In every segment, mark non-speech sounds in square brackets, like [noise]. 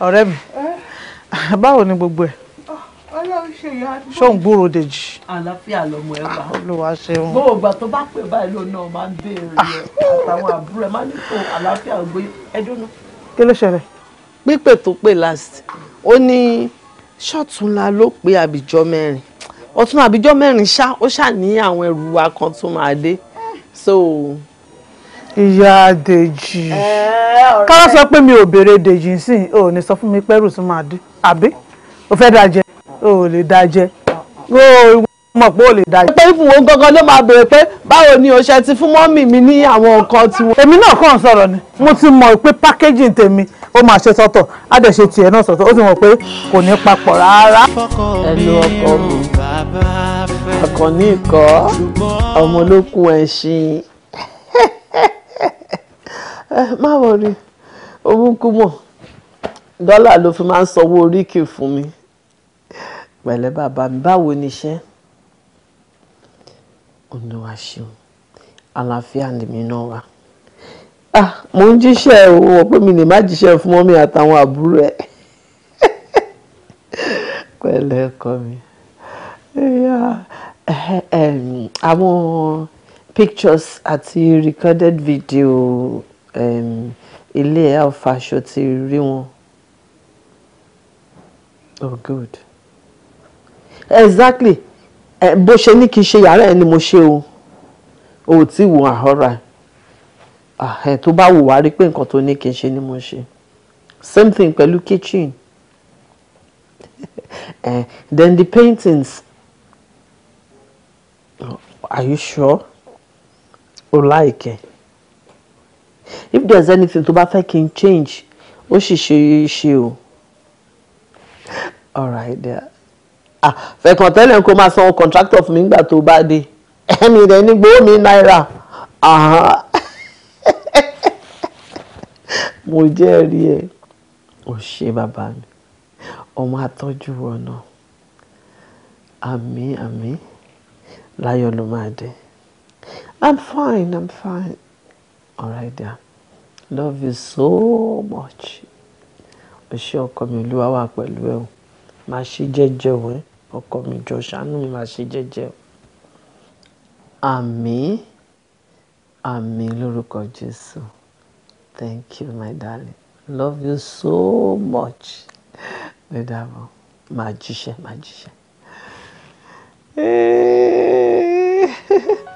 ọ̀rẹ́ mi báwo ni gbogbo ẹ̀ ah, ṣóun gbúrò dèjì. àlàáfíà lọmọ ẹ wá ah, olúwa ṣeun. gbogbo ìgbà tó bá pè báyìí lóun náà máa ń béèrè ah. àtàwọn àbúrò ẹ máa ní kó àlàáfíà gbé ẹdún náà. kí ló ṣẹlẹ̀. pípè tó pè last ó ní ṣọ́ọ̀túnla ló pé àbíjọ́ mẹ́rin ọ̀tún àbíjọ́ mẹ́rin ṣá ó ṣà ní àwọn ẹrù wa kan tó máa dé so ìyá dèjì káwá sọ pé mi ò béèrè dèjì sí ò ní sọ fún mi pẹ́rù tún máa dé àbí o fẹ́ dájẹ́ o lè dájẹ́ o mọ̀ pé o lè dájẹ́. pé ìfún wo gangan ló máa béèrè pé báwo ni o ṣe ti fún mọ́mì mi ní àwọn nǹkan tiwọn. èmi náà kàn sọ̀rọ̀ ni mo ti mọ̀ pé pákéjì tèmi ó máa ṣe sọ́tọ̀ á dẹ̀ ṣe tiẹ̀ náà sọ́tọ̀ ó sì mọ̀ pé kò ní papọ̀ rárá. ẹnu ọkọ mi àkànní ìkọ ọmọ ẹṣin ẹ eh, má wọrí òun kú mọ̀ dọ́là ló fi máa ń sanwó oríkì fún mi pẹ̀lẹ́ bàbá mi báwo ni iṣẹ́ olùwà ṣeun àlàáfíà lèmi náà wà ah mo ń jíṣẹ́ o wọ́n pé mi lè má jíṣẹ́ fún mọ́mí àtàwọn àbúrò ẹ̀ [laughs] pẹ̀lẹ́ ọkọ mi àwọn pictures àti recorded video ilé alfaṣọ ti rí wọn. oh good exactly bó ṣe ní kí n ṣe yàrá ẹ ni mo ṣe o ò tí wò àhọ́ra ẹ̀ tó bá wù wá rí pé nǹkan tó ní kí n ṣe ni mo ṣe same thing pẹ̀lú kitchen uh, [laughs] then the paintings are you sure o like if there's anything tó bá fẹ́ change ó sì ṣe ṣe o alright there ah fẹ̀kàn tẹ́lẹ̀ kó máa san contractor fún mi nígbà tó bá dé ẹni rẹ̀ ní gbowó mi náírà [laughs] mo jẹ́rìí ẹ̀ ò ṣe bàbá mi ọmọ àtọ́jú ọ̀nà àmì àmì láyọ̀ ló máa dé i'm fine i'm fine Alright there. Love you so much. O ṣé ọkọ mi olúwa wà pẹ̀lú ẹ o. Màá ṣe jẹ́jẹ́ o ẹ́. Ọkọ mi jọ ṣàánú mi màá ṣe jẹ́jẹ́ o. Àmín. Àmín lórúkọ Jésù. Thank you my darling. Love you so much. Ó dàbọ̀. Màá jíṣẹ́, màá jíṣẹ́. [laughs]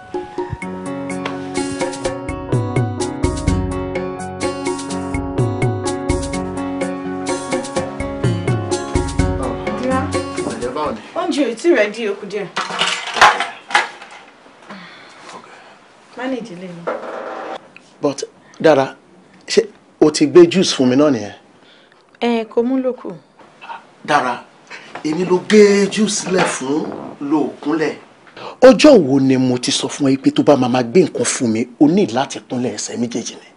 oúnjẹ ò tí rẹ̀ dí okùn díẹ̀. Máni ìdílé mi. But Dara, she o ti gbé juice for me náà eh? Ẹ kò mú lókù. Dara, èmi ló gbé juice lẹ̀ fún lòókúnlẹ̀. Ọjọ́ wo ni mo ti sọ fún ẹ pé tó bá máa gbé nǹkan fún mi, o ní láti kúnlẹ̀ ẹsẹ̀ méjèèjì ni.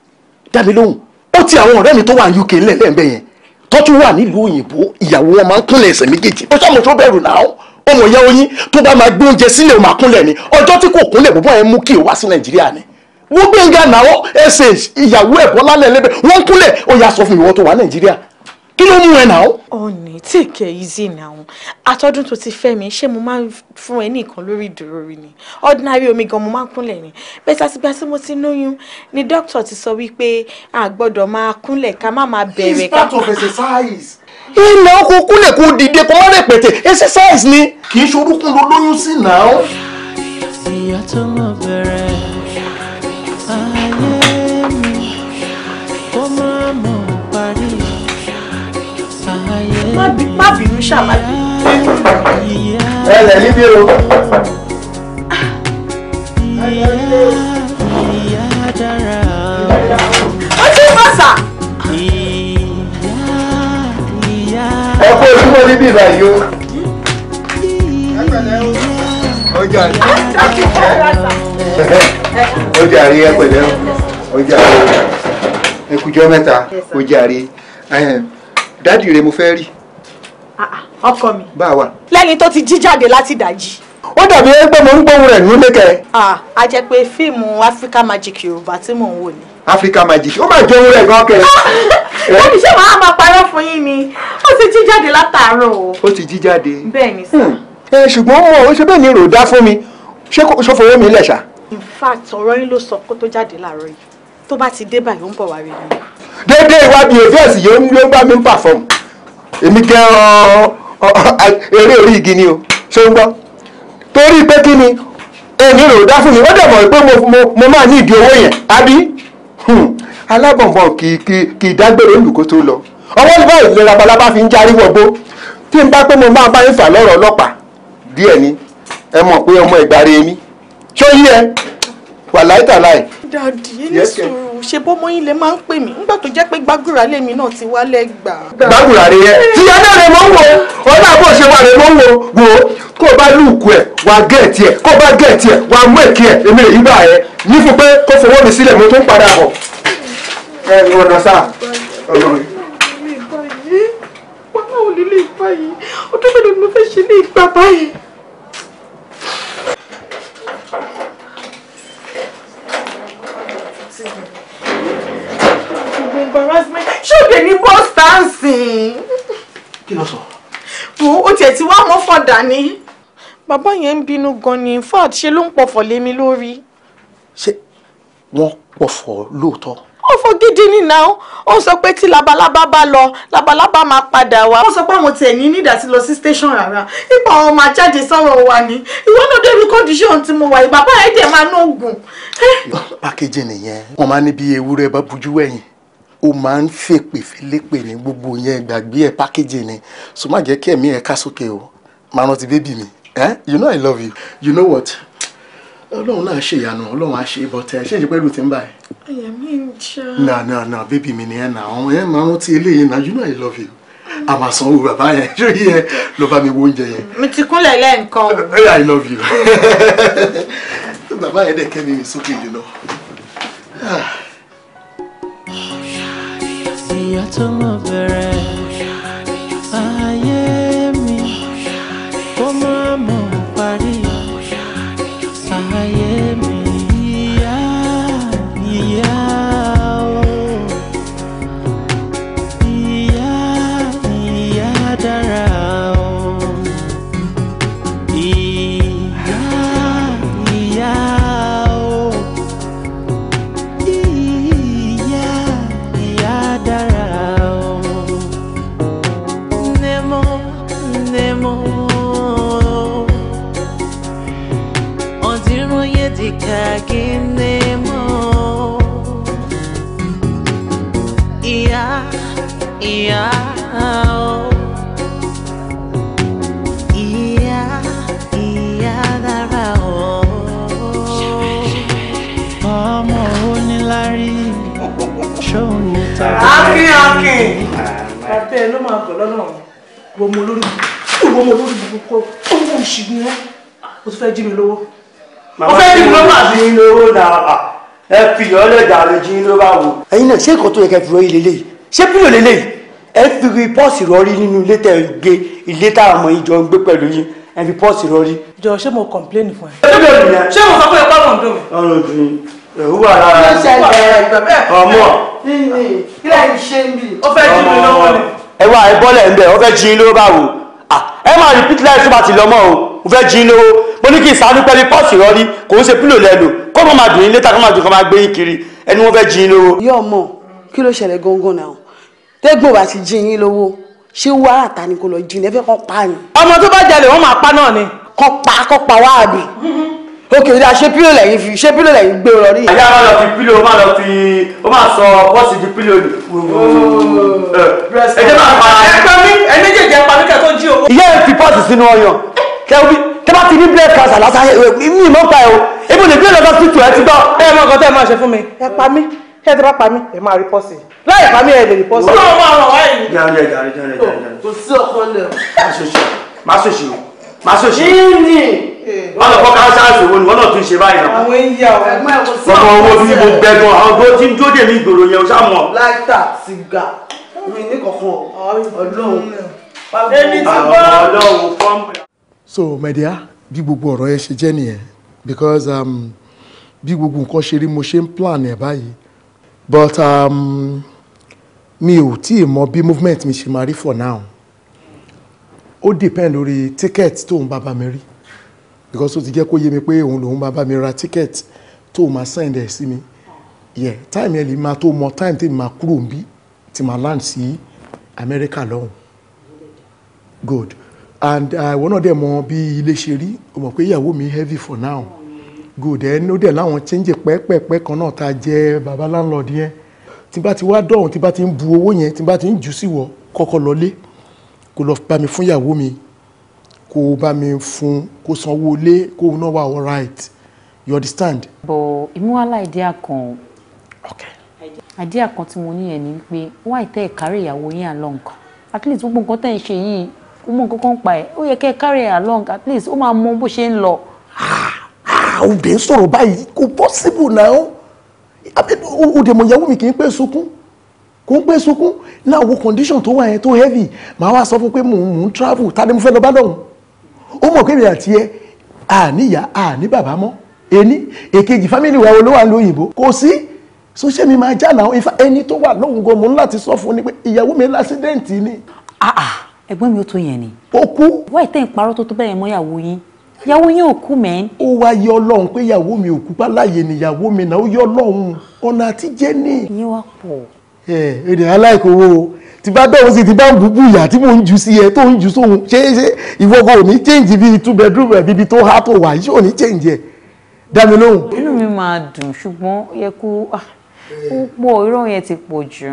Dá mi lóhùn, ó ti àwọn ọ̀rẹ́ mi tó wà ní UK ńlẹ̀ lẹ́ẹ̀mbẹ̀ yẹn. Tọ́jú wà nílùú òyìnbó, ìyàwó wọn máa ń kúnlẹ̀ ẹsẹ̀ méjèèjì. Ó sọ mo tó bẹ̀rù náà ọmọ ìyá oyin tó bá máa gbé oúnjẹ sílẹ̀ ó máa kúnlẹ̀ ni ọjọ́ tí kò kúnlẹ̀ bọ́bọ́ yẹn mú kí o wá sí nàìjíríà ni wọ́n gbẹ̀ngà náà ẹsẹ̀ ìyàwó ẹ̀ bọ́lá lẹ́lẹ́bẹ̀ wọ́n kúnlẹ̀ ó yà sọ fún ìwọ tó wà nàìjíríà kí ló mú ẹ náà. ọ̀nì tí kẹ easy náà àtọ́dún tó ti fẹ́ mi ṣé mo máa ń fún ẹ ní nǹkan lórí ìdúró rí ni ordinary omi gan mo máa ń kúnlẹ̀ ni bẹ́ẹ̀ àtìgbà tí mo ti lóyún ni dókítà ti sọ wípé a gbọ́dọ̀ máa kúnlẹ̀ ká má máa bẹ̀rẹ̀ ká. it's part of exercise ilẹ̀ oko kúlẹ̀ kó dìde kó má lè exercise ni kì í ṣorúkún ló lóyún sí náà. ìyá tó mọ bẹ̀rẹ̀ ayé mi ó máa mọ parí ayé mi. má bínú ṣàbàbí. ẹ lẹ̀ níbí o. Ah, ìyá ìyá dára. bí ìbáyé o. ọjà ọjà rí ẹ pẹ̀lẹ́ ọjà ẹkùjọ mẹ́ta ọjà rí dádì rẹ mo fẹ́ rí. Ah, ah, ọkọ mi. báwa. lẹ́ni tó ti jí jáde láti dájí ó dàbí ẹgbẹ́ mo ń gbóhùn rẹ̀ ní lẹ́kẹ̀. Ah, a jẹ pé fíìmù Africa Magic Yorùbá tí mò ń wò ni. Africa Magic ó máa jẹ ohun rẹ̀ gan kẹ. lẹ́mi ṣé jí jáde látàárọ̀ o. ó ti jí jáde. bẹ́ẹ̀ni sá. ẹ hmm. eh, ṣùgbọ́n mo ò ṣe bẹ́ẹ̀ ni rò dá fún mi ṣé kò fowó mi lẹ̀ ṣá. in fact ọ̀rọ̀ yín ló sọ kó tó jáde láàárọ̀ yìí tó bá ti dé báyìí ó ń bọ̀ wá rí mi. dédé ìwádìí èfẹ́sì yóò ló ń bá mi pàfọ́ọ̀mù èmi kẹ́ eré orí igi ni o ṣé ń gbọ́ torí pé kí ni èmi rò dá fún mi ó dẹ̀ mọ̀ pé mo máa ní ìdí owó yẹn àbí hmm. alábọ̀nbọ̀n kì í dágbére olùkó tó lọ. ọwọ́ ní báyìí lè fi ń tí n bá pé mo máa bá yín fà lọ́rọ̀ ọlọ́pàá díẹ̀ ni ẹ pé ọmọ ìgbàre mi ṣó yí ẹ wà láìtàláì. dàdí ẹni ṣe bọ́mọ yín lè máa pè mí nígbà jẹ́ pé gbàgùrà lèmi náà ti wá lẹ́gbà. gbàgùrà rẹ yẹ rẹ mọ ń wo rẹ mọ ń wo wo bá lùkù ẹ wà wà mú báwo nílé ìgbà yìí ọdún mélòó ni mo fẹ́ ṣe ní ìgbà báyìí. ṣé òde ní bọ́stánsì. kí ló sọ. wo o tiẹ̀ ti wá mọ́ fọ̀dà ni. bàbá yẹn ń bínú gan ni fat ṣe ló ń pọ̀fọ̀ lé mi lórí. ṣé wọ́n pọ̀fọ̀ lóòótọ́ ọ̀fọ̀ gidi ni náà ó sọ pé tí ba bá lọ labalábá máa padà wá. wọ́n sọ pé àwọn tẹ̀yìn ní ìdásí lọ sí station rárá ipa àwọn máa jáde sọ̀rọ̀ wa ni ìwọ náà débi condition tí mo wà ìbàbá ẹ̀ dẹ̀ máa ná oògùn. pákéjì nìyẹn wọn máa ní bí ewúrẹ́ bá bujú ẹ̀yìn o máa ń fèpè fẹlẹpè ní gbogbo yẹn gbàgbé ẹ pákéjì ni so má jẹ́ kí ẹ̀mí ẹ ká sókè o máa rántí bébì mi eh you know I love you you know what ọlọ́run náà ṣe ìyanu ọlọ́run á ṣe bọ́tẹ́ eh, ṣé ìjẹ́pẹ́ lù ti ń báyìí. ẹyẹ mi ń jà. na na na bébì mi nìyẹn na àwọn yẹn máa ń rántí eléyìí na you know i love you àmà sanwó bàbá yẹn ṣé yẹ ló bá mi wo oúnjẹ yẹn. mi ti kúnlẹ̀ lẹ́ẹ̀kan o. Eh, i love you [laughs] bàbá yẹn dẹ̀ kẹ́mi mi sókè jù lọ. Ah. ìyá tó mọ̀ bẹ̀rẹ̀. abẹ́ ẹ ló máa gbọ́ lọ́nà wọ́n mo lórí wọ́n mo lórí gbogbo kọ́ owó ìṣìgbìn ẹ́ o tún fẹ́ jí mi lówó. o fẹ́ jí mi lówó àti yín lówó náà ẹ fi ìyọ́lẹ̀ dà lè jí yín ló bá wò. ẹ̀yin náà ṣé ìkọ́ tó yẹ kẹ́ fi rọ́ọ̀yì lélẹ̀ ṣé pílò lélẹ̀ ẹ fi pọ́ọ̀sì rọrí nínú ilé tẹ̀ gbé ilé táwọn ọmọ yìí jọ ń gbé pẹ̀lú yín ẹ fi pọ́ọ̀sì rọrí. jọ ṣé mo kọ̀ǹpléènì fún ẹ. ṣé mo sọ pé ẹ bá wọn dùn. ọ̀rọ̀ ìdùnnú ìhùwà rárá ọmọ. kí lẹ́yìn ṣe ń bì. ó fẹ́ jí mi lọ́wọ́ ni ẹwà ẹbọlẹ ń bẹ ọ fẹ́ jín lówó báwo ẹ máa repeat láì tó bá ti lọmọ o mo fẹ́ jín lówó mo ní kí ìsàánú pẹ̀lú pọ́ọ̀sì rọrí kò ń ṣe pílò lẹ́nu kó mọ̀ máa dùn yín létà kó máa dùn kó máa gbé yín kiri ẹni wọ́n fẹ́ jín lówó. yóò mọ kí ló ṣẹlẹ̀ gangan náà tẹ́gbọ̀n bá ti jín yín lówó ṣé wàrà ta ni kò lọ jín ẹ fẹ́ kọ́ pa ni. ọmọ tó bá jalè wọ́n máa pa náà ni. kọ́ pa kọ́ pa wáàbì mm-hmm òkè ìdá ṣé pílò lẹ́yìn fi ṣé pílò lẹ́yìn gbé lọ rí. àyà máa lọ fi pílò máa lọ fi ó máa sọ bọ́ọ̀sì di pílò lò. ẹjẹ máa pa ẹgbẹ́ mi ẹni jẹjẹ pa mí kẹ́kọ̀ọ́ jí owó. ìyá ẹ fi pọ́ọ̀sì sínú ọyàn kẹ́wí tẹ́ bá ti ní breast cancer lásán mi ì mọ́ pa ẹ̀ o ebi ò lè bí ẹ̀ lọ́dọ̀ sí tù ẹ ti gbọ́. ẹ mọ nǹkan tẹ́ ẹ máa ṣe fún mi ẹ pa mí ṣé ti bá pa mí ẹ máa rí pọ́sì láì pa mí ẹ lè rí pọ́sì. wọ́n máa wà wáyé. jàre jàre jàre jàre. kò sí ọ̀kan lẹ̀. má ṣe ṣe má ṣe ṣe o má sọ ṣe. lọ fọ́ káńsáàsì owó ni tún ṣe báyìí náà. àwọn èyí àwọn ẹgbẹ́ mo gbẹ gan àwọn tó ti ń tó dèmí ìgboro yẹn o ṣá mọ̀. láìta sìgá mi ní kankan ọlọ́run. èmi ti bọ́. ọlọ́run fọ́ọ̀mù. so my dear bí gbogbo ọ̀rọ̀ yẹn ṣe jẹ́ nìyẹn because um, bí gbogbo nǹkan ṣe rí mo ṣe ń plan ẹ̀ báyìí but um, mi ò tí ì mọ bí movement mi ṣe máa rí for now ó depend lórí ticket tóun bá bá mi rí because ó ti jẹ́ kó yé mi pé òun lòun bá mi ra ticket tóun máa send ẹ̀ sí mi yeah time yẹn lè máa tó mọ time tí mi máa kúrò ń bí tí màá land sí America lọ́hùn good and uh, ìwọ náà dẹ̀ mọ bí ilé ṣe rí o mọ̀ pé ìyàwó mi heavy for now good ẹ̀ ní ó dẹ̀ láwọn change pẹ́ẹ́pẹ́ẹ́pẹ́ kan náà ta jẹ́ baba landlord yẹn tí bá ti wá dọ̀hún tí bá ti ń bu owó yẹn tí bá ti ń jù sí wọ kọ́kọ́ lọ lé kó lọ bá mi fún ìyàwó mi kó bá mi fún kó sanwó ilé kó náà wà all right you understand. bọ̀ ìmúwálá ìdíyà kan àdíyà kan tí mo ní yẹn ni pé wáì tẹ́ ẹ̀ kárí ìyàwó yín along at least gbogbo nǹkan tẹ́ ẹ̀ ń ṣe yín ó mọ nǹkan kan pa ẹ̀ ó yẹ kẹ́ ẹ̀ kárí ẹ̀ along at least ó máa mọ bó ṣe ń lọ. òde ah, ah, ń sọ̀rọ̀ báyìí kò possible now òde mọ̀ ìyàwó mi kì í pẹ́ sunkún kò ń pé sunkún náà wo condition tó wà yẹn tó heavy màá wá sọ fún pé mò ń mò ń travel tàbí mo fẹ́ lọ bá dọ̀hún ó mọ̀ pé ìrìn àti ẹ àníyá àní bàbá mọ́ ẹni èkejì family wa ló wà lóyìnbó kò sí social media máa jà náà ifá ẹni tó wà lóhùn gan mo ń láti sọ fún ni pé ìyàwó mi lásídẹ́ǹtì ni. Ah, ah. ẹ̀gbọ́n mi ò tó yẹn ni. ó kú. wáyé tẹ́ ń parọ́ tó tó bẹ́ẹ̀ mọ́ ìyàwó yín ìyàwó yín ò kú mẹ́. ó wá yọ ọlọ́run pé ìyàwó mi ò kú pálá yẹn ni ìyàwó mi náà ó yọ ọlọ́run ọ̀nà àtijẹ́ ni. ìyẹn wá pọ̀. Eh, èdè aláìkówó o ti bá dọ̀wọ́ sí ti bá ń bùbù ìyá tí mò ń jù sí ẹ tó ń jù sóhun ṣé ṣé ìwọ́gọ̀ ò change bíi two bedroom ẹ̀ bíbi tó há tó wà yìí ò change ẹ̀ dá mi lóhùn. inú mi máa dùn ṣùgbọ́n yẹ kó ah, ó pọ̀ irọ́ yẹn ti pọ̀ jù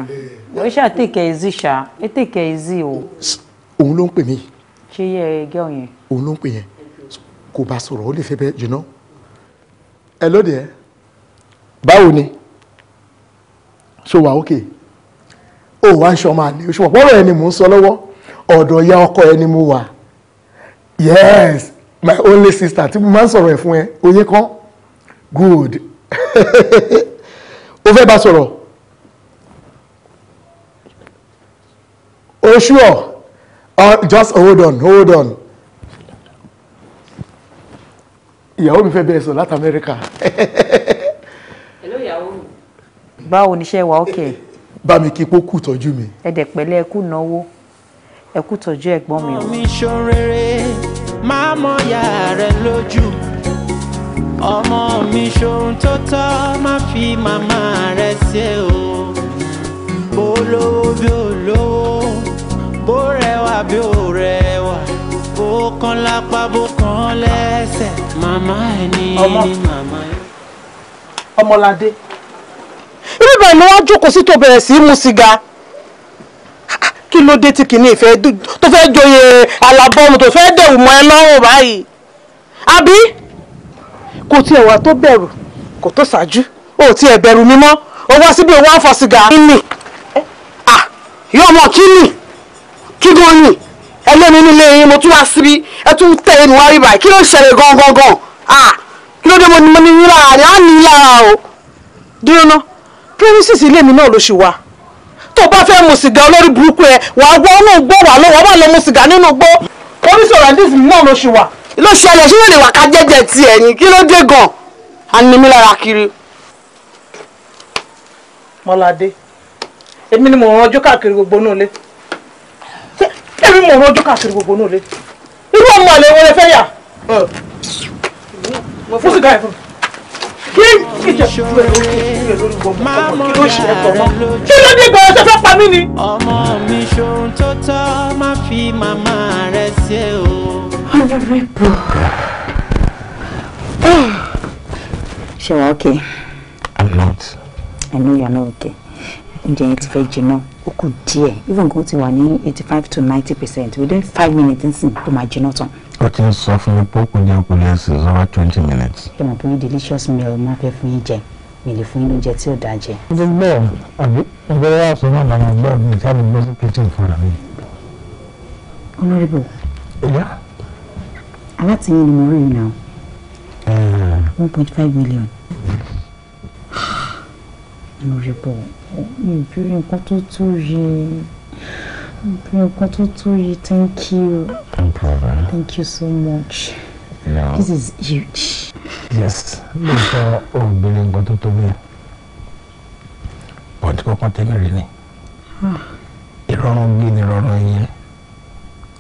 wọ́n eh. ṣáà tèkẹ́ ẹ̀zí ṣá ẹ tèkẹ́ ẹ̀zí o. òun ló ń pè mí. ṣé yẹ ẹgẹ́ ọ̀yẹn. òun ló ń pè yẹn kò bá sọ̀rọ̀ ó lè fẹ́ bẹ́ẹ̀ jùlọ. ẹ lóde ẹ báwo ni ṣó wà ókè. Okay ó wá ń ṣọmọ àlè oṣù pọ̀pọ̀rọ̀ ẹni mò ń sọ lọ́wọ́ ọ̀dọ̀ ìyá ọkọ ẹni mo wà yes my only sister tí mo máa ń sọ̀rọ̀ ẹ̀ fún ẹ oyin kan good [laughs] o fẹ́ bá sọ̀rọ̀ oṣù ọ̀ just hold on hold on ìyàwó mi fẹ́ bẹ́ẹ̀ sọ láti Amẹ́ríkà. [laughs] hello ìyàwó mi. báwo ni iṣẹ́ wa ókè. Okay bá mi kí pó kù tọ́jú mi. ẹ̀dẹ̀ pẹ̀lẹ́ ẹkú náwó ẹkú tọ́jú ẹ̀gbọ́n mi. ọmọ mi ṣorere máa mọ ìyá rẹ lójú ọmọ mi ṣohun tó tọ́ máa fi màmá rẹ ṣe o olówó bí olówó bó rẹwà bí ó rẹwà bó kan lápá bó kan lẹ́sẹ̀ màmá ẹni ni màmá ẹni. ọmọládé ibi báyìí mo wá jókòó sí tó bẹ̀rẹ̀ sí í mu sìgá kí ló dé tí kìíní ìfẹ́ tó fẹ́ joyè alábọ́ọ̀mù tó fẹ́ dẹ̀wù mọ́ ẹ lọ́rùn báyìí àbí kò tiẹ̀ wá tó bẹ̀rù kò tó ṣáájú ó tiẹ̀ bẹ̀rù mi mọ́ ó wá síbi òun àfọ̀ sìgá nínú à yóò mọ̀ kí nì kí gan nì ẹlẹ́nu nílé yín mo tún wá síbi ẹ tún tẹ̀ ẹ́ nù wá rí báyìí kí ló ṣẹlẹ̀ gangan gan à kí ló dé mo ní mo ní yín lára á ní yín lára o dúró náà premises ilé mi náà ló ṣì wà tó bá fẹ́ mu sìgá olórí burúkú ẹ wàá wọ inú gbó wà lọ́wọ́ wà lọ́ mu sìgá nínú gbó oríṣi randis mi náà ló ṣì wà. ló ṣẹlẹ̀ ṣé wọ́n lè wà ká jẹ́jẹ́ ti ẹ̀yìn kí ló dé gan-an kiri. mọ́ládé èmi ni mò ń rànjú káàkiri gbogbo náà lé èmi mò ń rànjú káàkiri gbogbo náà lé irú ọmọ àlè wo lè fẹ́ yà. mo fún sìgá yẹn fún mi kí ìjà i'm not. i know you're not okay. oúnjẹ yẹn ti fẹ́ jiná ó kù díẹ̀ even kó ti wà ní eighty five to ninety percent within five minutes nsìn tó máa jiná tán ó ti ń sọ fún mi pé ó kù ní àpòlẹ̀ sí over twenty minutes. ṣé mo pín delicious meal máa fẹ́ fún yín jẹ mi lè fún yín lóúnjẹ tí ò dáa jẹ. mo ti gbọ́ àbí ọgbẹ́ wa sọ náà làwọn ọgbẹ́ mi ìta mi gbọ́ sí kitchen fúnra mi. honourable. ìyá. alátìyìn ni mo rí yìí náà. one point five million. [sighs] honourable mi ò bí nǹkan tó tó yẹ. Thank you. No problem. Thank you so much. No. This is huge. Yes. Mr. Obìnrin nǹkan tó tóbi. Bọ̀dé kọ́kọ́ tẹ́lẹ̀ rí ni. Ah. Ìrọ̀rùn gbé ni ìrọ̀rùn yẹn.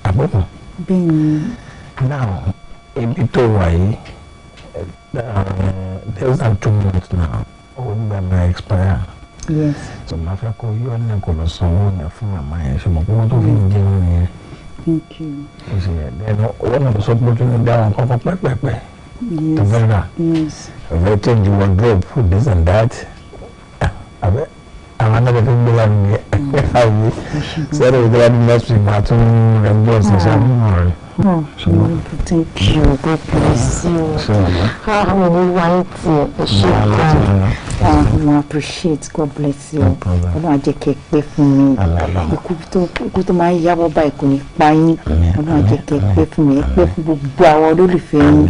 Àbúrò. Being Now, ibi tó wà yìí, eh, uh, less than two months now, ó ń gbà expire yes. so máa fẹ́ kó yọ ní kò lọ san owó yẹn fún màmá yẹn ṣùgbọ́n kí wọ́n tó fi jẹun yẹn. thank you. o sì yẹ dẹ́nu owó náà sọ pé tún ní dáhùn kọ́kọ́ pẹ́pẹ́pẹ́. yes together. yes. ọ̀rẹ́ change wardrobe food this and that. Ah, abẹ́ àwò sẹ́dọ̀ ìgbà ní next week máa tún rẹ̀ ń bọ̀ ṣẹ̀ṣẹ̀ àmúhàn rẹ̀. thank you god bless you àwọn olúwa ń tiẹ̀ ẹ ṣe kan ah, we appreciate god bless you ọlọ́run á jẹ́ kẹ́ ẹ pẹ́ fún mi ikú tó máa ń yáwọ́ báyìí kò ní pa yín ọlọ́run á jẹ́ kẹ́ ẹ pẹ́ fún mi ẹ pẹ́ fún gbogbo àwọn olólùfẹ́ yín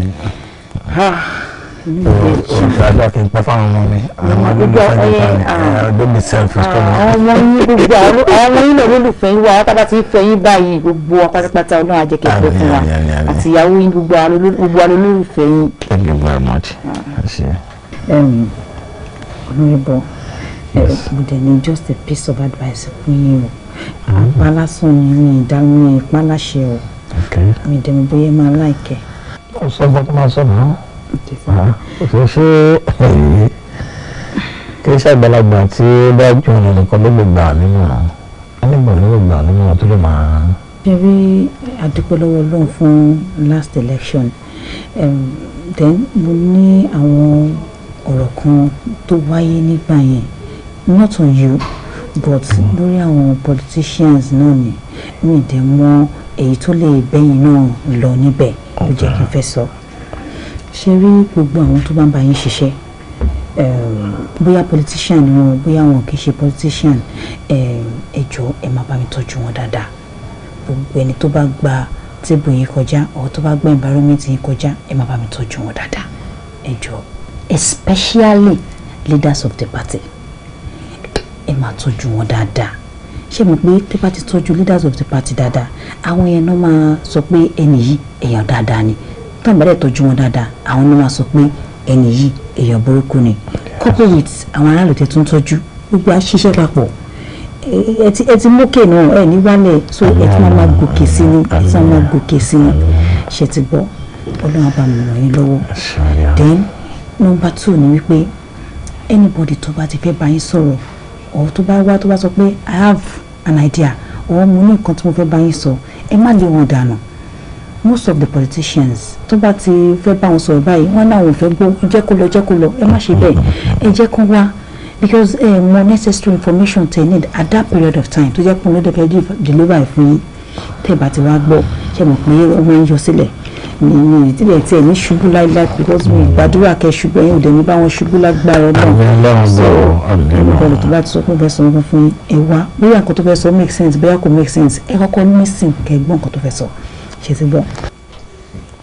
ìṣàdá kí n ọmọ mi àwọn ọmọ yín gbogbo àwọn ọmọ yín náà olólùfẹ́ yín wà pátá tí fẹ́ yín báyìí gbogbo wa ọlọ́run àjẹkẹ́ pẹ́ fún wa àti ìyàwó yín gbogbo àwọn olólùfẹ́ yín. thank you very much. olóyìnbó bùdẹ̀ ni just a piece of advice fún yín o apá lásán ni ìdáhùn ipá láṣẹ o mi dẹ̀ mi bóyá máa láìkẹ́. ọ̀sán gbọ́dọ̀ máa sọ̀rọ̀ náà. Ah, kì í ṣe ẹ̀yìn kì í ṣe àgbàlagbà tí ó bá jù ọ̀nà nìkan ló lè gbà nínú ọ̀nà ẹnìgbà ló lè gbà nínú ọ̀nà tó lè máa. ṣe rí àdúpẹ́ lọ́wọ́ fún last election then mo ní àwọn ọ̀rọ̀ kan tó wáyé nígbà yẹn not on you but lórí àwọn politicians náà ni mi dẹ̀ mọ èyí tó lè bẹ́yìn náà lọ níbẹ̀ ló jẹ́ kí n fẹ́ sọ ṣe rí gbogbo àwọn tó bá ń bá yín ṣiṣẹ́ bóyá politician ni wọn bóyá wọn kì í ṣe politician ẹ jọ̀ọ́ ẹ máa bá mi tọ́jú wọn dáadáa gbogbo ẹni tó bá gba tébù yín kọjá or tó bá gba environment yín kọjá ẹ máa bá mi tọ́jú wọn dáadáa ẹ especially leaders of the party ẹ máa tọ́jú wọn dáadáa ṣé mo pé tẹ́ tọ́jú leaders of the party dáadáa àwọn yẹn náà máa sọ pé ẹni yìí èèyàn dáadáa ni táwọn bá dẹ̀ tọ́jú wọn dáadáa àwọn ni wọ́n sọ pé ẹni yìí èèyàn burúkú ni couple with àwọn aráàlú tẹ tún tọ́jú gbogbo a ṣiṣẹ́ papọ̀ ẹ ti mókè náà ẹ ní wálẹ̀ so ẹ ti máa máa gòkè sí ni ẹ ti máa máa gòkè sí ni ṣe ti gbọ́ ọlọ́run bá mi ràn yín lọ́wọ́ then number two ni wípé anybody tó bá ti fẹ́ bá yín sọ̀rọ̀ or tó bá wá tó bá sọ pé i have an idea or mo ní nǹkan tí mo fẹ́ bá yín sọ ẹ má lé dànù most of the politicians tó bá ti fẹ́ bá wọn sọ̀rọ̀ báyìí wọ́n náà wọn fẹ́ gbọ́ jẹ́ kó lọ jẹ́ kó lọ ẹ má ṣe bẹ́ẹ̀ ẹ jẹ́ kó wá because ẹ eh, mọ necessary information tẹ need at that period of time tó jẹ́ pé olóde fẹ́ deliver fún yín tẹ́ bá ti wá gbọ́ ṣe mọ̀ pé ọmọ yẹn yọ sílẹ̀ ní ní ìdílé tí ẹ ní ṣubú láíláí because mi gbàdúrà kẹ́ ṣubú ẹ̀yin òde ní bá wọn ṣubú lágbára náà so olùkọ́ni tó bá ti sọ pé fẹ́ sọ nǹkan fún ẹ wá bóyá nǹkan tó fẹ́ sọ make sense bóyá kò make sense ẹ kọ́kọ́ nísìn kẹ́ gbọ́ nǹkan tó fẹ́ sọ ṣe ti gbọ́.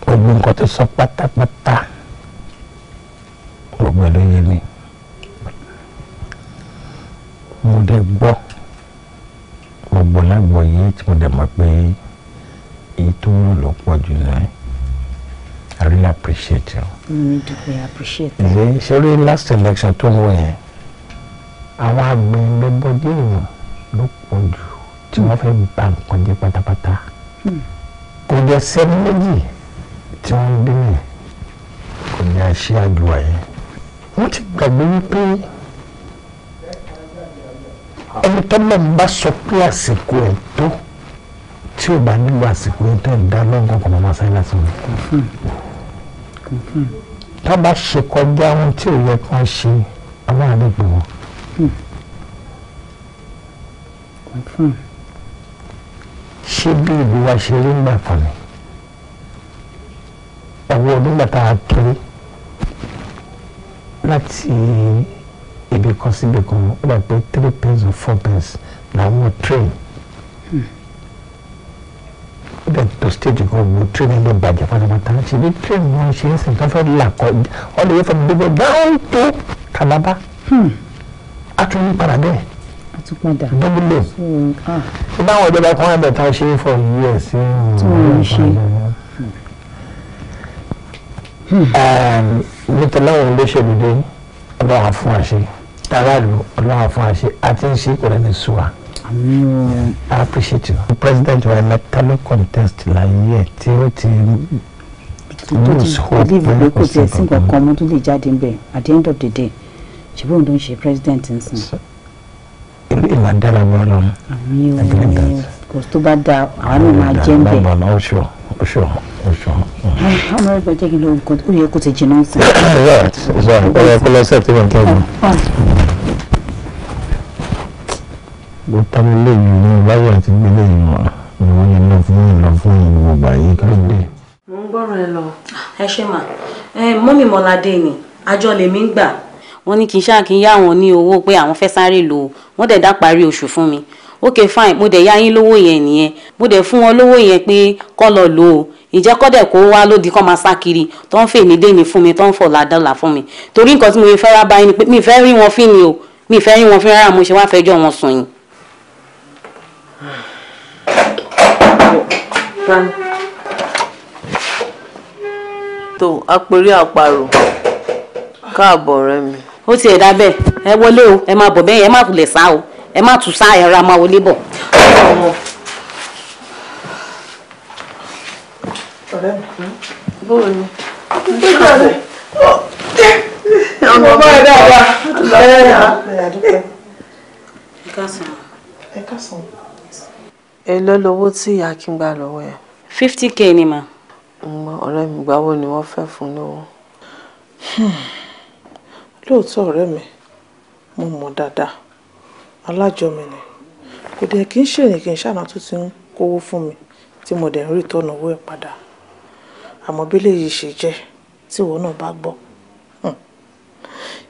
gbogbo nǹkan tó sọ pátápátá gbogbo ẹ̀ ló yé mi mo dẹ̀ gbọ́ gbogbo lágbo yìí tí mo dẹ̀ mọ̀ pé èyí tó wúlò ló pọ̀ jù náà I really appreciate you. mi mm, dúpẹ́ appreciate. ṣe ṣe last election tó ń wọ yẹn àwọn agbẹ̀yìnbẹ̀bọ̀dé èèyàn ló pọ̀ jù tí wọ́n fẹ́ ba nǹkan jẹ́ pátápátá. Mm kò jọ sẹ́ni méjì tí wọ́n bí mi kò ní àṣẹ àdúrà yẹn wọ́n ti gbàgbé wípé ẹni tọ́lọ́ ń bá sọ pé àsìkò ẹ̀ tó tí ò bá nílò àsìkò ẹ̀ tó ẹ̀ dá lọ́gàn kò máa sáyé láti mi. tá a bá ṣe kọjá ohun tí ò yẹ kí ṣe ọlọ́run àdégbò wọn ṣé bí ìlú wa ṣe rí ńgbà fún mi ọwọ́ ọdún bàtà kéré láti ibi kan síbi kan ó dà pé three pence or four pence làwọn train ó dà tó stage kan gbogbo train ẹ̀ lè bàjẹ́ pátápátá ṣe bí train wọn ṣe é sìn tó fẹ́ là kọ́ all the way from Dubai down to Calabar a tún ń padà bẹ́ẹ̀ tún padà. dúbúlẹ̀ hmm, ah. ṣé báwọn ìjọba kan wà bẹ̀ẹ̀ tá a ṣe é for years sí ìrìn nítorí àwọn olóṣèlú dé ọlọ́wà fún àṣẹ aráàlú ọlọ́wà fún àṣẹ àti ń ṣe ìkọ̀rẹ́ ní sùwà. I appreciate you. President wa Emeka ló contest láyé tí ó ti lose hope. Bíbí ìlú kò tiẹ̀ sí nǹkan kan ọmọ tó lè jáde ń bẹ̀ at the end of the day ṣùgbọ́n òun ló ń ṣe president ń ìwà dára bọ́ lọ́nà. kò tó bá da àwọn náà máa jẹ́ ń bẹ̀. bàbá ó ṣọ ó ṣọ ó ṣọ. ọmọ rẹ bẹ jẹ́ kí n lo nǹkan ó yẹ kó ti jìnnà sí. [coughs] ó yẹ kó lọ sẹ́ẹ̀tìmọ̀ kẹ́gbọ̀n. Ah, ah. mo ta mi léyìn ní báyọ̀ àti gbé léyìn mọ́ ni wọ́n yẹn lọ fún yìí lọ fún yìí gbogbo àyè kí ló dé. mo ń gbọ́rọ̀ ẹ lọ ẹ ṣe mà mọ́mì mọ́ládé ni àjọ lèmi ń gbà wọ́n ní kí n ṣáà kí n yá àwọn ní owó pé àwọn fẹ́ sáré lò ó wọ́n dẹ̀ dá parí oṣù fún mi ok fine mo dẹ̀ yá yín lówó yẹn nìyẹn mo dẹ̀ fún wọn lówó yẹn pé kọ́ lọ lò ó ìjẹ́ kọ́dẹ̀ kó wá lódì kọ́ máa sá kiri tó ń fè ní déni fún mi tó ń fọ̀ ládàlà fún mi torí nǹkan tí mo fẹ́ wá báyìí ni pé mi fẹ́ rí wọn fín ni o mi fẹ́ rí wọn fín rárá mo ṣe wá fẹjọ́ wọn sùn yìí. tó apẹ̀rẹ̀ àparò káàbọ̀ ọ̀rẹ́ mi ó tiẹ̀ dá bẹ́ẹ̀ ẹ wọlé o ẹ máa bọ̀ bẹ́ẹ̀ ẹ má kulẹ̀ sá o ẹ má tún sá ẹ ra máa wọlé bọ̀. ọ̀rẹ́ mi bóyá ni. ọmọ bá ẹ dáadáa ẹ dúpẹ́. ẹ kásán. ẹ kásán. ẹ lọ lọ́wọ́ tí ìyá kí n gbà lọ́wọ́ ẹ. fifty k ni mà. ọ̀rẹ́ mi gbà wo ni wọ́n fẹ́ fún lọ́wọ́. Hmm. [sighs] lóòótọ́ ọ̀rẹ́ mi mo mọ̀ dáadáa alájọ mi ni kò dẹ̀ kí n ṣèyìn kí n ṣàna tó ti ń kówó fún mi tí mo dẹ̀ ń rí tọ́nà owó ẹ̀ padà àmọ́ bí eléyìí ṣe jẹ́ tí ìwọ náà bá gbọ́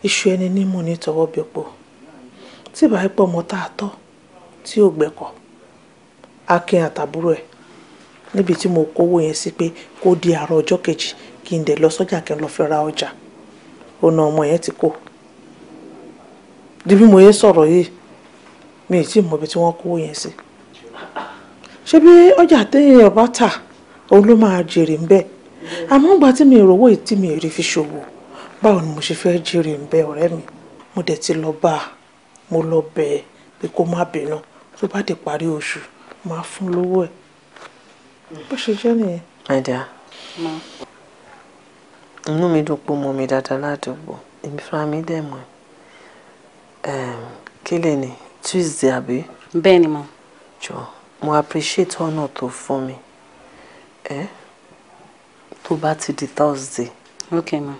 iṣu ẹni ní mú ní tọwọ́ bẹ̀pọ̀ tí ìbá pọ̀ ọmọ tá a tọ́ tí ò gbẹ̀kọ̀ akin àtàbúrò ẹ̀ níbi tí mo kówó yẹn sí pé kó di àárọ̀ ọjọ́ kejì kí n dẹ̀ lọ sọ́jà kí n lọ fẹ́ ra ọjà ọ̀nà ọmọ yẹn ti kó di bí mo yẹ sọ̀rọ̀ yìí mi ì tí mọ̀ ibi tí wọ́n kó yẹn sí ṣé bí ọjà téèyàn bá tà òun ló máa jèrè ń bẹ́ẹ̀ àmọ́ ìgbà tí mi ìrówó yìí tí mi ì rí fi ṣòwò báwo ni mo ṣe fẹ́ jèrè ń bẹ́ẹ̀ ọ̀rẹ́ mi mo dẹ̀ ti lọ bá a mo lọ bẹ̀ ẹ́ pé kó má bínú tó bá dé parí oṣù máa fún lówó ẹ̀ bó ṣe jẹ́ nìyẹn. ẹ dáa inú mi dùn pé mo mi dáadáa ládùúgbò èmi fúnra mi dẹ̀ mọ̀ kí lè ní Tuesday àbí. bẹ́ẹ̀ ni mo. jọ mo appreciate ọ̀nà tó fún mi eh? tó bá ti di Thursday. ok ma.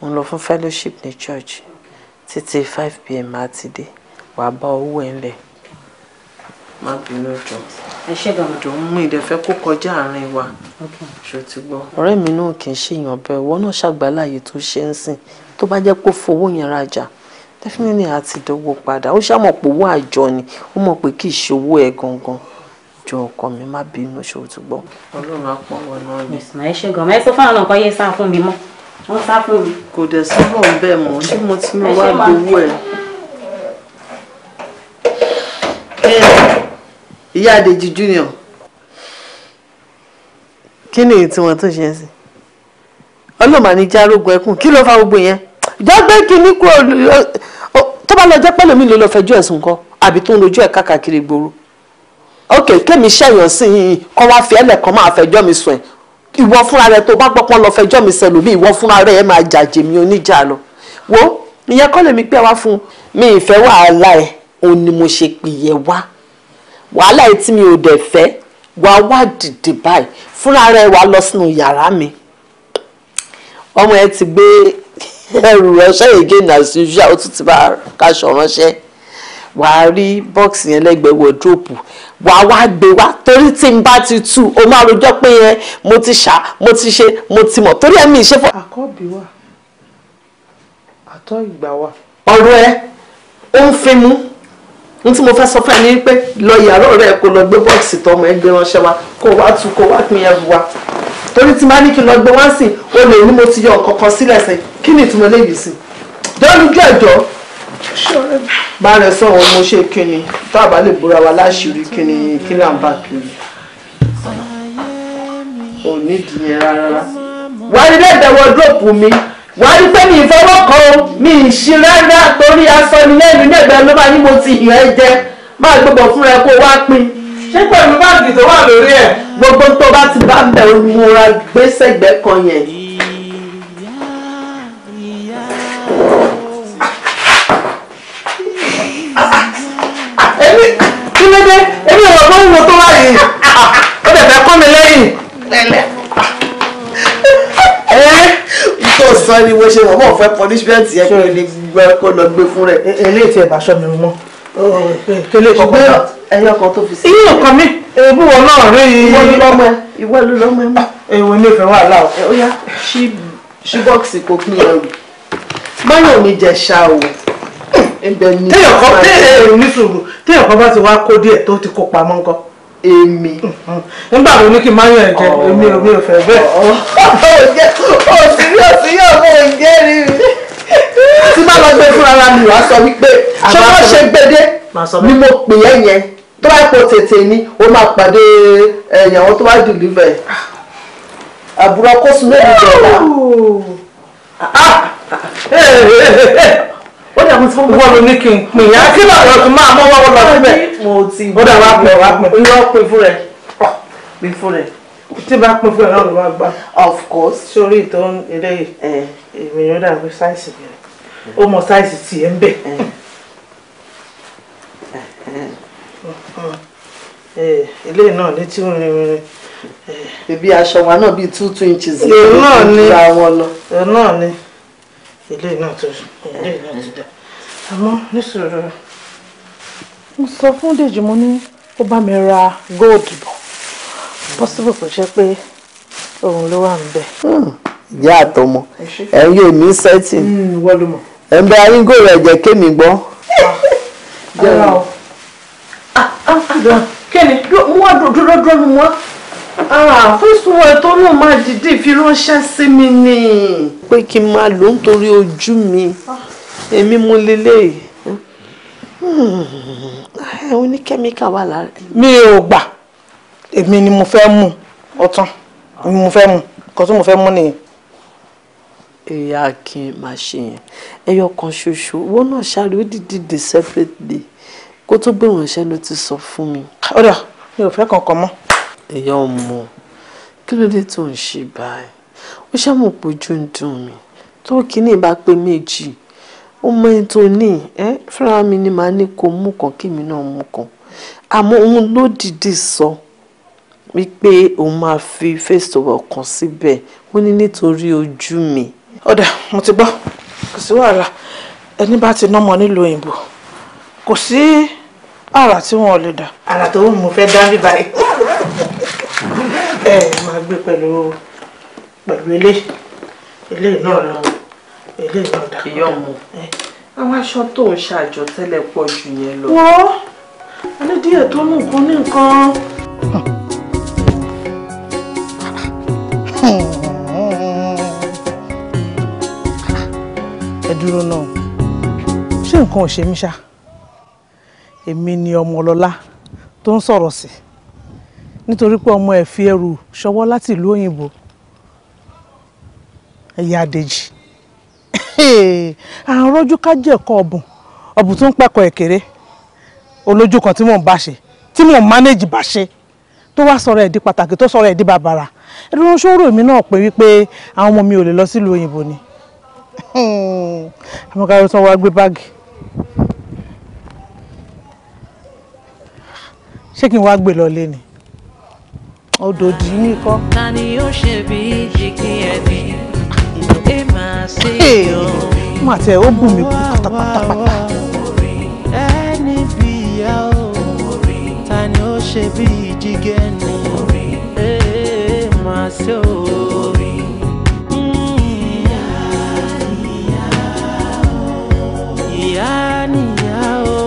mo lọ fún fellowship ní church títí five pm àti dé wàá bá owó ẹ̀ ńlẹ̀ má bínú jọ ọdọ ń mú ìdẹfẹ kó kọjá àárín wa ṣó ti gbọ́. ọ̀rẹ́ mi náà kì í ṣèyàn bẹ́ẹ̀ ìwọ náà ṣàgbáláyé tó ṣe ń sìn tó bá jẹ́ pé fowó yẹn rajà definitely a ti dọ́wọ́ padà ó ṣàmọ̀ pé owó àjọ ni ó mọ̀ pé kì í ṣe owó ẹ̀ gangan jọ ọkọ mi má bínú ṣó ti gbọ́. ọlọ́run á pọ̀ wọn náà ni. ìsìn ẹ ṣe gan-an ẹ sọ fáwọn ọkọ yẹn sá fún mi mọ́ wọ́n sá fún mi. kò dẹ̀ sọ́rọ̀ bẹ́ẹ̀ mọ́ ṣé mo ti ń wá gbowó ẹ̀ ìyá àdèjì junior kí ni èyí tí wọn tó ṣe é sí ọlọ́mà ní járógun ẹkùn kí ló fa gbogbo yẹn jọgbẹ́ kínní kúrò tó bá lọ jẹ́ pẹ́ lómi ló lọ fẹjọ́ ẹ̀sùn kan àbí tó ń rojú ẹ̀ káàkiri gbòòrò ok kémi ṣẹ̀yàn sí i kọ́ wá fi ẹlẹ̀ kan máa fẹjọ́ mi sùn ẹ̀ ìwọ fúnra rẹ tó bá gbọ́ pọ́n lọ fẹjọ́ mi sẹ́lò mi ìwọ fúnra rẹ máa jàjẹ́ mi oníjà lọ wo ìyẹn kọ́ lèmi pé wá fún mi ìfẹ́ wàhálà ẹ̀ òun ni mo ṣe pìyẹ wá wàhálà yìí tí mi ò dẹ̀ fẹ́ wà wá dìde báyìí fúnra rẹ̀ wà lọ sínú yàrá mi ọmọ ẹ ti gbé ẹrù ránṣẹ́ again as usual ó tún ti bá kaṣọ ránṣẹ́ wàá rí bọ́ọ̀sì yẹn lẹ́gbẹ̀ẹ́ wọ̀dróòpù wàá wá gbé wá torí tí n bá ti tú o máa rojọ́ pé yẹn mo ti ṣá mo ti ṣe mo ti mọ̀ torí ẹ̀mí ìṣe fún. àkọ́bí wa àtọ́ ìgbà wa. ọ̀rọ̀ ẹ ó ń fimú n tí mo fẹ́ sọ fún ẹ ní lọ yàrá rẹ kó lọ gbé bọ́ọ̀sì tọmọ ẹ ránṣẹ́ wa kó wá tu kó wá pín ẹrù wa torí tí máa ní kí n lọ gbé wá sí o lè ní mo ti yọ nǹkan kan sílẹ̀ sẹ́yìn kí ni ìtumọ̀ eléyìí sí dọ́lújú ẹ̀jọ́ bá rẹ sọ òun mo ṣe kíni tá a bá lè búra wa láṣìírí kíni kíni à ń bá kiri ò nídìí yẹn rárá wà nílẹ̀ ìdẹ̀wọ̀ dúròpù wàá rí pé mi ìfọwọ́ kan o mi ì ṣe rárá torí aṣọ mi lẹ́nu nígbà ló máa ní mo ti hìn ẹ́ jẹ máa gbọ́dọ̀ fúnra ẹ kó wá pín. ṣé pẹ̀lú báàgì tó wà lórí ẹ̀. gbogbo tó bá ti bá bẹ̀ olùmọ̀ra gbèsègbè kan yẹn. èmi kí ló dé èmi ò rọ̀ mọ́ ìwọ̀n tó wà yìí. ni mo ṣe wọ́n mọ̀ fẹ́ punishment yẹn kí ni kó lọ gbé fún rẹ̀. E, eléyìí ti ẹ̀ bá ṣọ́ mi mọ́ oh, oh, oh, kele ṣùgbọ́n ẹyọ kan tó fi sí. iye kan mi ebú wọn náà rí i. ìwọ ló lọ́mọ ẹ ìwọ ló lọ́mọ ẹ mọ́. èwo ah, ilé ìfẹ́ wà láò. ó yá ṣí bọ́ọ̀sì kò kí ẹrù mọ́yàn mi jẹ ṣá o. téèyàn kan téèyàn ní sùúrù téèyàn kan bá ti wá kó díẹ̀ tó ti kó pamọ́ nǹkan. emi nígbà wo ni kí n máa yàn ẹ̀jẹ̀ oh, èmi ò ò fẹ́ bẹ́ẹ̀. òsì yóò sí yóò rí mi. tí bá lọ gbé fúnra mi wàá sọ wípé ṣé ṣe ni mo pè é yẹn tó bá pọ̀ tètè ni ó máa pàdé ẹ̀yàwó tó bá dìlíbẹ̀. àbúrò kó [laughs] kódà mo ti fún mi. wọ́n ní kí n pin yàrá kí lọ́ọ̀ lọ́ọ̀ tún máa mọ́ wọ́n lọ síbẹ̀. mo ti gbọ́ kódà wàá pin wàá pin lọ́ọ̀ pin fún rẹ̀ pin fún rẹ̀ tí bá pin fún rẹ̀ náà ló wá gbà. of course. sórí ìtọ́ ilé èmi ló dà pé sáìsì bẹ̀rẹ̀ ó mọ sáìsì tiẹ̀ ń bẹ̀. ilé náà ní tí ó rinrin bíbí aṣọ wa náà bíi two two inches ní ìlú náà ní ìlú náà ní ilé náà tó ilé náà ti dá àmọ́ nísòro mo sọ fún dèjì mo ní kó bá mi ra góòdù bọ̀ possible kò jẹ́ pé òun ló wà níbẹ̀. Hmm, ìyá àtọmọ ẹ̀yin yóò ní sẹ́tìn hmm, ẹ̀ ń bẹ ayíǹgò rẹ̀ jẹ́ kémi gbọ́. jẹ́ra ah, o ah, ah, kéde mo wá dúró dúró mi wá fífún ẹ tó náà máa dìde fi ránṣẹ́ sí mi ni. pé kí n máa lò ó nítorí ojú mi èmi mú lélẹ́yìí ó hmm. ní kẹ́míkà wà lára. mi ò gbà èmi ni mo fẹ́ mú ọtán ni mo fẹ́ mú nǹkan tí mo fẹ́ mú nìyẹn. ìyá kí n máa ṣe yẹn ẹyọ kan ṣoṣo owó náà ṣáàrì ó dìde dé separately kó tó gbé ìrànṣẹ́ ló ti sọ fún mi. ó dà mi ò fẹ́ kankan mọ́. ìyá ọmọ kí ló dé tó ń ṣe báyìí ó ṣàmùpọ̀ ojú ń dùn mí tó kíní bá pé méjì ó mọ ẹni tó ní ẹ fúnra mi ni màá ní kó mú kan kémi náà mú kan àmọ́ òun ló dìde sọ wípé òun máa fi face to wall kan síbẹ̀ ó ní nítorí ojú mi. ọ̀dà mo ti gbọ́ kò sí wàhálà ẹni bá ti nọ́mọ nílùú òyìnbó kò sí àrà tí wọn lè dà. àrà tó wù mí fẹ́ dá báyìí ẹ máa gbé pẹ̀lú pẹ̀lú ilé ilé náà lọ́wọ́ ẹlẹ́gbọ̀dà ìyọ́mu àwọn aṣọ tó ń ṣàjọ tẹ́lẹ̀ pọ̀ jù yẹn lọ. wọ́n anídìyẹ tó mú nǹkan ní nǹkan. ẹ dúró náà ṣé nǹkan ò ṣe mí ṣá èmi ni ọmọlọlá tó ń sọ̀rọ̀ sí nítorí pé ọmọ ẹ̀ fi ẹrù ṣọwọ́ láti ìlú òyìnbó ẹ̀yà àdèjì àrùn rọ́jú ká jẹ̀kọ́ ọ̀bùn ọ̀bùn tó ń pẹ̀kọ̀ ẹ̀kẹ́rẹ́ olójú kan tí mò ń bá ṣe tí mò ń mánéjì bá ṣe tó wá sọ̀rọ̀ ẹ̀ di pàtàkì tó sọ̀rọ̀ ẹ̀ di bàbàrà ẹ̀rọ ṣòro èmi náà pé wípé àwọn ọmọ mi ò lè lọ sílùú òyìnbó ni àwọn kan tó wá gbé báàgì ṣé kí n wá gbé lọlé ni odò dì í nìkan. ta ni ó ṣe bí jìkì ẹ̀dín mo àti ẹ̀ ó bùn mí pátápátápátá. ẹni bí ìyá o ta ni ó ṣe bí ìjìgẹ́ ni máa ṣe o. ìyá níyà o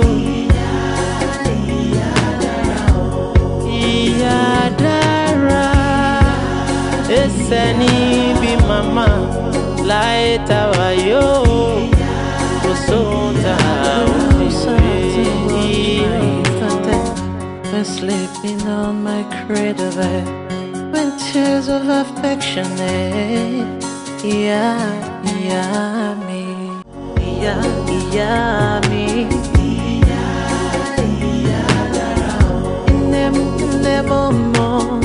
ìyá dára ẹsẹ̀ níbi màmá. laitawayo kusonza Been sleeping on my cradle bed When tears of affection Yeah, yeah, me Yeah, yeah, me yeah, yeah more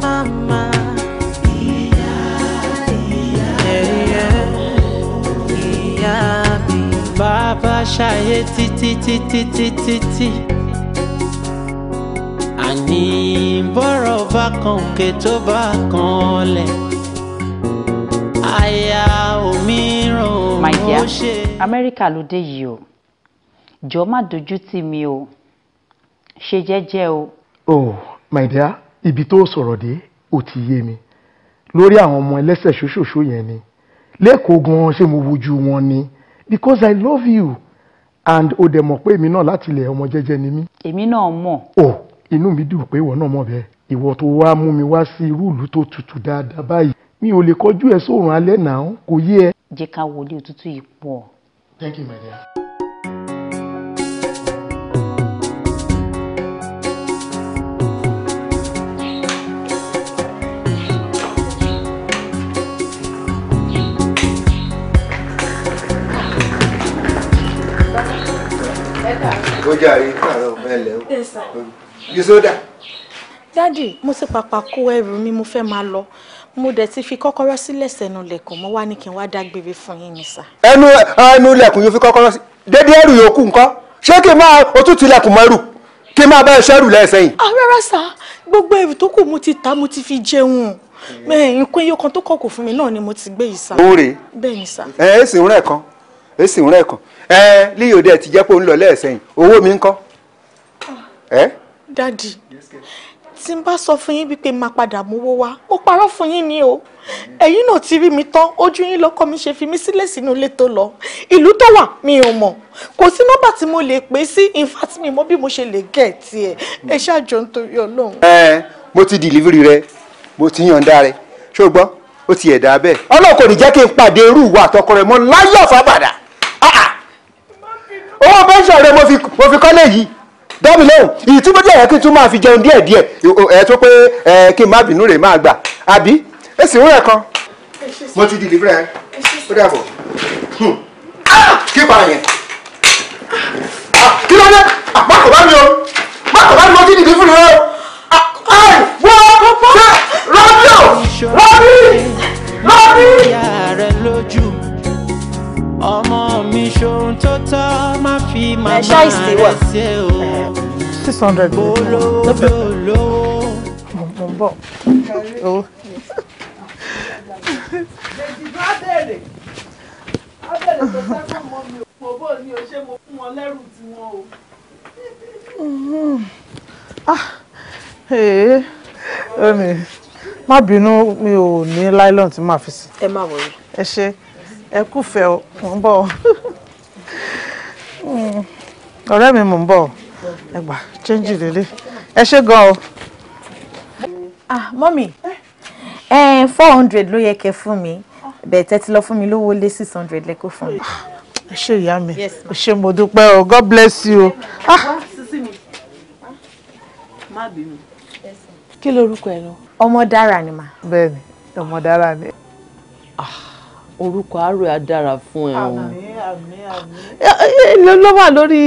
mama. Bàbá ṣayé títí títí títí tí. Àní bọ́rọ̀ bá kan òkè tó bá kan lẹ̀. Aya òmíràn ó ṣe. Amẹ́ríkà ló dé yìí o, jọ̀ọ́ má dojú tì mí o, ṣe jẹ́jẹ́ o. Oh, my dear ibi tó sọ̀rọ̀ dé ò ti yé mi lórí àwọn ọmọ ẹlẹ́sẹ̀ ṣoṣoṣo yẹn ni lẹ́kọ̀ọ́ gan-an ṣé mo wojú wọn ni because I love you and o dẹ̀ mọ̀ pé èmi náà láti ilẹ̀ ọmọ jẹ́jẹ́ ni mí. èmi náà mọ̀. o inú mi dùn pé ìwọ náà mọ̀ bẹ́ẹ̀ ìwọ tó wá mú mi wá sí irú ìlú tó tutù dáadáa báyìí mi ò lè kọjú ẹ sóòrùn alẹ́ náà kò yé ẹ. jẹ́ ká wọlé òtútù yìí pọ̀. thank you my dear. ó jàre káàárọ̀ ẹlẹ o bí sódà. dádì mo sì pàpà kó ẹrù mi mo fẹ́ máa lọ mo dẹ̀ ti fi kọ́kọ́rọ́ sílẹ̀ sẹ́nu lẹ̀kùn mo wá ní kí n wá dágbére fún yín ni sà. ẹnu ẹnu lẹ̀kùn yóò fi kọ́kọ́rọ́ sí dédé ẹrù yòókù nǹkan ṣé kí n máa òtútù ilẹ̀kùn mọ́ ẹrù kí n máa bá ẹṣẹ́ ẹrù lẹ́sẹ̀yìn. Ah, rárá sà gbogbo ẹrù tó kù mo ti ta mo ti fi jẹun nǹkan iye kan tó kọ̀ kò fún mi náà ni mo ti gbé yìí sà. òun rèé bẹ́ẹ̀ ni sà. ẹ ẹ sì ń ẹ líyò dẹ ti jẹ́ pé ó ń lọ lẹ́ẹ̀sẹ̀yìn owó mi ń kọ́. Ah, dadi tí n bá sọ fún yín wípé máa padà mówó wá ó parọ́ fún yín ni o ẹ̀yin náà ti rí mi tán ojú yín lọ́kọ́ mi ṣe fi mí sílẹ̀ sínú ilé tó lọ ìlú tó wà mi ò mọ̀ kò sí nọ́mbà tí mo lè pè sí in fact mi mọ̀ bí mo ṣe lè gẹ̀ tiẹ̀ ẹ ṣáàjọ nítorí ọlọ́run. ẹ mo ti dìlífìrì rẹ mo ti yànda rẹ ṣó ó ti ẹ̀dá bẹ́ẹ̀ ọlọ́run jẹ́ kí n pàdé irú ìwà àtọkọ rẹ mọ́ láyọ̀ fábàdà owó pẹ́ńsọ̀ rẹ mo fi kọ́lé yìí dọ́mi lóhùn ìtumọ̀ díẹ̀ kí n tún máa fi jẹun díẹ̀ díẹ̀ ẹ̀ tó pé kí n má bínú rẹ̀ máa gbà àbí èsì ìwúrẹ̀ kan. mo ti dìlì rẹ ó dàbọ̀ hmm. ah! kí pa yẹn ah! kí ló dé ah! má kò bá mi o má kò bá mi o ti dìlì fún mi o wọ́n ṣe rọ́bì o rọ́bì tó tọ́ má fi màmá rẹ̀ ṣe o. six hundred no problem. mo ń bọ̀. ìdìbò abẹ́rẹ́ abẹ́rẹ́ tó sẹ́kọ̀ọ́ mọ́ mi ò mọ̀ bó ni o ṣe mo fún wọn má bínú mi ò ní láìlọ́n tí màá fi sí. ẹ má wọrí. ẹ ṣe ẹ kúfẹ̀ẹ́ ò ń bọ̀. Mm. ọ̀rẹ́ mi mò ń bọ̀ ẹ gbà chẹ́ńjì lélẹ̀ ẹ ṣe gan o. ah mọ́mì Eh, four hundred ló yẹ kẹ́ fún mi bẹ́ẹ̀ tẹ́tí lọ fún mi lówó lé six hundred lẹ́kọ̀ọ́ fún mi. ẹ ṣe ìyá mi ẹ ṣe mo dúpẹ́ o god bless you. Ah. kí lorúkọ ẹ lọ. ọmọ dára ni mà. bẹ́ẹ̀ni ọmọ dára ni. ah orúkọ àárò á dára fún ẹ o ló wà lórí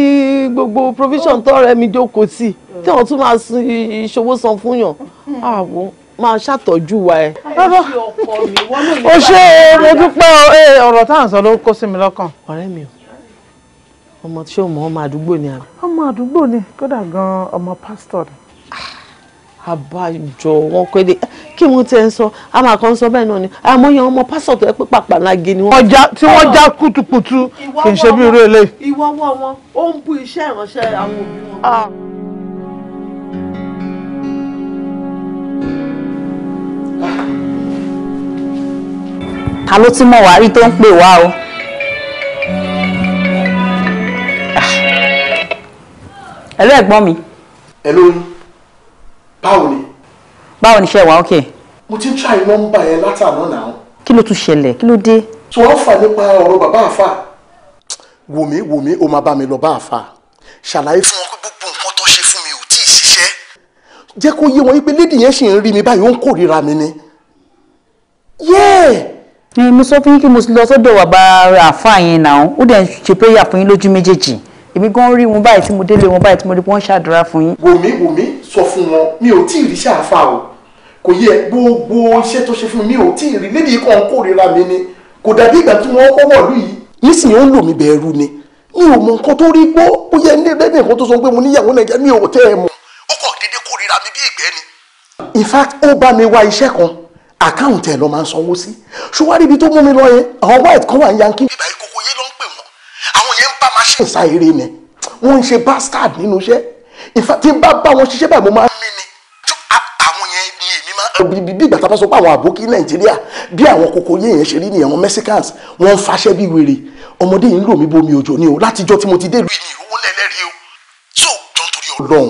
gbogbo provision tó rẹ mi jókòó sí tí wọn tún máa sun ìṣòwò san fún yàn àwọn máa ṣàtọ́jú wa ẹ. o ṣe mo dúpẹ́ ọ̀rọ̀ tá à ń sọ ló kó sí mi lọ́kàn. ọ̀rẹ́ mi o ọmọ tí ó mọ ọmọ àdúgbò ni àná. ọmọ àdúgbò ni kódà gan-an ọmọ pásítọ̀ ni. Ah, àbájọ wọn kéde kí wọ́n ti ẹ̀ sọ a máa kàn sọ bẹ́ẹ̀ náà ni àmọ́yàn ọmọ pásọ̀ tó yẹ pé pàpà lágé ni wọ́n. tí wọ́n já kùtùkùtù kì í ṣe bí irú ilé. ìwọ́wọ́ wọn ó ń bú iṣẹ́ ìránṣẹ́ àwọn òbí wọn. Ah. ta ló ti mọ̀ wá rí tó ń pè wá o. ẹ̀lú ẹ̀gbọ́n mi. ẹ̀lú báwo ni. báwo ni ṣe wà ókè. Okay mo ti ń try nọ́mbà yẹn látàná náà. kí ló tún ṣẹlẹ̀ kí ló dé. tí wọ́n fà nípa ọ̀rọ̀ bàbá àfà. wòmí wòmí o máa bá mi lọ bá àfà ṣàlàyé fún wọn pé gbogbo nǹkan tó ṣe fún mi ò tí ì ṣiṣẹ́. jẹ́ kó yé wọn wípé lédi yẹn ṣì ń rí mi báyìí ó ń kórìíra mi ni. yẹ́ẹ̀ ni mo sọ fún yín kí mo lọ sọ́dọ̀ bàbá àfáà yẹn náà ó dẹ̀ ń ṣe péyà fún yín lójú méjèèjì èmi gan rí wọn báyìí tí mo délé wọn báyìí tí mo rí wọn ṣàdúrà fún yín. wòmí wòmí sọ fún wọn mi ò tí ì rí o kò yẹ gbogbo iṣẹ́ tó ṣe fún mi ò tí ì rí lédi kan kórìíra mi ni kò dàbí ìgbà tí wọ́n kọ́ wọ̀lú yìí. nísìnyí ó ń lò mí bẹ̀rù ni mi ò mọ nǹkan tó rí gbọ́ ó yẹ ní ẹgbẹ́ nǹkan tó sọ pé mo níyàwó nàìjíríà mi ò tẹ́ ẹ mọ̀. ó kọ̀ dédé kórìíra mi bí ìgbẹ́ ni. in fact ó bá mi wá iṣẹ́ kan àkáǹtì ẹ̀ lọ máa ń sanwó sí ṣùgbọ́n ibi tó mú mi lọ yẹn àwọn white kan wà ń yankí. bíbá ìkókó yé ló ń pè wọ́n àwọn yẹn ń bá machine sáyéré ni wọ́n ń ṣe bastard nínú iṣẹ́ in fact tí n bá bá wọn ṣiṣẹ́ báyìí mo máa bí ìgbà tá a bá sọ pé àwọn àbókí nàìjíríà bí àwọn kòkó yé yẹn ṣe rí nìyẹn àwọn mexicans wọ́n ń faṣẹ́ bí wèrè ọmọdé yìí ń lò mí bomi òjò ni o látijọ́ tí mo ti dé ìlú yìí owó lẹ́lẹ́rìí o tó jọ torí ọlọ́run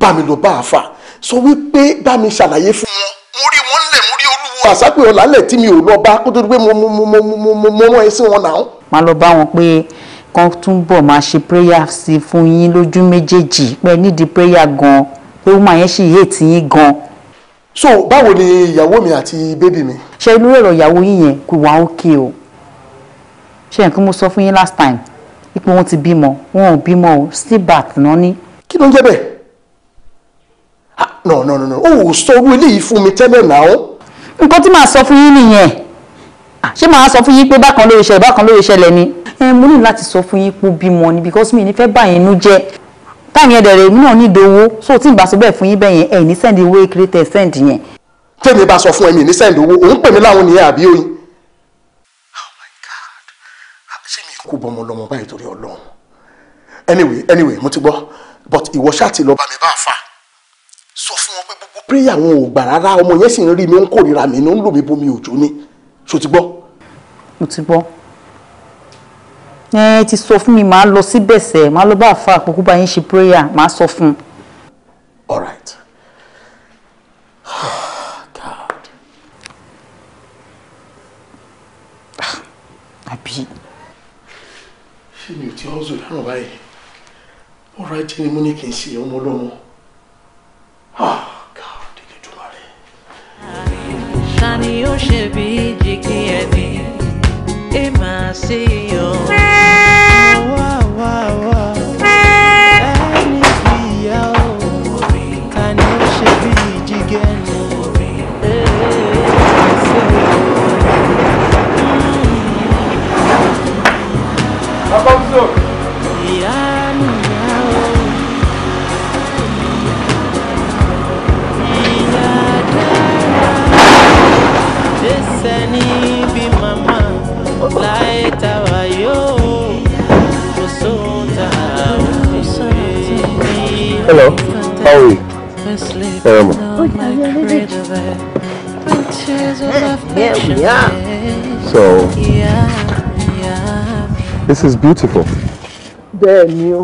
bá mi lọ bá a fà sọ wípé bá mi ṣàlàyé fún wọn mo rí wọn lẹ̀ mo rí olúwo àsápè ọ̀làlẹ̀ tí mi ò lọ bá kó tó di mo mo mo mo mo mo mo ẹ sí wọn náà. má lọ bá wọn pé kán túbọ̀ máa ṣe prayer sí fún yín lójú méjèèjì pé nídìí prayer gan-an pé ó máa yẹn ṣì yé yín gan-an so báwo ni ìyàwó mi àti bébì mi. ṣe inú èrò ìyàwó yín yẹn kò wá òkè o ṣe nǹkan mo sọ fún yín last time ipò wọn ti bímọ wọn ò bímọ o sleep bath náà ní. kí ló ń jẹ́ bẹ́ẹ̀ ah, no no no no o ò sọ orú eléyìí fún mi tẹ́lẹ̀ náà. nǹkan tí màá sọ fún yín nìyẹn ah, ṣé màá sọ fún yín pé bákan ló ṣẹlẹ̀ bákan ló ṣẹlẹ̀ ni. ẹ eh, mo ní láti sọ fún yín pé ó bímọ ni because mi ní fẹ́ bá yín nú jẹ́ táyìn ẹ̀dẹ̀ rẹ̀ náà ní ìdòwò so tí n bá sọ bẹ́ẹ̀ fún yín bẹ́ẹ̀ yẹn ẹ̀yìn ní send owó creator send yẹn. tèmi bá sọ fún ẹmí ní send owó òun pè mí láwọn nìyẹn àbí oyin. oh my god ah, ṣé mi kò bọ́ ọmọ lọ́mọ báyìí torí ọlọ́run anyway anyway mo ti gbọ́ but ìwọ ṣáà ti lọ bá mi bá a fà sọ fún wọn pé gbogbo prayer wọn ò gbà rárá ọmọ yẹn sì ń rí mi ń kórìíra mi ń lò mí bomi òjò ni ṣó ti gbọ́. mo ti gbọ́ ẹ ti sọ fún mi màá lọ síbẹ̀ sẹ̀ màá lọ bá àfa àpòkú bá yín ṣe prayer màá sọ fún un. all right [sighs] God [sighs] àbí. ṣé mi ò tí ọ́ zò dáhùn báyìí ọ̀rọ̀ ajé ni mo ní kí n ṣe ọmọ ọlọ́mọ. Ah, God Elédùmarè. ṣe bí jìkì ẹni ẹ máa ṣe yọ. Later. Hello. How are you? Hello. Oh, yeah, yeah. So, this is beautiful. Damn you!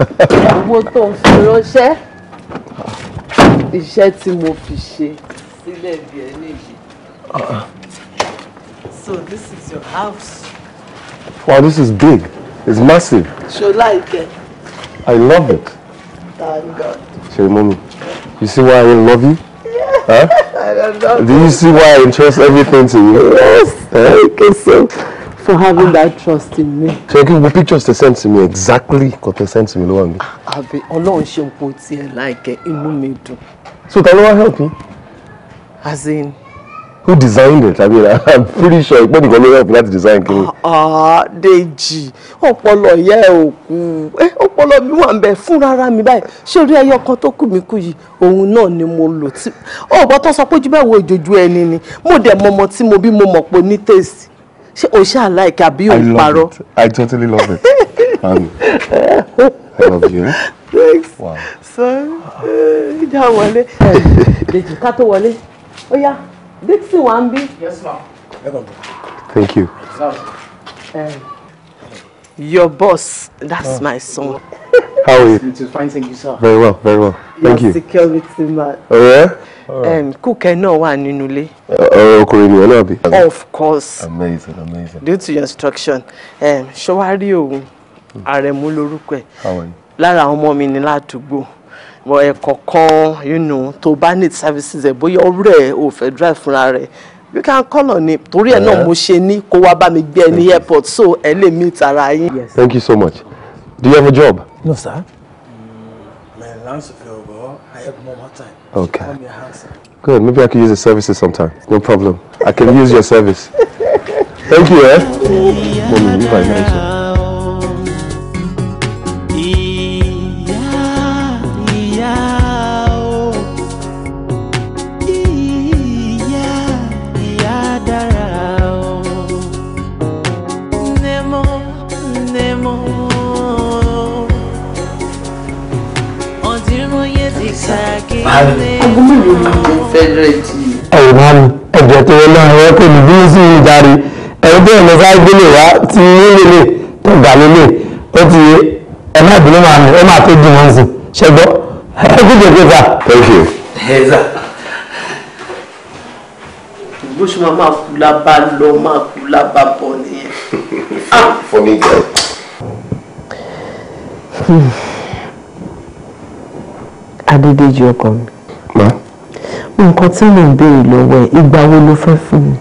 owó tó ń fi ránṣẹ́, iṣẹ́ tí mo fi ṣe sílẹ̀ So this is your house. Wow, this is big. It's massive. like it. I love it. Thank God. mommy, you see why I love you? Huh? [laughs] I don't know. Do you see why I entrust everything to you? Yes. Huh? you so for having ah. that trust in me. Thank you n pictures tẹ send to me exactly kò they sent to me lọ́wọ́ mi? Ah, àbí Ọlọ́run ṣe nǹkan tí like láìkẹ́ inú mi dùn. So can ló wá help me? As in, who designed it i mean [laughs] i'm pretty sure ìpè nìkan ló help láti design kiri. Ah, ah, Dèjì ọpọlọ ìyá ẹ ò kú ọpọlọ mi wà ń bẹ fún rárá mi báyìí ṣé orí ẹyọ kan tó kù mí kú yìí òun náà ni mo lò tí ó bọ́ tó sọ pé ojú bẹ́ẹ̀ wo ìjòjú ẹni ni mo dẹ̀ mọmọ tí mo bí mo mọ̀ pé ní tèsì ṣé o ṣáà láìka àbí òun parọ́. i totally love it um, i love you. Eh? thanks wow. so ìjà wọlé [laughs] Dèjì ká tó wọlé ó yá. Dixie Wambi. Yes, ma'am. Thank you. Um, your boss, that's oh. my son. How are you? It is fine, thank you, sir. Very well, very well. Thank your you. security man. Oh, yeah? All right. Um, Kúkẹ́ náà wà nínú ilé. Uh, uh, ọkùnrin ni ọlọ́ọ̀bí. Of course. Amazing, amazing. Due to your instruction, um, ṣọwárí hmm. are Àrẹ̀mú How are you? àwọn ọmọ mi ní ládùúgbò ẹ̀kọ̀kan you know to bá need services ẹ̀ bóyá ọ̀rẹ́ ò fẹ́ drive fúnra rẹ̀ you can call on him torí ẹ̀ náà eh? mo ṣe ní kó wá bá mi gbé ẹ ní airport so ẹ lè meet ara yín. thank you so much do you have a job. no sir. Mm, my lance of your i help mama time. okay good maybe i could use the services sometime no problem i can use your service [laughs] thank you eh. Yeah. àárẹ̀ ogun mélòó ni mo fẹ́ rẹ̀ tì í. ẹ̀rọ máa mi ẹ̀jẹ̀ tó yẹ náà ẹ̀rọ kò ní bínú sí tó yẹ lọ́sà gbélé wá ti nílé tó gbà lélẹ̀ ó ti ẹ̀ má máa mi ó máa tó dùn wọ́n sí ṣẹ́gbọ́ ẹ̀rọ kò jẹ́ gbẹ́gbà. thank you. ẹ̀ẹ́dà bó ṣe máa máa kú lábá lọ máa kú lábá bọ̀ nìyẹn. funny guy adédèjì ọkọ mi. ma. nǹkan tí mo ń béèrè lọ́wọ́ ẹ̀ ìgbà wo ló fẹ́ fún mi.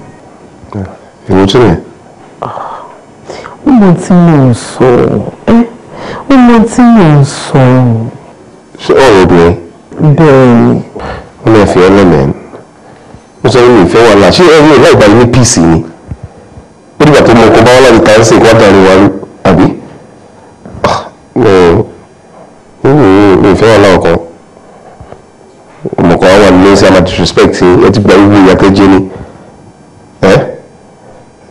èwo tí rẹ̀. ó mọ tí mo ń sọ ẹ́ ó mọ tí mo ń sọ. ṣé ọ̀rọ̀ obìnrin. bẹ́ẹ̀ ni. wọ́n lè fi ẹlẹ́mẹ̀ẹ́ mo sọ pé mi ìfẹ́ wà láà ṣé ẹ̀rọ ìlà ìgbàlè ní píìsì ni ó dìgbà tó mọ ọkọ̀ bá wà láti ta ẹ̀sìn kó dàrú wa àbí. Ah, mi ò mi ìfẹ́ wà láà ọkọ̀ sí àmà disrespect ẹ ti gba owó ìyá tẹ́ jẹ́ ni ẹ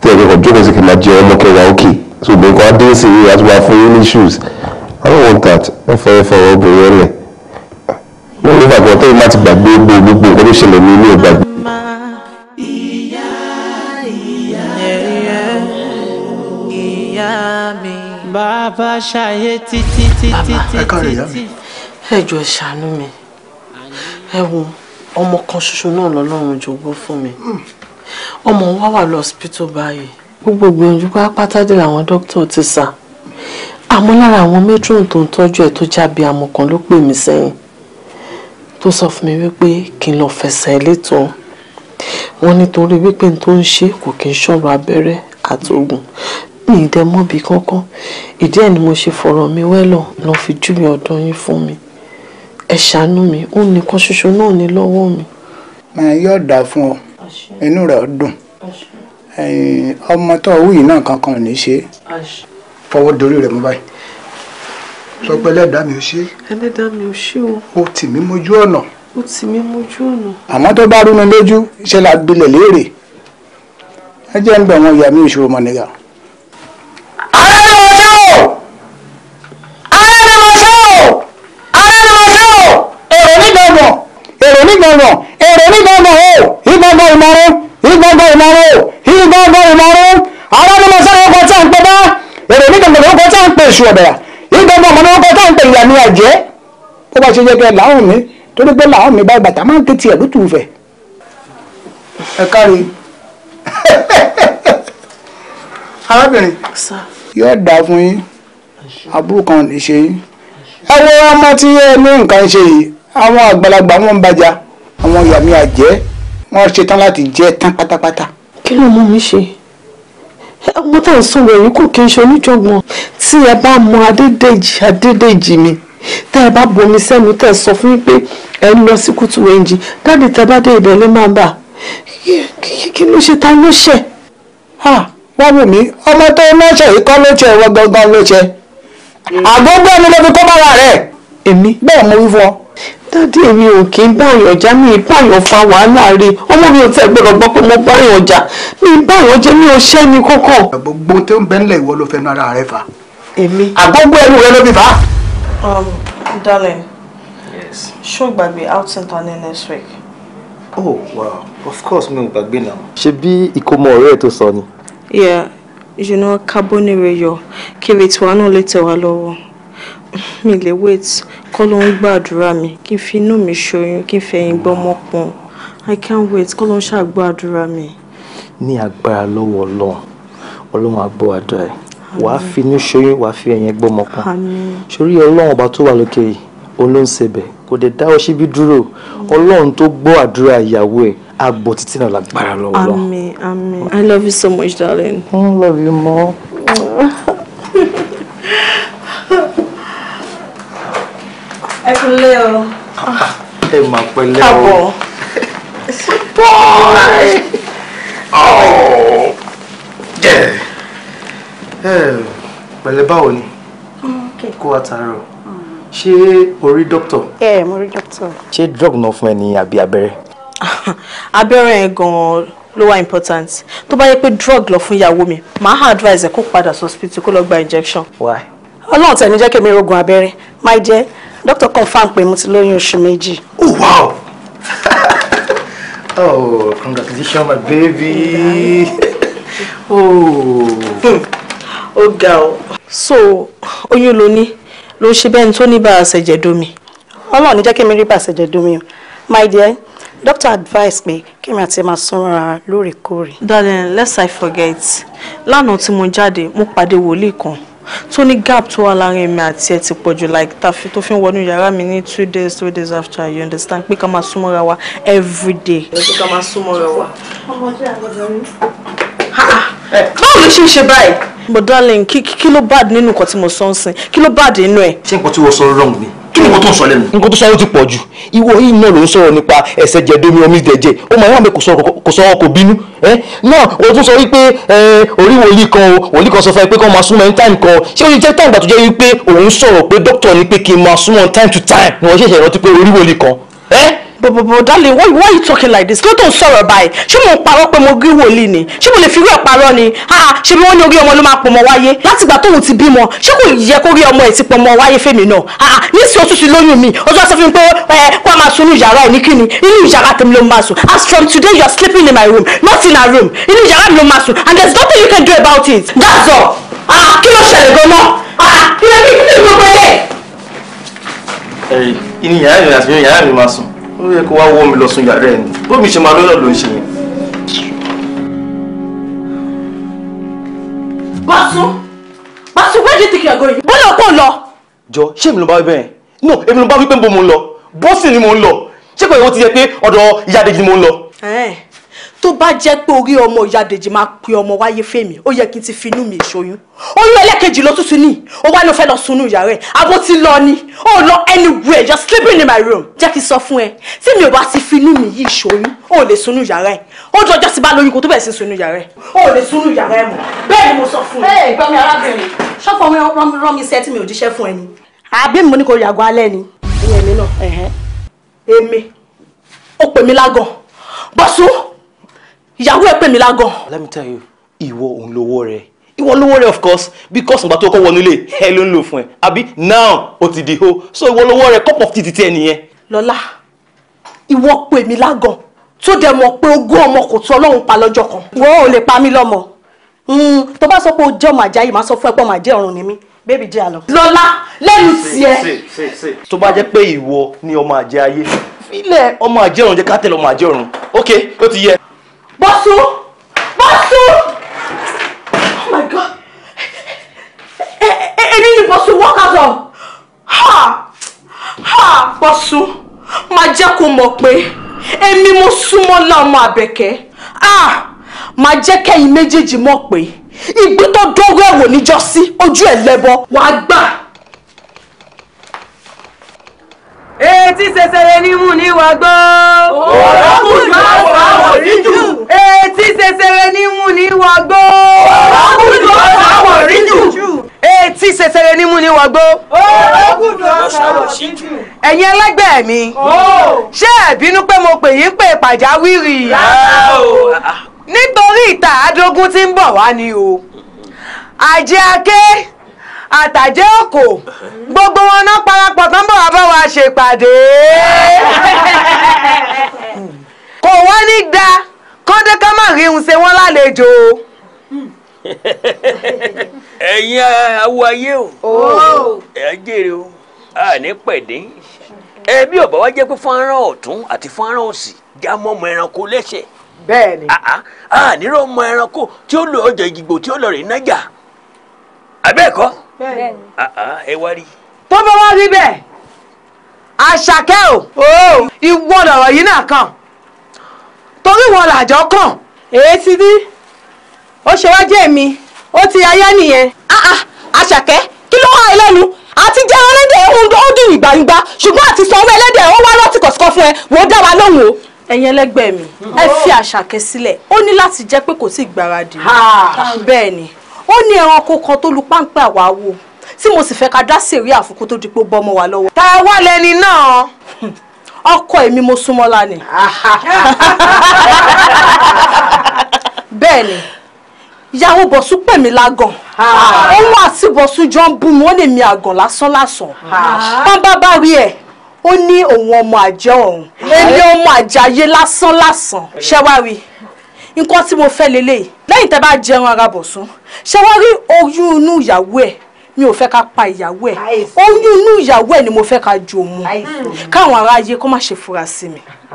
tẹ́ ẹ kẹ́kọ̀ọ́ jókòó sí kí n máa jẹ ọmọ kẹwàá òkè so obìnrin kan á dé sí i àti wàá fún yín ní shoes I don't want that ẹ fọwọ́ fọwọ́ obìnrin ẹ̀ lẹ̀ wọ́n ní ìgbàgbọ́ tẹ́yìn má ti gbàgbé gbogbo gbogbo nǹkan tó ṣẹlẹ̀ ní ilé ìgbàgbé. bàbá ṣayé títí títí títí. ẹ jọ̀ọ́ ṣàánú mi ẹ wo ọmọ kan ṣoṣo náà lọ́lọ́run jogún fún mi ọmọ wa wà lọ́sípítù báyìí gbogbo gbìyànjú pátá dé làwọn dókítà ti sà àmọ́ lára àwọn matron tó ń tọ́jú ẹ̀ tó jábí àmọ́ kan ló pè mí sẹ́yìn tó sọ fún mi wípé kí n lọ fẹsẹ̀ létòó wọn nítorí wípé n tó ń ṣe kò kí n ṣọ̀rọ̀ abẹ́rẹ́ àtògùn ní ìdẹ́mọ́bì kankan ìdí ẹ̀ ni mo ṣe fọ̀rọ̀ mi wẹ́lọ̀ lọ́ fi júwe ọ̀dọ̀ yín fún mi ẹ ṣàánú mi ó nìkan ṣoṣo náà ní lọ́wọ́ mi. màá yóò dà fún ọ inú rẹ dùn ọmọ tó wù yìí náà kankan ò ní ṣe fọwọ́ dorí rẹ̀ mú báyìí sọ pé ẹlẹ́dàá mi ò ṣe. ẹlẹ́dàá mi ò ṣe o. o tì mí mojú ọ̀nà. o tì mí mojú ọ̀nà. àmọ́ tó bá rú mi lójú ṣe la gbilẹ̀ léèrè ẹ jẹ́ ń bẹ̀ wọ́n ìyá mi ìṣòro mọ̀ nìyà. gbogbo ìmọ̀ràn ìgbogbo ìmọ̀ràn ìgbogbo ìmọ̀ràn àwọn ọmọ sọ́dọ̀ ọkọ̀ tí a ń pè bá èrè ní gbogbo ọkọ̀ tí a ń pè èṣù ọ̀bẹ̀rà ìgbogbo ọmọ ọkọ̀ tí a ń pè ìyànú àjẹ́ bó bá ṣe yẹ kẹ́ làwọn mi torí pé làwọn mi báyìí bàtà máa ń tètè ẹ̀ lótú fẹ̀. ẹ káre [laughs] arábìnrin yóò dà fún yín àbúrò kan lè ṣe yín ẹ wo ọmọ tí ẹ ní nǹkan ṣe yìí àwọn àgbàlagbà wọn ń bàjá àwọn ìyàmí àjẹ́ wọ́n ṣetán láti jẹ́ tán pátápátá. kí ló mú mi ṣe ọmọ tá à ń sọ̀rọ̀ èyí kò kí n ṣe oníjọ̀gbọ̀n tí ẹ bá mọ adédèjì adédèjì mi tẹ́ ẹ bá bomi sẹ́nu tẹ́ ẹ sọ fún mi pé ẹ ń lọ sí kùtù ẹ̀ǹjì dáàdì tẹ́ bá dé ibẹ̀ ló máa ń bà kí ló ṣe ta ló ṣẹ̀. wọ́n wù mí ọmọ tó lọ́ṣẹ̀ yìí kọ́ ló ṣe ẹ̀rọ gangan ló ṣe hmm. àgógó ẹni ló kó bá wà rẹ̀. èmi bẹ́ẹ̀ mo wí fún dádì èmi ò kí ń báyọ̀ já mi báyọ̀ fa wàhálà rẹ̀ ọmọ mi ò tẹ́ gbọ́dọ̀ gbọ́ pé mo báyọ̀ já mi báyọ̀ jẹ́ mi ò ṣẹ́ ni kọ́kọ́. gbogbo tó ń bẹ́ńlẹ̀ ìwọ ló fẹ́ nu ara rẹ fà. èmi. àgbọ̀gbọ ẹnu rẹ ló fi fà. Um, darling yes. ṣó gbàgbé outing ta ní next week. oh wow of course mi ò gbàgbé náà. ṣe bí ìkómọ ọ̀rẹ́ ẹ̀ tó sọ ni. yeah you know carbonate rayo kí lè tiwa náà lè tẹ̀ wá lọ́wọ́ mi lè wait kọ́lọ́hún gbàdúrà mi kí n fi inú mi ṣoyún kí n fẹ̀yìn gbọ́mọ pọn i can't wait kọ́lọ́hún ṣàgbàdúrà mi. ní agbára lọ́wọ́ ọlọ́run ọlọ́run á gbọ́ àdúrà ẹ̀ wà á fi inú ṣoyún wà á fi ẹ̀yìn gbọ́mọ pọn sórí ọlọ́run ọba tó wà lókè yìí òun ló ń ṣebẹ̀ kò dé dá ọ síbi dúró ọlọ́run tó gbọ́ àdúrà ìyàwó ẹ̀ àgbọ̀ títí náà lágbára lọ́wọ́ lọ́wọ́. àmín àmín i love you so much darling. i love you more. [laughs] ẹ kúnlẹ̀ o. Ah, ẹ máa pẹ̀lẹ́ o. káàbọ̀. bọ́ọ̀lì. Oh. Eh, pẹ̀lẹ́ báwo ni mm, kó àtàrọ̀ mm. ṣé o rí dókítà. ẹ eh, mo rí dókítà. ṣé drug náà fún ẹ ní àbí abẹ́rẹ́. [laughs] abẹ́rẹ́ yẹn gan-an ló wá important tó bá yẹ pé drug lọ fún ìyàwó mi màá advise ẹ kó padà sí hospital kó lọ gba injection. why ọlọ́run tẹ̀ ní jẹ́ kí mi rogun abẹ́rẹ́ máa jẹ́ dókítà confam pé mo ti lóyún oṣù méjì. oh wow [laughs] oh congratulations my baby [laughs] oh. ó ga ọ. so oyún ló ní ló ṣe bẹ́ẹ̀ ni tó ní bá a ṣẹ̀jẹ̀ domi. ọlọ́run ní jẹ́ kí mi rí bá a ṣẹ̀jẹ̀ domi o my dear doctor advice pé kí mi àti máa súnra lóòrèkóòrè. darling lest i forget lánàá tí mo jáde mo pàdé wòlíì kan tó ní gap tó wà láàrin èmi àti ẹ ti pọ̀ jù like tàfi tó fi ń wọnú yàrá mi ní two days three days after you understand pé ká máa súnmọ́ra wa every day. pé ká máa súnmọ́ra wa. ọmọdé àgbọ̀dọ̀ rí. báwo ló ṣe ń ṣe báyìí. but darling kí ló bad nínú nǹkan tí mo sọ ń sìn kí ló bad nínú ẹ. ṣé nǹkan tí wọ́n sọ wrong ni kí ni nǹkan tó ń sọ lẹ́nu. nǹkan tó sọ ó ti pọ̀ jù ìwọ yìí náà ló ń sọ̀rọ̀ nípa ẹsẹ̀ jẹ domi omi dẹ̀jẹ̀ ó máa ń wà mí kò sọ̀rọ̀ kò bínú náà o tún sọ wípé orí wòlíì kan o wòlíì kan sọ fún ẹ pé kí wọ́n máa súnmọ́ time kan ṣé o jẹ́ táwọn ìgbà tó jẹ́ wípé òun sọ̀rọ̀ pé dókítà ni pé kí n máa súnmọ́ time to time ni wọ́n ṣẹ̀ṣẹ̀ rántí pé orí wòlíì kan but but but darling why why you talking like this kí ló tó ń sọ̀rọ̀ báyìí ṣé mo parọ́ pé mo gí wòlíì ni ṣé mo lè fi irú ẹ̀ parọ́ ni ṣé mo ní orí ọmọ ló máa pọ̀ mọ́ wáyé láti ìgbà tóun ti bímọ ṣé kò yẹ kó rí ọmọ ẹ̀ ti pọ̀ mọ́ wáyé fèmí náà nísìnyí oṣù ti lóyún mi ojú ọsẹ fún mi pé ẹ kó a máa sùn ní yàrá ẹ ní kíni inú yàrá tèmi ló máa sùn as from today you are sleeping in my room not in her room inú yàrá mi ló máa sùn and there is nothing you can do about it that's all kí ló ṣẹlẹ̀ gan-an kí ló ní kí ló ní gbogbo ẹ̀. ẹ̀rí inú yàrá mi àti inú yàrá mi máa sùn ó yẹ kó wá wọ́ mi lọ sùn yàrá ẹ̀ ni bó mi ṣe máa lọ́yọ̀ ló ń ṣe yẹn. Basu, Basu, where do you think you are going? bọ́lá òpó lọ. jọ ṣé èmi ló bá wí bẹ́ẹ̀ no èmi ló bá wí pé mo ń lọ bọ́sì ni mo ń lọ ṣé pé ìwọ ti yẹ pé ọ̀dọ̀ ìyá adéjì ni mo ń lọ tó bá jẹ́ pé orí ọmọ ìyá dèjì máa pe ọmọ wáyé fèmí ó yẹ kí n ti finú mi ìṣoyún oyún ẹlẹ́kejì ló tútù ní ó wá ní o fẹ́ lọ sunú ìyá rẹ̀ abo ti lọ ni ó lọ anywhere you're sleeping in my room jẹ́ kí n sọ fún ẹ tí mi ò bá ti finú mi yí ìṣoyún ó lè sunú ìyá rẹ̀ ó jọ ọjọ́ ti bá lóyún kó tó bẹ̀rẹ̀ sí sunú ìyá rẹ̀ ó lè sunú ìyá rẹ̀ mọ̀ bẹ́ẹ̀ ni mo sọ fún ẹ. ẹ ìgbà mi arábìnrin ṣọ́fọ̀ mi rán mi sẹ́ẹ̀ tí mi ò jíṣẹ́ fún ẹ ni. àbí mo ní kò yàgò alẹ́ mi ìyàwó ẹ pè mí lágàn. let me tell you ìwọ òun lówó rẹ ìwọ lówó rẹ of course because ìgbà tó kọ́ wọnú ilé ẹ ló ń lò fún ẹ àbí now ó ti di ho so ìwọ lówó rẹ cup of tea ti tiẹ̀ nìyẹn. lọ́lá ìwọ pè mí lágàn tó dẹ̀ mọ̀ pé ogún ọmọ kò tó ọlọ́run pa lọ́jọ́ kan. wọ́n ò lè pa mí lọ́mọ hmm, tó bá sọ pé o jẹ́ ọmọ àjáyé máa sọ fún ẹ pé ọmọ àjẹ́ ọ̀run ni mí bébì jẹ́ àlọ́. lọ́lá lẹ́nu tiẹ̀. tó bá jẹ́ pé ìwọ ni ọmọ àjẹ́ ayé filẹ̀ ọmọ àjẹ́ ọ̀run jẹ́ ká tẹ̀lé ọmọ àjẹ́ ọ̀run ok ó ti yẹ. Bọ́sú! Bọ́sú! Oh my God! Eh, eh, eh. Bọ́sú work out of. Ha! Ha! Bọ́sú, máa jẹ́ kó mọ̀ pé èmi mo súnmọ́ láwọn àbẹ̀kẹ́. Ah! Máa jẹ́ kẹ́yìn méjèèjì mọ̀ pé ìgbín tó dọ́gọ́ ẹ̀wò níjọ́sí ojú ẹ̀ etí ṣẹ̀ṣẹ̀rẹ̀ ni mú ní wà gbọ́. ọ̀rọ̀ mú jù ọ̀rọ̀ àwọ̀ ríjù. etí ṣẹ̀ṣẹ̀rẹ̀ ni mú ní wà gbọ́. ọ̀rọ̀ mú jù ọ̀rọ̀ àwọ̀ ríjù. etí ṣẹ̀ṣẹ̀rẹ̀ ni mú ní wà gbọ́. ọ̀rọ̀ mú jù ọ̀rọ̀ àwọ̀ ríjù. ẹ̀yin ẹlẹ́gbẹ́ mi ṣé ẹ bínú pé mo pè yín pé pàjáwìrì. nítorí ìta àádógún tí ń bọ̀ wá ni o àjẹ́ akẹ́. àtàjẹ́ òkò gbogbo wọn náà parapọ̀ kán bọ̀ wá bá wa ṣèpàdé. kò wọ́n ní da kọ́dé ká rí un ṣe wọ́n lálejò. ẹ̀yin awo o ẹ o a pẹ̀dé ọ̀bá wa jẹ́ pé fọ́nrán ọ̀tún àti fọ́nrán òsì já ọmọ ẹranko lẹ́sẹ̀. bẹ́ẹ̀ ni. a ẹranko tí ó lọ ọjà ìdìbò tí ó lọ rè abẹ́ẹ̀kọ́ ah, ah, ẹ wá rí. tó bá wá rí bẹ́ẹ̀ àṣàkẹ́ o oh! ìwọ lọ̀rọ̀ yìí náà kàn torí wọn làjọ kàn èyí ti rí ó ṣe wá jẹ́ mi ó ti ayé nìyẹn. Ah, àṣàkẹ́ kí ló wá ẹ lẹ́nu àti jẹ́ ẹlẹ́dẹ̀ ó dùn ìgbàǹgbà ṣùgbọ́n àti sanwó ẹlẹ́dẹ̀ ó wá lọ́tì kọ̀síkọ́ fún ẹ wò ó dá wa lóhùn o. ẹ̀yin ẹlẹgbẹ́ mi ẹ oh! fi àṣàkẹ́ sílẹ̀ ó ní láti jẹ́ pé kò sí ìgbáradì bẹ́ẹ̀ ni ó ní ẹranko kan tó lu páńpẹ́ àwa wo tí mo sì fẹ́ ká dá sèrí àfikún tó di pé bọ́mọ wa lọ́wọ́. ta wá lẹni náà ọkọ èmi mo súnmọ́ lánì. bẹ́ẹ̀ ni ìyàwó bọ̀sú pè mí lágàn òun àti bọ̀sú jọ ń bú mi ó lè mi àgàn lásán lásán bábá bá rí ẹ̀ ó ní òun ọmọ àjẹ́ òun èmi ọmọ àjàyé lásán lásán ṣẹ́wárí nǹkan tí mo fẹ́ lélẹ́yìí lẹ́yìn tẹ́ bá jẹun ara bọ̀sùn ṣé wọ́n rí oyún inú ìyàwó ẹ̀ mi ò fẹ́ ká pa ìyàwó ẹ̀ oyún inú ìyàwó ẹ̀ ni mo fẹ́ ká jò mu káwọn ará ayé kó má ṣe fura sí mi [laughs]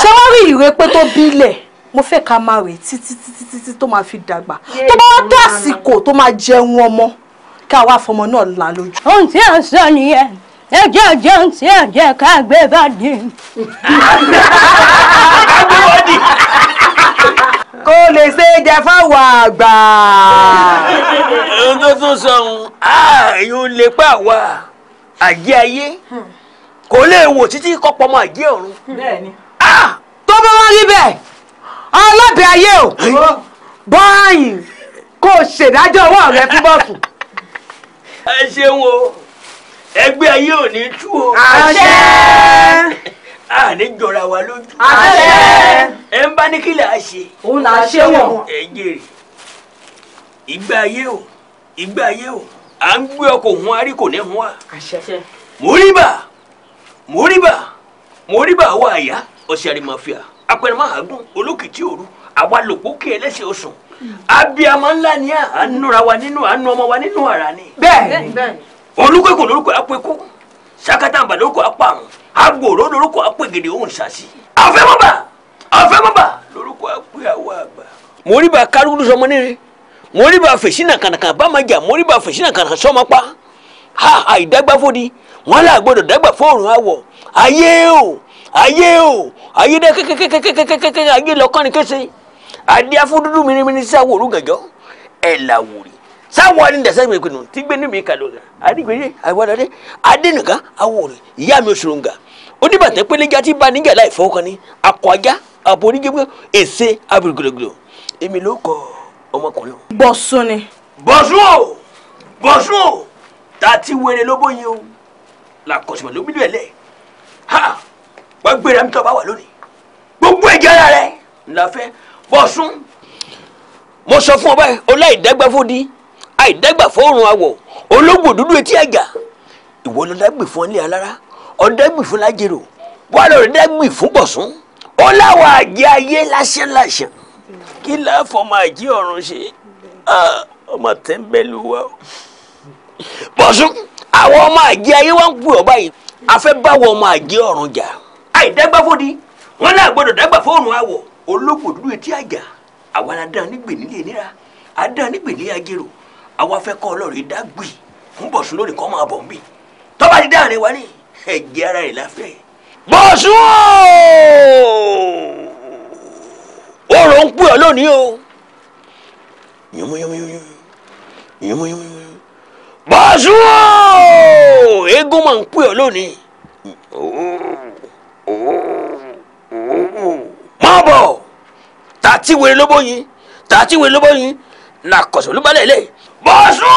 ṣé wọ́n rí ìrẹ́pẹ́ tó bílẹ̀ mo fẹ́ ká máa rè títí títí títí tó máa fi dàgbà tó bá wá dé àsìkò tó máa jẹun ọmọ ká wá náà là lójú. ohun tí à sọ nìyẹn ẹjẹ jẹun tí ẹjẹ ká gbé bá dé. agbébọ́dì. kó lè ṣe é jẹ fáwọn àgbà. ohun tó tún sọ ohun ààyò ah, lè pa àwa àjẹ ayé kò lè wò títí kọ́pọ̀ ọmọ àjẹ ọ̀run. Ah, tó bá wá rí bẹ́ẹ̀ ọlọ́bẹ̀ ayé o bọ́ọ̀yìn kò ṣèdájọ́ ọwọ́ rẹ fún bọ́ọ̀sù. ẹ ṣeun o. ẹgbẹ́ ayé ò ní tú o. àṣẹ. a ní jọra wa lójú. àṣẹ. ẹ ń bá ní kí là á ṣe. òun là á ṣe o ayé o à ń gbé ọkọ̀ arí kò ní hun wa. àṣẹ. mòríbà mòríbà mòríbà wà àyà olókìtì òru àwa ẹlẹ́sẹ̀ ọ̀sùn abiyamọ nínú ara ni. olùkẹ́kọ̀ọ́ lórúkọ apẹ́kọ́ sakatamba lórúkọ apààrùn agbòòrò lórúkọ apẹ́gẹ̀dẹ̀ òun ṣàṣì àfẹ́mọ́bà àfẹ́mọ́bà lórúkọ apẹ́ àwọn àgbà. moriba kárúkú sọmọ nírin moriba fèsínà kànàkàn bá máa jà moriba fèsínà kànàkàn sọmọ pa ha àìdágbáfódi wọn là gbọ́dọ̀ dágbà fóòrùn àwọ ayé o ayé o ayé dẹ kékékékékékékékékéké ayé lọkàn ni kése adé afúdúdú mìíràn mìíràn sáwọ òrùgànjọ ẹ làwòrì sáwọn ẹni dẹsẹ gbẹgbẹ nù tí gbẹ ní mi kàlọ gan adigbẹyẹ awọdọdẹ adẹnugan awọrẹ ìyá mi oṣù nga oníbàtẹ péléjà tí ba níjà láì fọwọ́ kan ní akọjá àbò oníjẹgbẹ èsè abirigologbolo èmi ló kọ ọmọkùnrin. bọ̀sùn ni. bọ̀sùn o bọ̀sùn o tààtì wẹrẹ ló bóyin o làkọsùmọ̀ ló bílẹ̀ lẹ̀ ha wọ́n gbéra mi tọ́ bá wà lónìí gbogbo ẹ̀jẹ̀ ara rẹ̀ ńlá fẹ́ bọ̀sùn mo sọ fún ọ báyìí ọláìdágbáfó di àìdẹ́gbà fọ́ọ̀rùn àwọ̀ ológbò dúdú etí àjà ìwọ ló dágbì fún ọlẹ́ alára ọ̀dẹ́gbì fún lájèrò wà lọ́ọ́ dẹ́gbì fún pọ̀sún ó láwọ̀ àjẹ́ ayé láṣẹ láṣẹ kí láàfọ̀ máa jí ọ̀run ṣe ọmọ tẹ́ńbẹ́lú wa pọ̀sún àwọn ọmọ àjẹ́ ayé wọn ń pè ọ́ báyìí afẹ́ báwọ̀ ọmọ àjẹ́ ọ̀run jà àìdẹ́gbà fòdi wọn náà gbọdọ̀ dẹ́gbà fóònù àwọ̀ ológbò dúdú etí àjà àwọn adán nígbè nílé nira adán nígbè nílé ajérò àwa fẹ́ kọ́ ọlọ́rẹ̀ dágbì fún bọ̀sùn lónìí kọ́ máa bọ̀ ń bì tọ́ba ti dáàrin wa ní ẹ̀jẹ̀ ara rẹ̀ láfẹ́. bọ̀sùn o òrò ń pè ọ́ lónìí o bọ̀sùn o eégún máa ń pè ọ́ lónìí máa bọ̀ tàtíwèé lóbóyin tàtíwèé lóbóyin làkọ̀sọ̀ ló bá lẹ̀ lẹ́yìn bọ́sù.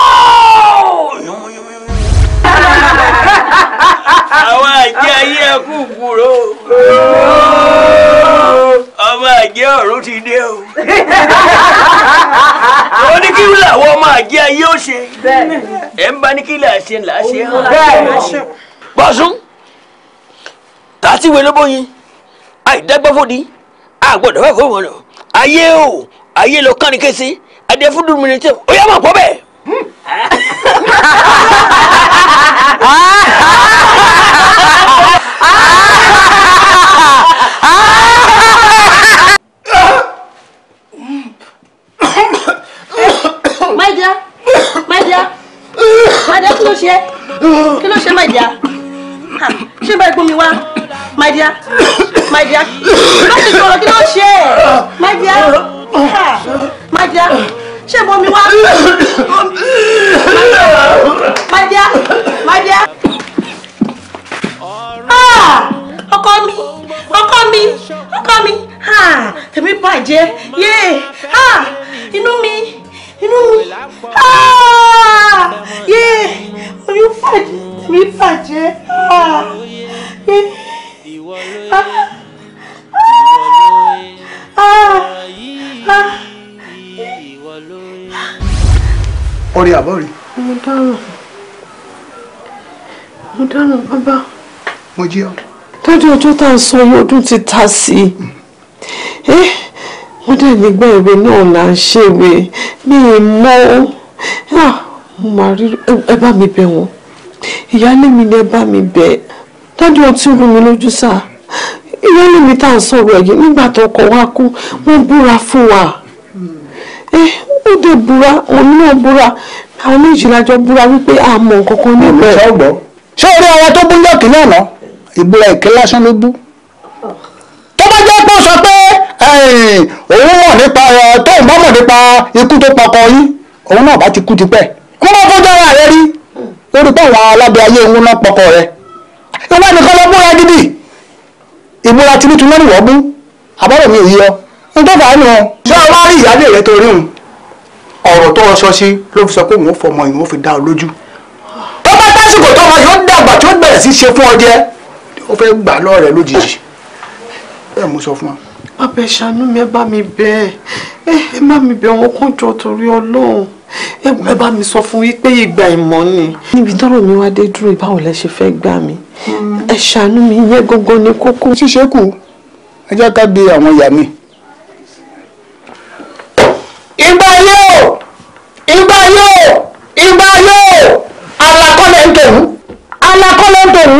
àwọn àjẹ́ ayé ẹkú gbúrò ọmọ àjẹ́ ọ̀run ti dé o wọ́n ní kí làwọn ọmọ àjẹ́ ayé ó ṣe ẹ̀ ń bá ní kí làá ṣe làá ṣe hàn bọ́sù tààtì wẹ̀ lóbóyin àìdágbáfòdì àgbọ̀dọ̀ fẹ́ fún wọn lọ ayé o ayé lọ kánni adé fún dùnmí ni tí ó yẹ máa kọ́ bẹ́ẹ̀. my dear my dear my dear kí ló ṣe kí my dear ṣé bá gbómi my dear my dear má ṣe sọ̀rọ̀ kí my dear my dear ṣé mo mi wá. my dear my dear. Ah, ọkọ mi ọkọ mi ọkọ mi ah, tèmi bàjẹ́ yéé ah, inú mi inú mi yéé oyún bàjẹ́ tèmi bàjẹ́ yéé. Ah! Ah! Ah! ọrẹ àbọ̀ rí. mo dáràn mo dáràn bàbá. mo jí ọ. tọ́jú ọjọ́ tá a sọ yìí ọdún ti ta sí i wọ́n dẹ̀ nígbà ìwé náà là ń ṣèwé ní ìmọ̀ ó mo máa rí ẹ bá mi bẹ̀ wọ́n ìyáálé mi ni ẹ bá mi bẹ̀ dájú ọtí rú mi lójú sáà ìyáálé mi tá à ń sọ̀rọ̀ ẹ̀yìn nígbà tó wa kú wọ́n búra fún wa. Eh, ó dé búra òun náà búra àwọn méjì lájọ búra wípé a mọ nǹkan kan nípa ẹ̀. ṣé orí ọwọ́ tó bú yọ̀kì náà ná ìbúra ìké lásán ló bú. tó bá jẹ́ pé ó sọ pé òun mọ̀ nípa tóun bá mọ̀ nípa ikú tó pakọ yín òun náà bá ti kú tipẹ́ kó má fojú ara rẹ rí lórí pé àwọn alábẹ́ ayé òun náà pakọ rẹ. ìwọ nìkan lọ búra gidi ìbúra tinútu lórí wọ́n bú àbárò mi ò yí ọ n tó bá nù. ṣé o wá rí ìyáálé rẹ torí òun ọ̀rọ̀ tó sọ sí ló fi sọ pé òun ò fọmọ yìí òun fi dá ọ lójú. tó bá tásìkò tó ọmọ yìí ó dàgbà tó bẹ̀rẹ̀ sí ṣe fún ọ jẹ́ ó fẹ́ gbà lọ́rẹ̀ lójijì bẹ́ẹ̀ mo sọ fún wa. bàbá ẹ ṣàánú mi ẹ bá mi bẹ̀ ẹ ẹ má mi bẹ̀ wọn kàn jọ torí Ọlọ́run ẹ bá mi sọ fún yín pé ìgbà ìmọ̀ ni. níbi tọ́rọ̀ mi wá dé dúró ìbáwò lẹ ṣe fẹ́ gbà mí hmm. ẹ ṣàánú mi yẹ gangan ní kókó. ṣíṣe kù ẹ ká bi àwọn ìyá mi ìgbà yóò ìgbà yóò ìgbà yóò alakọ́lẹ̀ ń tòun alakọ́lẹ̀ ń tòun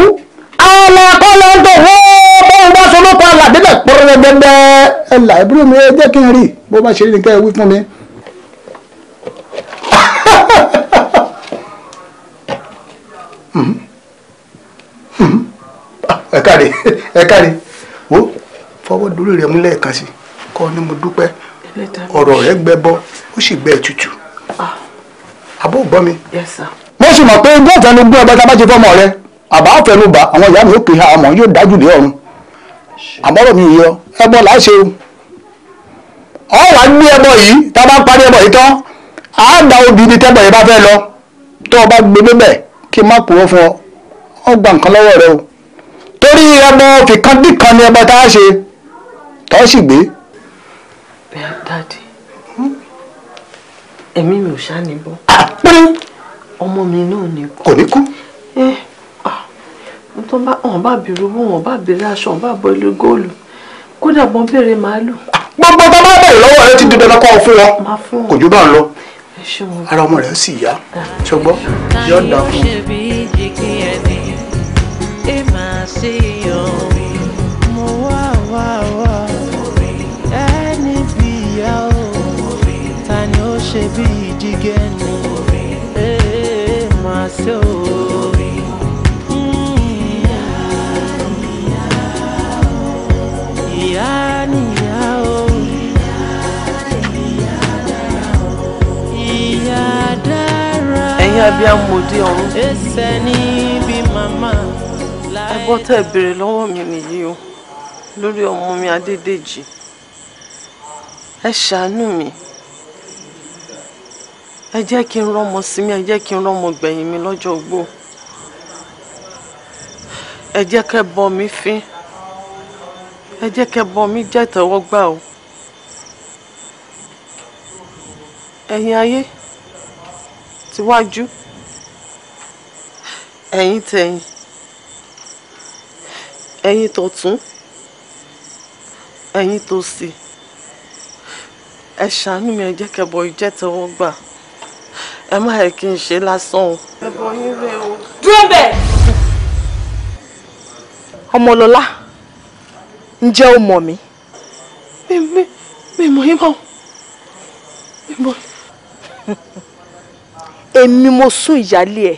alakọ́lẹ̀ ń tòun bóun bá sọ lóko alàdébẹ̀ pọ́nrẹ́ gbẹ́gbẹ́ ẹ là ìbúrò mi ẹ jẹ́ kí n rí bó bá ṣe rí nìkan ẹ wí fún mi. ẹ káre ẹ káre wo fọwọ́ dorí rẹ̀ múlẹ̀ kan sí kọ́ ni mo dúpẹ́ ọ̀rọ̀ rẹ̀ gbẹbọ ó sì gbẹ tutù ah. àbó gbọ́ mi. mo sì mọ̀ pé igbó ìfẹ́nu gbọ́ ẹgbẹ́ tá a bá ti fọ́mọ rẹ àbá àfẹnubà àwọn ìyá mi ó pè é àmọ́ yóò dájú lé ọ̀run àmọ́ ọ̀rọ̀ mi ò yọ ẹbọ là á ṣe o ọ wá gbé ẹbọ yìí tá a bá parí ẹbọ yìí tán á da obì ní tẹ́bọ̀ yẹn bá fẹ́ lọ tó o bá gbé bẹ́bẹ̀ kí n má pòwó fún ọ ọ gba nǹkan lọ́wọ́ rẹ o torí ẹbọ fìkan dìkan ni ẹbọ tá a ṣe tọ́ sì gbé bẹ́ẹ̀ dáàdì ẹ̀mí mi ò ṣá ní bọ́. àpín. ọmọ mi náà ní kú. kò ní kú. ẹ eh, ah, tó bá wọn bá bèrè owó wọn bá bèrè aṣọ wọn bá bọ ilé góòlù kódà bọ́n bèrè màálù. gbogbo tó bá bèrè lọ́wọ́ rẹ ti di dandan kọ́ ọ fún wọn kò jù bá ń lọ ara ọmọ rẹ sì yá ṣùgbọ́n yọ̀ǹda fún un. bí ìdígẹ́ ni ee máa ṣe o. ìyá nìyá o. ìyá dára. ẹ̀yin abiyamọ̀dé ọ̀run. ẹsẹ̀ ní bí màmá. ẹgbọ́n tẹ̀ béèrè lọ́wọ́ mi nìyí o lórí ọmọ mi Adédèjì ẹ ṣàánú mi ẹ jẹ́ kí n rọ́mọ sí mi ẹ jẹ́ kí n rọ́mọ gbẹ̀yìn mi lọ́jọ́ ogbó ẹ jẹ́ kẹ́ bọ mi fín ẹ jẹ́ kẹ́ bọ mi jẹ́ ìtẹ́wọ́gbà o ẹ̀yin ayé tiwájú ẹ̀yin tẹ̀yìn ẹ̀yin tọ̀tún ẹ̀yin tòsì ẹ ṣàánú mi ẹ jẹ́ kẹ́ bọ ìjẹ́tẹ̀wọ́gbà ẹ má yẹ kí n ṣe lásán o. ẹbọ yín rẹ o. dúró bẹ́ẹ̀. ọmọlọlá ǹjẹ́ o mọ̀ mí. mi mi mi mọ̀ yín mọ̀ mi mọ̀. [laughs] èmi mo sún ìyáálé ẹ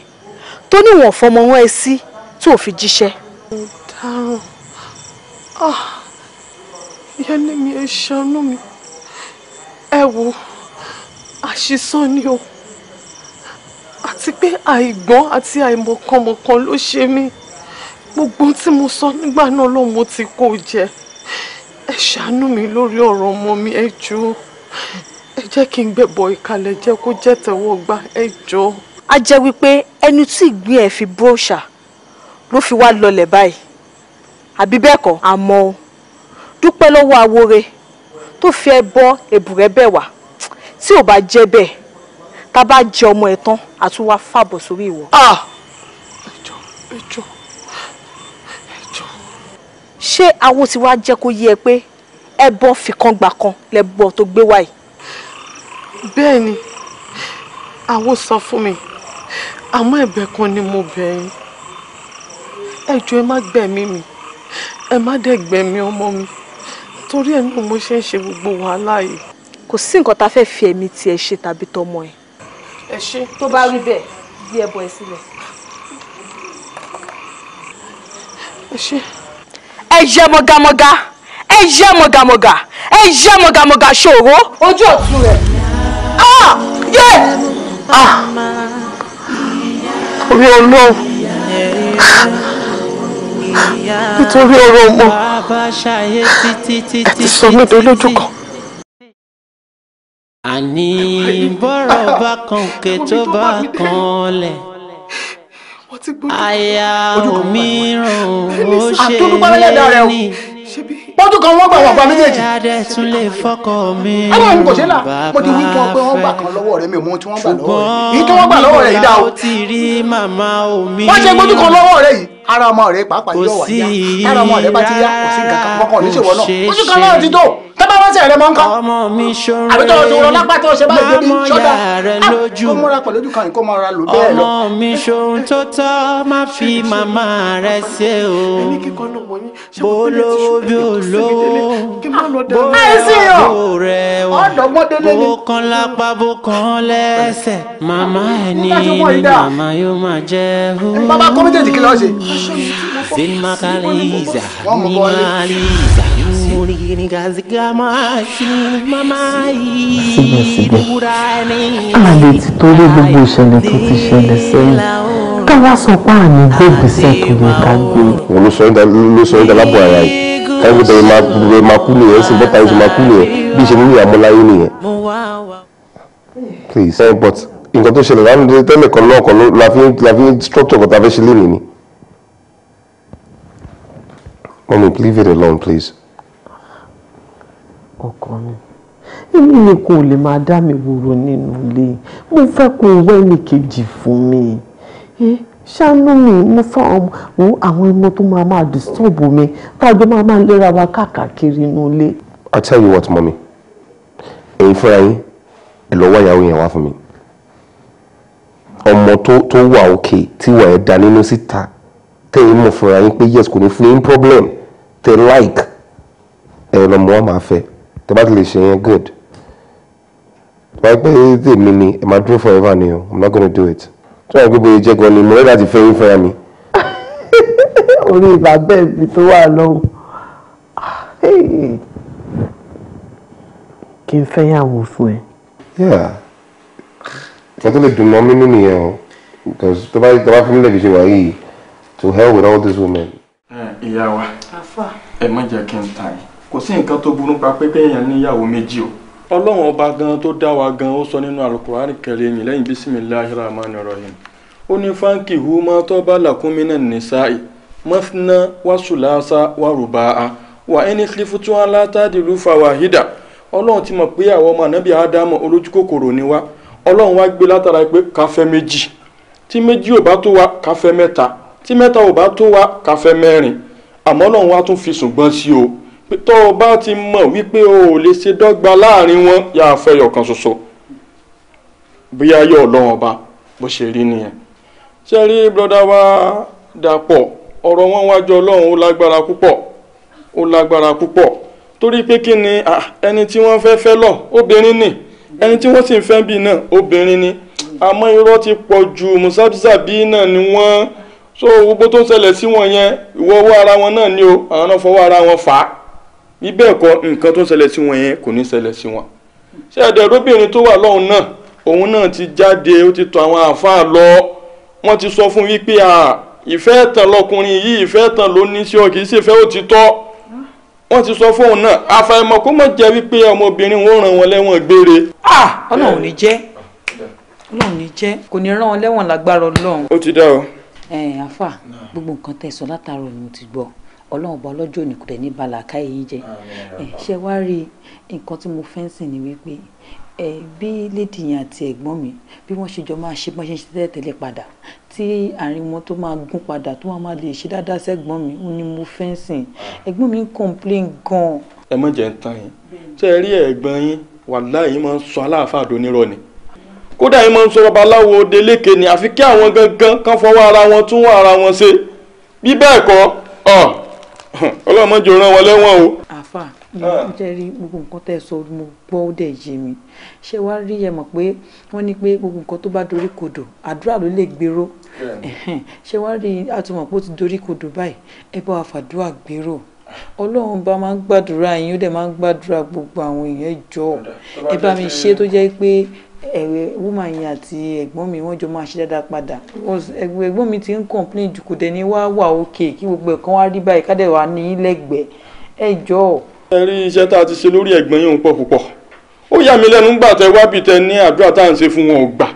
tó níwọ̀n fọmọ wọn ẹ sí tí ò fi jíṣẹ́. mo dáràn ah, ìyá ni mi ẹ ṣàánú mi ẹ wo àṣìṣàn ni o àti pé àìgbọ́n àti àìmọ̀kànmọ̀kàn ló ṣe mí gbogbo tí mo sọ nígbà náà ló mo ti kó jẹ ẹ ṣàánú mi lórí ọ̀rọ̀ ọmọ mi ẹ jọ̀ọ́ ẹ jẹ́ kí n gbẹ̀bọ̀ ìkàlẹ̀ jẹ́ kó jẹ́ tẹ̀wọ́gbà ẹ jọ̀ọ́. a jẹ́ wípé ẹnu tí ìgbín ẹ̀ fi bóòṣà ló fi wá lọlẹ̀ báyìí àbí bẹ́ẹ̀ kọ́ àmọ́ o dúpẹ́ lọ́wọ́ awore tó fi ẹ bọ́ èbùrẹ́ bẹ̀ wá tí ò bá jẹ́ bẹ́ẹ̀ tá a bá jẹ ọmọ ẹ̀ tán àti wá fàbọ̀ sórí ìwọ. Ah! ṣé awo ti wá jẹ́ kó yé ẹ pé ẹbọ fìkan gbà kan lẹbọ tó gbé wáyé. bẹ́ẹ̀ ni awo sọ fún mi àmọ́ ẹ̀bẹ̀ kan ni mo bẹ̀ yín ẹjọ ẹ má gbẹ̀mí mi ẹ má dẹ̀ gbẹ̀mí ọmọ mi torí ẹ̀ náà mo ṣe ń ṣe gbogbo wàhálà yìí. kò sí nǹkan tá a fẹ́ fi ẹ̀mí tiẹ̀ ṣe tàbí tọmọ ẹ̀ ẹ ṣe. tó bá rí bẹ́ẹ̀ gbé ẹbọ ẹ sílẹ̀. ẹ ṣe. ẹ jẹ́ mọ̀gàmọ̀gà ẹ jẹ́ mọ̀gàmọ̀gà ẹ jẹ́ mọ̀gàmọ̀gà ṣòro ojú ọ̀tún rẹ̀. ah yé ah orí ọlọ́run nítorí ọ̀rọ̀ ọmọ ẹ ti sọ mí dolójú kan àní bọ́rọ̀ bá kan òkè tó bá kan lẹ̀ àyà òmíràn ó ṣe lẹ́ni pọ́tù kan wọ́n gbà wọ́n gba méjèèjì. adẹ́tún lè fọkọ mi bàbá àwọn kò ṣe là mo ti wí fún ọ pé wọ́n gbà kan lọ́wọ́ rẹ mi ò mọ ohun tí wọ́n gbà lọ́wọ́ rẹ yìí tí wọ́n gbà lọ́wọ́ ó ti rí màmá omi. wọ́n ṣe gbójú kan lọ́wọ́ rẹ yìí ara ọmọ rẹ pàápàá yóò wà yá ara ọmọ rẹ bá ti yá kò sí nǹkan kan kọkàn oníṣòwò náà oṣù kan náà ti tó tẹ́gbà wá sí ẹ̀rẹ́ mọ́ nǹkan àbí tó oṣù wọn lápá tó ṣe bá ìdè bí ṣọ́dà ah, kó múra pẹ̀lú ojú kan yìí kó máa ra lò bẹ́ẹ̀ lọ. ọmọ mi ṣohun tó tọ́ má fi màmá rẹ ṣe o bó lówó bí ó lówó bó lówó rẹ o bó kan lápá bó kan lẹ́sẹ̀ màmá ẹni ni màmá yóò máa jẹ́ o. bàbá kọ́ méjèèjì kí lọ́ọ́ ṣe. Sinimaliza, nimaliza, muligini kazi kama shini mama ìdúrani. A lè ti torí gbogbo ìṣẹ̀lẹ̀ tó ti ṣẹlẹ̀ sẹ́yìn. Ká wá sọ pé àmì gbègbèsẹ̀ tó yẹ ká gbé. Wọ́n ló sọ ẹ́ ló sọ ẹ́ dálábọ̀ ara yìí. Káyọ̀ bẹ̀rẹ̀ máa bẹ̀rẹ̀ máa kú nìyẹn sí bọ́tà yìí ṣe máa kú nìyẹn bí ṣe nínú ìyàmúláyé nìyẹn. Please. Ẹ but nǹkan tó ṣẹlẹ̀ láti tẹ́lẹ̀ kan náà kan la fi structure kan ta fẹ́ ṣe lé nìyí. Mommy, leave it alone, please. Ọkọ mi, èmi ni kò lè máa dá mi wòrò nínú ilé. Mo fẹ́ kó wá ẹnì kejì fún mi. Ṣáánú mi, mo fẹ́ àwọn ọmọ tó máa máa disturb mi. Tájọ́ máa máa léra wa káàkiri inú ilé. I tell you what, mommy. Ẹ̀yin fúnra yín, ẹ lọ wá ìyàwó yẹn wá fún mi. Ọmọ tó wà òkè tí wà ẹ̀ dá nínú síta tẹ̀yìn mọ̀ fúnra yín pé yes kò ní fún problem tẹ like ẹ̀yin lọ́mọ wa máa fẹ́ tẹ bá ti lè ṣe yẹn good wọ́n pẹ́ tèmi ni ẹ̀ máa dúró forever ni o i'm not gonna do it tí wọ́n gbé bóyá jẹ́ gan ni mo rẹ́ láti fẹ́ yín fẹ́ra mi. [laughs] orí ìbàgbẹ́ mi tó wà lọ́hùn ah, kí n fẹ́yàwó fún ẹ. wọ́n tó lè dùn mọ́ mi nínú yẹn o because tó bá fi mílẹ̀ kì ṣe wà to hell with all these women. ìyá wa ẹ má jẹ́ kí n tàn yín kò sí nǹkan tó burú pa pé kéèyàn níyàwó méjì o ọlọ́run ọba gan tó dá wa gan ó sọ nínú alukurani kẹrin lẹ́yìn bisimilahi rahman rahim ó ní fáńkì huma tọ́ba làkúnmínà nìsáì mọ́fínà wàsùlásá wàrúbáà wà ẹni kílífùtù alátàdìlú fàwáhídà ọlọ́run ti mọ̀ pé àwọn ọmọ ànábì ádámù olójúkòkòrò ni wá ọlọ́run wá gbé látara pé ká fẹ́ méjì tí méjì ò bá tó wa ká fẹ́ mẹ́ta tí mẹ́ta ò bá tó wa ká fẹ́ mẹ́rin àmọ́ lọ́run wá tún fi ṣùgbọ́n sí o pé tó o bá ti mọ̀ wípé o ò lè ṣe dọ́gba láàrin wọn yà á fẹ́ yọ̀kan ṣoṣo bóyá yọ̀ lọ́wọ́n ọba bó ṣe rí nìyẹn ṣe rí brọ́dá wa dàpọ̀ ọ̀rọ̀ wọn wájú ọlọ́run ó lágbára púpọ̀ ó lágbára púpọ̀ torí pé kí ni ẹni tí wọ́n fẹ́ fẹ́ lọ obìnrin ni ẹni tí wọ́n sì ń fẹ́ bí náà obìnrin ni àmọ́ irọ́ ti pọ̀ ju mùsàbísàbí náà ni wọ́n so gbogbo tó ń ṣẹlẹ̀ sí wọn yẹn ìwọ ọwọ́ ara wọn náà ni o àwọn náà fọwọ́ ara wọn fà á bí bẹ́ẹ̀ kọ́ nǹkan tó ń ṣẹlẹ̀ sí wọn yẹn kò ní ṣẹlẹ̀ sí wọn ṣé ẹ̀dẹ̀ róbìnrin tó wà lọ́hùn náà òun náà ti jáde ó ti tọ̀ àwọn àáfàá lọ wọ́n ti sọ fún wípé ìfẹ́ ẹ̀tàn lọkùnrin yìí ìfẹ́ ẹ̀tàn ló ní sí ọ kì í ṣèfẹ́ òtítọ́ wọ́n ti sọ fóun náà àfàìmọ̀ kó mọ̀ jẹ́ wípé ọmọbìnrin wọn ràn wọ́n lẹ́wọ̀n gbére. ọlọ́run ní jẹ́ ọlọ́run ní jẹ́ kò ní rán wọn lẹ́wọ̀n lágbára ọlọ́run. ó ti dá o àfà gbogbo nǹkan tẹ́ sọ látàárọ̀ ni mo ti gbọ́ ọlọ́run ọba ọlọ́jọ́ òní kò dẹ̀ ní balàká èyí jẹ ṣé wá rí nǹkan tí mo fẹ́ ń sìn ni wípé bí lédi yẹn àti ẹ̀gbọ́n mi bí wọ́n ṣe jọ máa ṣe bọ́n ṣe ń ṣe tẹ́lẹ̀tẹ́lẹ̀ padà tí àárín wọn tó máa gún padà tó máa lè ṣe dáadáa sẹ́gbọ́n mi ni mo fẹ́ ń sìn ẹ̀gbọ́n mi ń complain gan. ẹ mọ̀ jẹ́ ń tán yín ṣé ẹ rí ẹ̀gbọ́n yín wàláhì máa ń sọ aláàfáà dónírọ̀ ni kódà yín máa ń sọ babaláwo deléke ni àfi kí àwọn gangan kan fọwọ́ ara wọn tún wọ́n ara wọn ṣe bí bẹ́ẹ̀ kọ́ ọlọ́run mọ́jọ rán wọn lẹ́wọ̀n o. àfà mo jẹ́ rí gbogbo nǹkan tẹ́ ẹ sọ mo gbọ́ ó dẹ̀ yé mi ṣé wàá rí ẹ mọ̀ pé wọ́n ní pé gbogbo nǹkan tó bá dorí kodò àdúrà ló lè gbèrò ṣé wàá rí àtúmọ̀ pé ó ti dorí kodò báyìí ẹ bá wa fàdúrà gbèrò ọlọ́run bá máa ń gbàdúrà yín ó dẹ̀ máa ń gbàdúrà gbogbo àwọn èèyàn jọ ẹ bá mi ṣe tó jẹ́ pé ẹ̀rẹ̀ woman yìí àti ẹ̀gbọ́n mi wọ́n jọ máa ṣe dáadáa padà ẹ̀gbọ́n mi ti ń complain jù kò dẹ̀ ní wá wà òkè kí gbogbo ẹ̀kan wá rí báyìí kádẹ̀ wá ní lẹ́gbẹ̀ẹ́ ẹ jọ. ẹ rí iṣẹ́ tá a ti ṣe lórí ẹ̀gbọ́n yìí ń pọ̀ púpọ̀ ó yà mí lẹ́nu gbà tẹ wá bìtẹ ní àdúrà tá à ń ṣe fún wọn ò gbà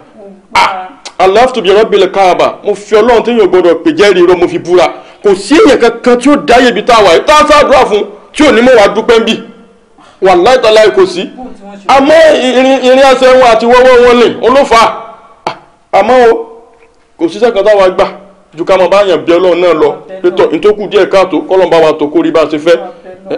aláàfin tóbi ọ̀rọ̀ bílẹ̀ káàbà mo fi ọlọ́run tí yóò gbọ́dọ̀ pè jẹ́ rí irọ́ mo fi búra kò sí èèyàn kankan tí ó dáyé ibi tá a wà yìí tá a sáàdúrà fún tí ò ní mọ̀ wá dúpẹ́ ń bì wàláì tọ́lá kò sí àmọ́ irin ẹsẹ̀ wọn àti wọ́wọ́ wọn lè olófà àmọ́ o kò síṣẹ́ kan táwa gbà ju ká máa bá yàn bí ọlọ́run náà lọ pétọ́ nítòkù díẹ̀ káàtó kọ́lọ́n bá wa tó kó rí bá a ṣe fẹ́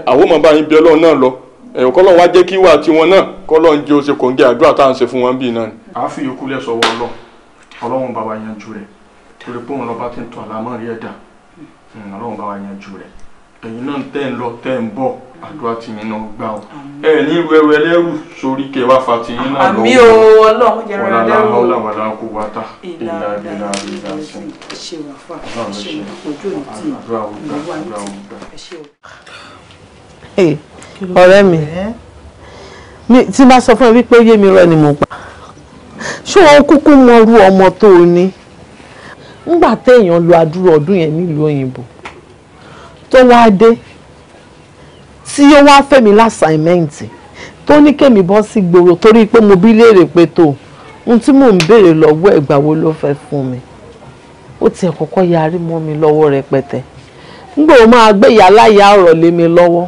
àwọn ọmọ bá yín bí ọlọ́run náà lọ ẹ̀rọ kọ́lọ́n wá jẹ́ kí wà tiwọn náà kọ́lọ́n jẹ́ oṣù kòǹgẹ́ àdúrà tá à ń ṣe fún wọn bíi náà. àá fi ìyókù lẹ̀ sọ́wọ́ ọlọ́run ọlọ́run bá wa yanjú rẹ̀ torí pé òun lọ́ba ti ń tọ́ àlámọ́ rí ẹ̀dá ọlọ́run bá wa yanjú rẹ̀ ẹ̀yin náà tẹ́ ń lọ tẹ́ ń bọ̀ àdúrà tí yín náà gbà ó ẹ ní wẹwẹ lẹrù sórí kẹ wá fa ti náà lọ àmì o Ọlọ́run jẹ rẹ lẹrù wọn làwọn làwọn kó wá tà ìlà ìlà ìlà ṣe wà fà ṣe wà ojú òtí àdúrà mi tí bá sọ fún ẹ wípé yé mi rẹ ni mo pa ṣé wọn kúkú mọrú ọmọ tó o ní nígbà téèyàn lo àdúrà ọdún yẹn nílùú òyìnbó tó wáá dé tí yóò wá fẹ́ mi lásàìmẹ́ǹtì tó ní kémi bọ́ sí gbòòrò torí pé mo bí léèrè pé tó ohun tí mò ń béèrè lọ́wọ́ ẹ̀gbà wo ló fẹ́ fún mi ó tiẹ̀ kọ́kọ́ yarí mọ́ mi lọ́wọ́ rẹpẹtẹ ńgbà ó máa gbé ìyáláyà ọ̀rọ̀ lé mi lọ́wọ́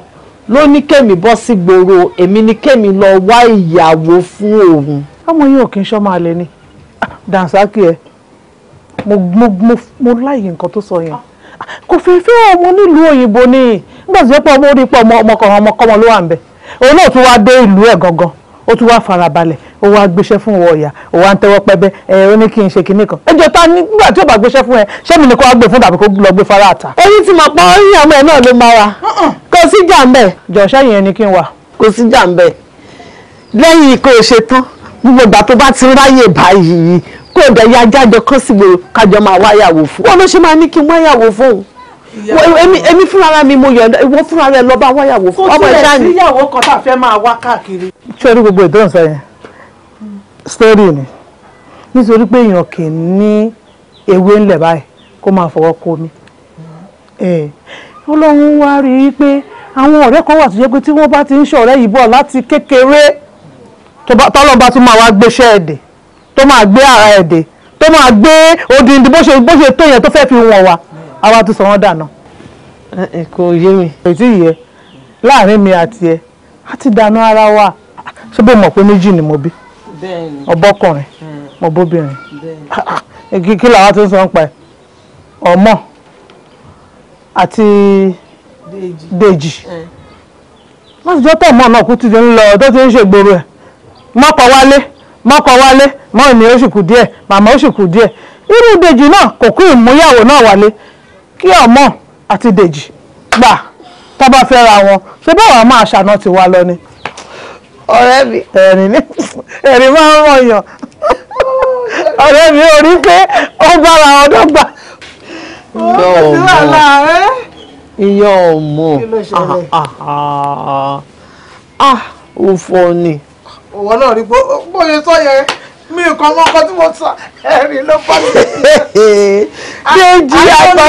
ló ní kémi bọ́ sí gbòòrò èmi ní kémi lọ wá ìyàwó fún òun. ọmọ yìí ò kí n ṣọ́mọ alẹ́ ni ah, dànsákì ẹ mo láyè nǹkan tó sọ yẹn. kò fi fẹ́ ọmọ nílùú òyìnbó ni nígbà tó yẹ pé ọmọ orí pọ̀ ọmọkọ̀ọ̀mọ ọmọkọ́mọ ló wà ń bẹ̀ òun náà tún wáá dé ìlú ẹ̀ gangan ó tún wáá farabalẹ̀ ó wáá gbéṣẹ́ fún ọwọ́ ìyá ó wáá ń tẹ́wọ́ pẹ́bẹ́ ẹ ó ní kí n ṣe kinní kan ó jọ ta nígbà tí ó bá gbéṣẹ́ fún ẹ ṣé mi ni kó wá gbé fún tàbí kó lọ gbé fara àtà. oyin ti mọ̀ pé oyin àmọ́ ẹ náà ló máa uh-uh. kò sí jà ń bẹ̀. jọ̀ọ́ṣẹ́ yẹn ni kí n wà. kò sí jà ń bẹ̀ lẹ́yìn ikọ̀ òṣètán gbogbo ìgbà tó bá ti ráyè báyìí kó o dẹ̀ ya jáde kán sí gbòòrò kájọ máa wáyàwó fún wọn ló ṣe máa ní kí n wáyàwó fún òun èmi fúnra mi mo yọ̀ǹda ìwọ fúnra rẹ lọ́ọ́ bá wáyàwó fún ọmọ ìṣá ni. kó tilẹ̀ síyàwó kan tá a fẹ́ máa wá káàkiri. ṣé gbogbo ìdánwò sọ story ni nítorí pé èèyàn kì í ní ewé ńlẹ̀ báyìí kó máa fọwọ́ kó mi ọlọ́run wá rí i pé àwọn ọ̀rẹ́ kan wà tó jẹ́ pé tí wọ́n bá ti ń ṣọ̀rẹ́ yìí bọ̀ láti kékeré tọ́lọ́ba tún máa wá gbéṣẹ́ ẹ̀dẹ̀ tó máa gbé ara ẹ̀ dé tó máa gbé odindi bó ṣe bó ṣe tó yẹn tó fẹ́ fi wọ̀n wa àwa tún sọ wọ́n dànù. kò yé mi. ètí yẹ láàrin mi àti ẹ a ti dànù ara wa ṣé bó mọ̀ pé méjì ni mo bí ọbọkùnrin mo bóbìnrin kí làwa tún sọ ń pa ẹ ọmọ àti dèjì láti jọ́ tọ̀ mọ́ náà kú ti ń lọ tó ti ń ṣègboro ẹ̀ mọ́pọ̀ wálé mọ́kọ wálé mọ́ ìní ó sì kù díẹ̀ màmá ó sì kù díẹ̀ irú dèjì náà kò kú ìmúyàwó náà wálé kí ọmọ àti dèjì gbà tó bá fẹ́ ra wọn ṣé báwa máa ṣàná ti wá lọ ni. ọ̀rẹ́ mi ẹ̀rín ní ẹ̀rín máa ń wọ̀nyàn ọ̀rẹ́ mi ò rí pé ó bára wọn dọ́gba. ìyá ọmọ ìyá ọmọ ah ah, ah ah ah ó fọ́ ni òwò náà rí bóyá sọ yẹn mi nǹkan mọ́kọ́ tí mo sọ ẹ̀rín ló bá mi. Déjì àgbà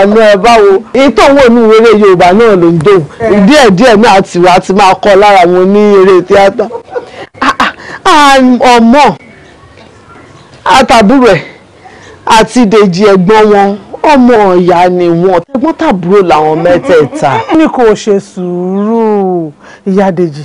ọ̀nà ẹ̀ báwo. Ètò òun òní eré Yorùbá náà ló ń dòun. Díẹ̀ díẹ̀ náà ti wá ti máa kọ́ lára wọn ní eré tíátà. Ah, ah, ah, ọmọ àtàbúrò ẹ̀ àti Dèjì ẹ̀gbọ́n wọn ọmọ ọ̀yà ni wọn tẹ̀gbọ́n tàbúrò làwọn mẹ́tẹ̀ẹ̀ta. Ó ní kò ṣe sùúrù ìyá Dèjì.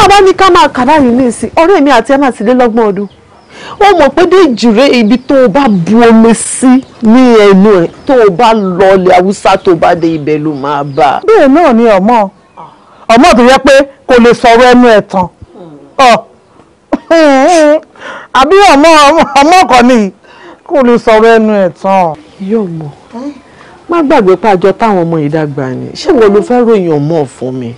tá a bá ní ká máa kà báyìí ní ìsìn ọ̀rẹ́ mi àti emma ti lé ọdún ó mọ̀ pé dé ìjìrè ibi tó o bá bu omi sí ní ẹnu ẹ̀ tó o bá lọ ilẹ̀ haúsá tó o bá dé ibẹ̀ ló máa bá a. bẹ́ẹ̀ náà ni ọmọ ọmọ tó yẹ pé kò lè sọ̀rọ̀ ẹnu ẹ̀ tán àbí ọmọ ọmọ kan ni kò lè sọ̀rọ̀ ẹnu ẹ̀ tán. yóò mọ̀ má gbàgbé pé àjọ táwọn ọmọ yìí dàgbà ni ṣé wọn ló fẹ́ ròyìn ọmọ fún mi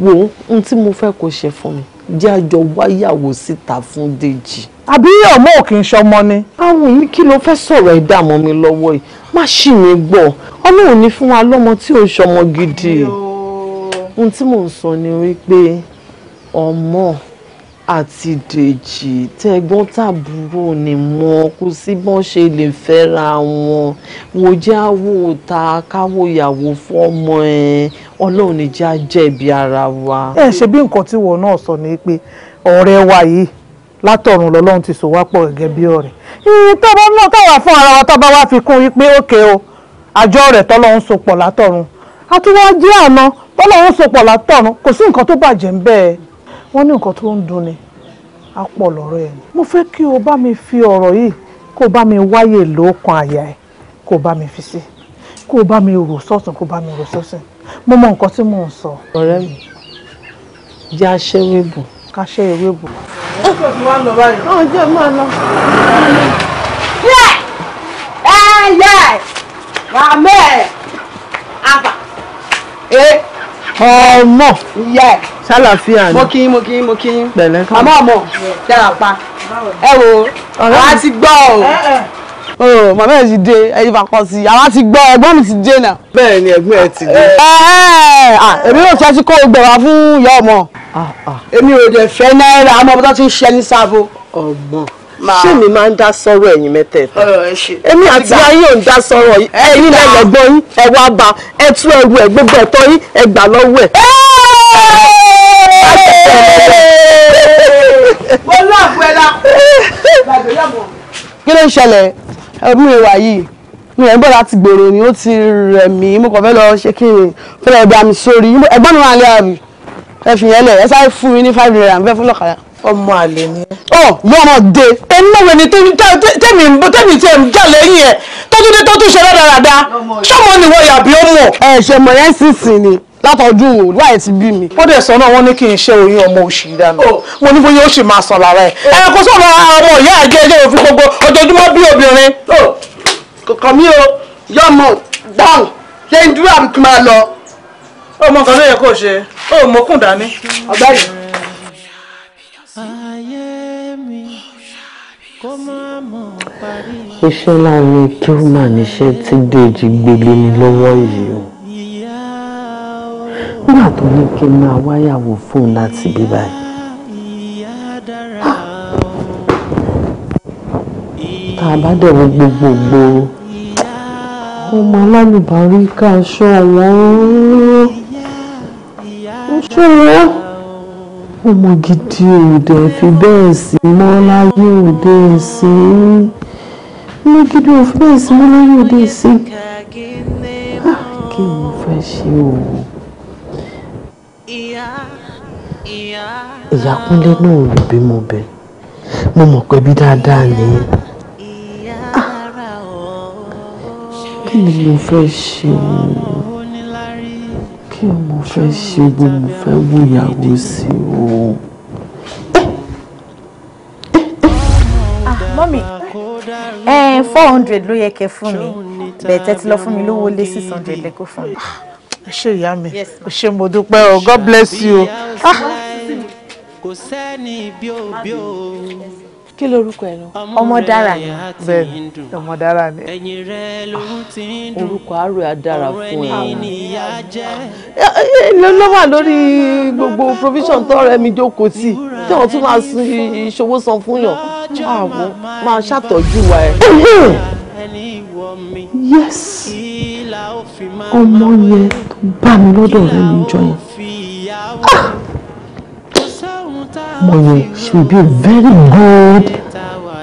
wo ohun tí mo fẹ́ kó ṣe fún mi jẹ́ àjọ wáyàwó síta fún Dèjì. àbí ọmọ ò kì í ṣọmọ ni. àwọn mi kí ló fẹ́ sọ̀rọ̀ ẹ̀dá mọ́ mi lọ́wọ́ yìí má ṣì mí gbọ́ ọlọ́run ní fún wa lọ́mọ tí ò ṣọmọ gidi. ohun tí mò ń sọ ni wípé ọmọ àti Dèjì tẹ̀gbọ́n tàbúrò ni wọn kò sí bọ́n ṣe lè fẹ́ra wọn wò jẹ́ àwò ta fọ́mọ ẹ̀ ọlọ́run ní jẹ́ àjẹ̀bi ara wa. ẹ ṣe bí nǹkan tí wọn náà sọ ni pé ọ̀rẹ́ wa yìí látọ̀run lọ́lọ́run ti so wá pọ̀ gẹ́gẹ́ bí ọ̀rẹ́ ìyìn tọ́ba náà táwa fún ara wa tọ́ba wa fi kún wípé òkè o àjọ rẹ̀ tọ́lọ́run so pọ̀ látọ̀run àtúwá jẹ́ àná tọ́lọ́run so pọ̀ látọ̀run kò sí nǹkan tó bàjẹ́ ń bẹ́ẹ̀ wọ́n ní nǹkan tó ń dunni á pọ̀ lọ́rọ̀ ẹ̀ mo fẹ́ kí o bá mi fi ọ̀rọ̀ yìí kó o bá mi wáyè lóókan àyà ẹ̀ kó o bá mi fi sí kó o bá mi rò sọ́sùn kó o bá mi rò sọ́sùn mo mọ nǹkan tí mò ń sọ. ọ̀rẹ́ mi jẹ́ aṣẹ́wébù. kaṣẹ́ ewébù. ọjọ́ tí wàá lọ báyìí. ọjọ́ máa lọ. yẹ ẹ yẹ màmá ẹ àbà ẹ ọmọ yẹ ṣàlàfíà ni mo kí mo kí mo kí pẹ̀lẹ́ kan màmá ọmọ dára pa ẹ wo àwa ti gbọ́ ọ o màmá ẹ ti dé ẹyin bá kọ sí i àwa ti gbọ́ ẹ̀gbọ́n mi ti dé náà. bẹ́ẹ̀ ni ẹ̀gbọ́n ẹ ti dé. èmi yóò tẹ́tí kó o gbẹ̀wá fún ìyá ọmọ. Ah, ah. èmi ò dẹ̀ fẹ́ náírà àmọ́ ọmọ tó ti ń ṣe ní sáfo. ọgbọ́n ṣé mi máa ń dá sọ́rọ̀ ẹ̀yin mẹ́tẹ̀ẹ̀ta èmi àti ayé ò ń dá sọ́rọ̀ ẹ̀yin lẹ́lọ́gbọ́n yín ẹ wá bá ẹ tú ẹrù ẹ gbogbo ẹ̀tọ́ yín ẹ gbà lọ́wọ́ ẹ̀. kí ló ń ṣẹlẹ̀ ẹbí mi wà yìí mi ẹ̀ ń bọ̀ láti gbèrò ni ó ti rẹ̀ mí mo kàn fẹ́ lọ ṣe kí ni fẹ́ lọ gbà mí sórí ẹ̀gbọ́n mi wà lé àbí ẹ fi yẹn lẹ̀ ẹ sáré fún mi ní five naira n fẹ́ fún lọ́kàdá. ọmọ àlè ni. ọ yọmọ de. èmi náà wẹ̀ ni tẹ́mi tẹ́mi tẹ́ ń jà lẹ́yìn ẹ̀ tó tún dé tó tún ṣe lọ́dàdàdà ṣọ́mọ ni wọ́n yàbí ó mọ̀. ẹ ṣe mọ̀ yẹn sísìn ni látọdún o láì ti bí mi. wọ́n dẹ̀ sọ náà wọ́n ní kí n ṣe oyún ọmọ oṣù ìdáná oh. mo ní bóyá ó sì máa sàn lára ẹ̀. Oh. ẹ kò sọ̀rọ̀ ọmọ ìyá ẹ̀jẹ̀ ẹ̀jẹ̀ òfin gbogbo ojoojúmọ́ bí obìnrin. Oh. kọ̀ọ̀kan mi o yọmọ dáhùn lẹ́yìn dúró àmì kí n máa lọ. ọmọ kan ló yẹ kó ṣe ó mọkùn dání. ọgbà yìí. iṣẹ́ láàrin kí ó níṣẹ́ tí dèjì gbélé ni lọ́wọ́ yìí o nígbà tó ní kí n máa wáyàwó fóun láti bí báyìí. tá a bá dẹ̀ wọ gbogbogbò ọmọ alálùbáríkà aṣọ wọn aṣọ wọn ọmọ gidi òde fi bẹ́ẹ̀ sí mọ́ láyé òde sí ọmọ gidi òfin bẹ́ẹ̀ sí mọ́ láyé òde sí ah, kí n fẹ́ ṣe òun. ìyá kúnlé náà ò rò bí mo bẹ̀ mo mọ̀ pé bí dáadáa ni ah! kí ni mo fẹ́ ṣe kí ni mo fẹ́ ṣe bí mo fẹ́ wú ìyàwó sí o. Ah, mọ́mì four hundred ló yẹ kẹ́ fún mi bẹ́ẹ̀ tẹ́tí lọ fún mi lówó lé six hundred lẹ́kọ̀ọ́ fún mi. Ah, ẹ ṣé ìyá mi ẹ ṣé mo dúpẹ́ o God bless you. Ah kò sẹ́ni bíòbíò. kí lorúkọ ẹ lọ ọmọ dára ni bẹ́ẹ̀ ọmọ dára ni ẹ̀yìn rẹ lòun ti ń dùn orúkọ àrò àdára fún ẹ. ló wà lórí gbogbo provision tó rẹ mi jókòó sí tí wọn tún máa sun ìṣòwò san fún yàn ààbò máa ṣàtọ́jú wa ẹ. yes ọmọ yẹn tó bá mi lọ́dọ̀ rẹ níjọ yẹn. She will be very good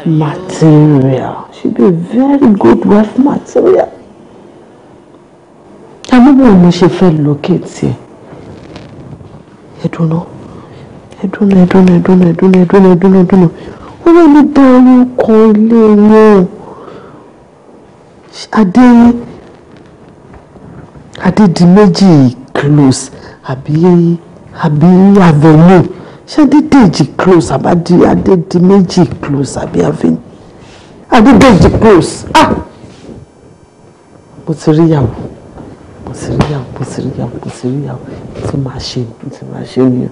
material. She will be very good wife material. I I I don't don't. don't. know. Àmọ́ báwo ni ṣe I don't. ẹ̀? Ẹ̀dùnà ẹ̀dùnà ẹ̀dùnà I don't. ẹ̀dùnà ẹ̀dùnà ẹ̀dùnà ó wà ní báwo kan ilé wọn. Adé Adé di méjì close àbí àbí avenue ṣé adédèjì close àbádí adédìméjì close àbí avin adédèjì close ah mo ti rí yàwó mo ti rí yàwó mo ti rí yàwó mo ti rí yàwó mo ti máa ṣe mo ti máa ṣe nìyẹn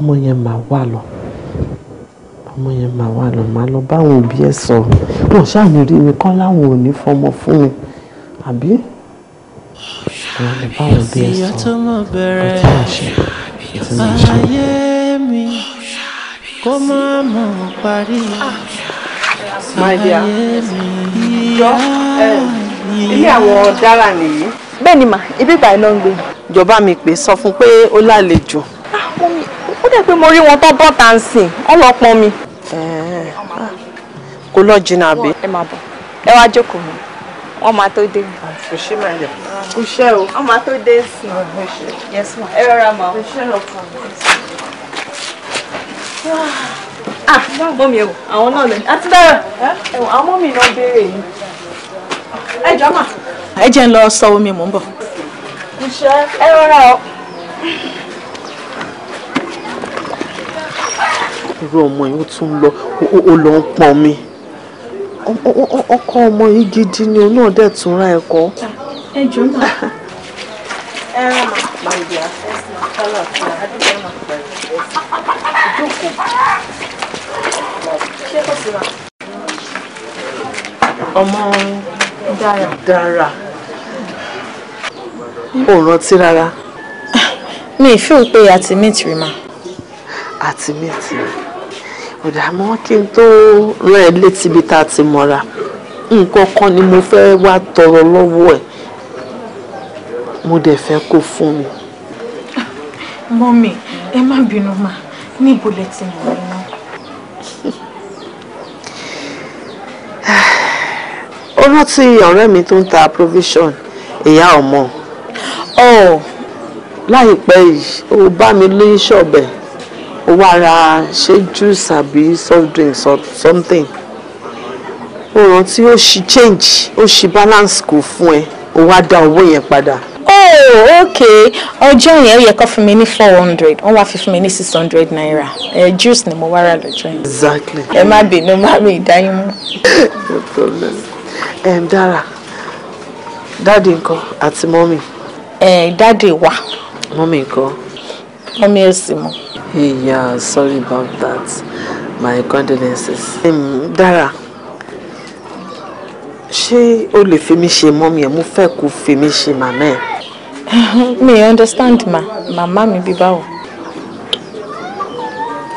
ọmọ yẹn máa wà lọ ọmọ yẹn máa wà lọ máa lọ báwọn òbí ẹ sọ̀rọ̀ wọn ṣáàní rí mi kọ́ láwọn ò ní fọmọ fún mi àbí báwọn òbí ẹ sọ̀rọ̀ ọtí àṣẹ ayé mi kó má mọ̀ parí ayé mi yá ilé àwọn dára nìyí. bẹ́ẹ̀ ni ibi ìgbà iná ń gbé. ìjọba mi pè sọ fún pé ó lálejò. Ah, ó dẹ̀ pé mo rí wọn tó bọ́ tá à ń sìn ọlọ́pọ́n mi. kò lọ jìnnà àbí. ẹ wá jókòó mi wọ́n máa tó dé. kò ṣe máa yẹ kò ṣe o. wọ́n máa tó dé sí i. yes ma ẹ rọra ma o. kò ṣe lọ fún mi. ah mọ́ mi o àwọn náà lè. àti dára ẹ̀wọ̀n àwọn mọ́ mi náà béèrè yìí. ẹ jọ mà. ẹ jẹ́ ń lọ sọ omi mò ń bọ̀. kò ṣe ẹ rọra o. irú ọmọ yìí ó tún lọ ó lọ ń pọn mi ọkọ ọmọ yìí gidi ni òun náà dẹ̀ tún ra ẹ̀kọ́. ẹ jọ náà ẹ rà máa pa ìdí àfẹ́sí náà kálọ̀ àti àdúgbò náà pẹ̀lú ìjókòó ṣé kò sí wa. ọmọ dára dára ò rántí rárá. Ah, mi ì fi òpè àti rí ma. àti rí kódà mọ́ kí n tó rán ẹ létí ibi tá a ti mọ́ra nǹkan kan ni mo fẹ́ wá tọrọ lọ́wọ́ ẹ̀ mo dẹ̀ fẹ́ kó fún mi. mọ́mì ẹ má bínú mà níbo lẹ ti mọ̀ ẹ́ náà. ó rántí ọ̀rẹ́ mi tó ń ta provision ìyá ọmọ. ọ̀ oh. láìpẹ́ yìí ó bá mi lóyún ṣọ̀bẹ̀ ó wá ra ṣé juice àbí soft drink or something ó rántí ó ṣí change ó ṣí balance kò fún ẹ ó wá dá owó yẹn padà. oh ok ọjọ́ yẹn ó yẹ kó fún mi ní four hundred wọ́n wá fi fún mi ní six hundred naira ẹ eh, juice ni mo wá rà lọ́jọ́ yẹn. exactly. ẹ má bínú má mi ìdáyín mú. no problem. Um, Dara dáàdì ńkọ́ àti mọ́mì. ẹ dáàdì wa. mọ́mì ńkọ́. mọ́mì ò sì mọ́. Yeah, sorry about that. My condolences. Um, Dara, she only lè fi mí ṣe mọ́mí ẹ̀ mo fẹ́ kó fi [laughs] understand ma màmá mi bí báwo.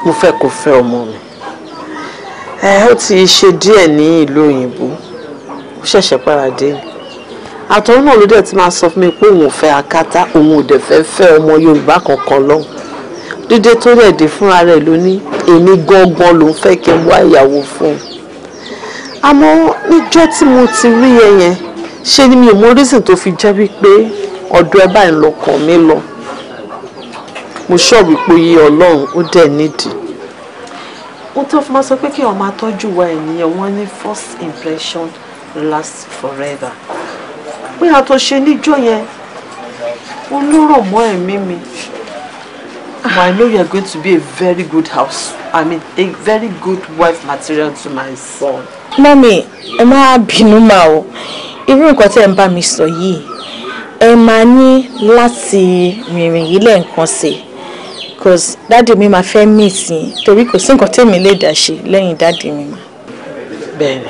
mo fẹ́ kó fẹ́ ọmọ mi. ẹ ó ti ṣe díẹ̀ ní ìlú òyìnbó ó ṣẹ̀ṣẹ̀ paradé ni àtọ̀hún náà ló dẹ̀ ti máa sọ fún mi pé òun ò fẹ́ akátá òun ò dẹ̀ dídé tó rẹ̀ dé fúnra rẹ̀ ló ní èmi gangan ló ń fẹ́ kí n wá ìyàwó fún un àmọ́ níjọ́ tí mo ti rí ẹ yẹn ṣe ni mi ò mọ reason tó fi jẹ́ wípé ọ̀dọ̀ ẹ báyìí lọkàn mi lọ mo sọ wípé yí ọlọ́run ó dẹ̀ nídìí. wọ́n tó fún wa sọ pé kí ọmọ atọ́jú wa ènìyàn wọ́n ní first impression lasts forever pé àtúnṣe níjọ́ yẹn olóró mọ́ ẹ̀mí mi. I know you're going to be a very good house. I mean, a very good wife material to my son. Mami, ẹ má bínú mà o. Irú nǹkan tẹ́ ń bá mi sọ yìí. Ẹ máa ní láti rìnrìn yìí lẹ́ẹ̀kan sí. Cause dáàdì mi máa fẹ́ mí sí i torí kò sí nǹkan tẹ́mi lè dà ṣe lẹ́yìn dáàdì mi mà. Bẹ́ẹ̀ni,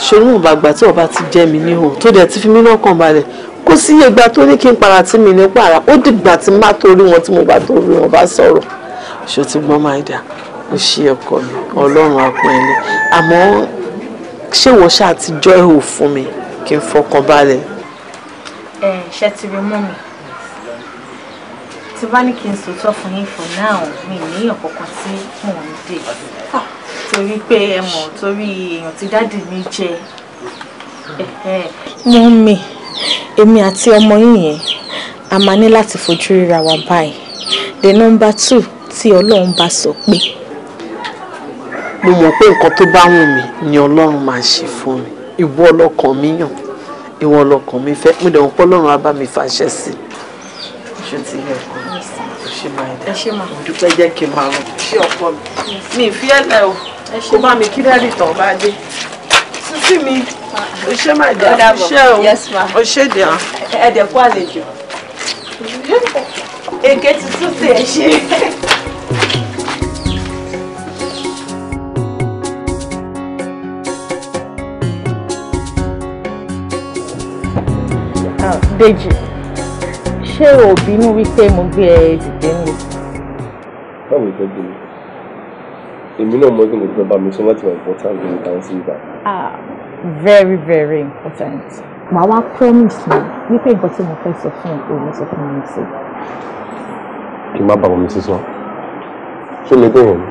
ṣòro ìgbàgbà tí ọba ti jẹ́ mi níhò tó dẹ̀ ti fi kò sí ìgbà tó ní kí n para tí mi ní para ó dìgbà tí má torí wọn tí mo bá torí wọn bá sọ̀rọ̀ ṣó ti gbọ́n máa dà ó ṣe ọkọ mi ọlọ́run apọ̀ ẹni àmọ́ ṣé wọ́n ṣáà ti jọ́ ẹ̀hò fún mi kí n fọkàn balẹ̀. ẹ ṣe ti rí mọ́ mi tí bá ní kí n sòótọ́ fún yín fún náà mi níyàn kankan tí mò ń dè torí pé ẹ mọ̀ torí èèyàn tí dáàdì mi jẹ. mọ́ mi èmi àti ọmọ yín yẹn a máa ní láti fojú ríra wa báyìí the number two tí ọlọ́run bá sọ pé. mo mọ̀ pé nǹkan tó bá wù mí ni ọlọ́run máa ṣe fún mi ìwọ ọlọ́kàn mi yàn ìwọ ọlọ́kàn mi fẹ́ mo dẹ̀wọ̀n pé á bá mi fàṣẹ sí i. ṣé ti yẹ kó o ṣe máa dẹ o dúpẹ́ jẹ́ kí n máa lọ ṣé ọ̀pọ̀ mi mi ìfiyẹ́lẹ̀ o kó bá mi kí dẹ́rì tán bá dé sísí mi o ṣe máa dà o ṣe o o ṣe dà. ẹ̀dẹ̀ kú àlejò èké tuntun sì ẹ̀ ṣe. Dèjì ṣé o bínú wípé mo gbé ẹ dìde ní. báwo ni ìtọ́jú mi èmi náà mọ̀ pé mo ti fẹ́ bá mi sọ láti wà ìfọ́tà lórí ìdáhùn sí ìgbà very very important. màá wá promise mi wípé nǹkan tí mo fẹ́ sọ fún ẹ òun sọ fún mi sí. kí n má bàbá mi sísọ ṣé lè dé yẹn.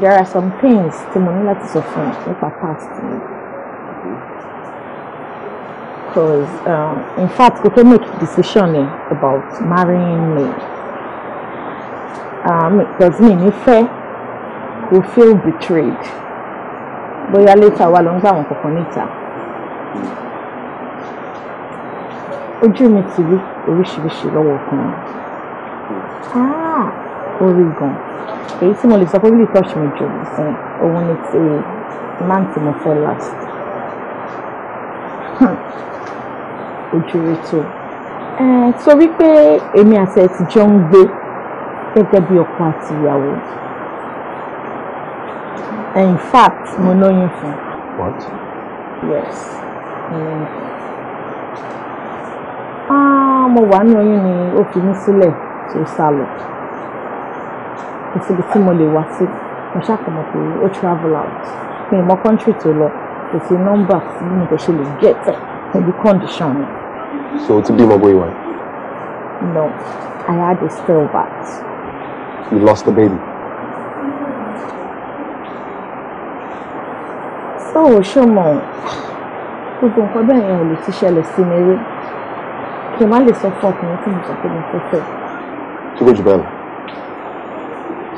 there are some things tí mo ní láti sọ fún ẹ nípa past mi. because um, in fact kò tó make decision about marrying me. Um, because mi ní fẹ́ we feel betrayed bóyá later wa ló ń gbà wọn kankan níta ojú mi ti rí oríṣiríṣi lọ́wọ́ ọkùnrin orí ah, gan èyí tí mo lè sọ pé bí ìtọ́jú mi jù sìn òun ni ti máa ń tí mo fẹ́ last hmm. ojú rẹ tó torí eh, pé èmi àti ẹ ti jọ ń gbé gẹ́gẹ́ bí ọkọ àti ìyàwó in fact mo lóyún fún. what. yes mo lóyún fún. mo wà ní oyún ni ó fi mí sílẹ̀ tó sá lọ kò síbi tí mo lè wá sí mo ṣàkómọ pé ó travel out mi ì mọ country tó lọ kò sí nọ́mbà tí mi kò ṣe lè get ẹ̀ pẹ̀lú condition mi. so o ti bímọ bóyá wa. no i had a stillbirth. you lost the baby. ó ṣó mọ̀ gbogbo nǹkan bẹ́ẹ̀ yẹn ò lè ti ṣẹlẹ̀ sí mi rí kí n má lè sọ fún ọkùnrin tí mo sọ pé mo fẹ́ fẹ́. ṣé kò jù bẹ́ẹ̀ lọ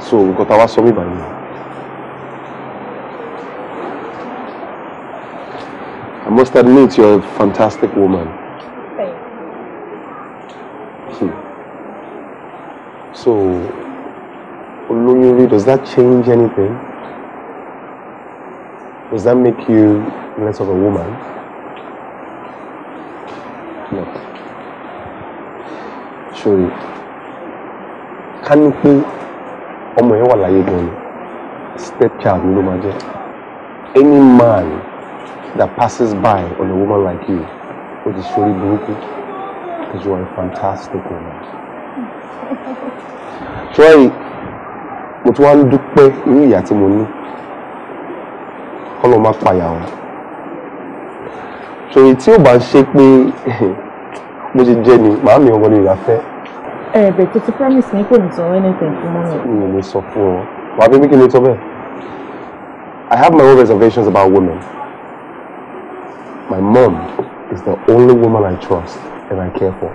so nǹkan tá a wá sọ mí báyìí I must admit you're a fantastic woman. Thank you. Hmm. So, does that change anything? does that make you less of a woman? No. Surely, can you, pé ọmọ yẹn wà láyé gan ni, stepchild ló máa jẹ́. Any man that passes by on a woman like you, would ti ṣorí burúkú, because you are a fantastic woman. Ṣọ́yìn, mo one wá ń dúpẹ́ irú ìyá kọ́lọ́ má pààyà wọn sòyí tí ó bá ń ṣe pé mo ti jẹ ni màá mi ọgbọ́n nira fẹ́. ẹ bẹ tó ti promise mi kò ní sọ anything fún mọ́mí. mi ò lè sọ fún ọ wàá bí kí ni tó bẹ́ẹ̀ I have my own reservations about women my mom is the only woman I trust and I care for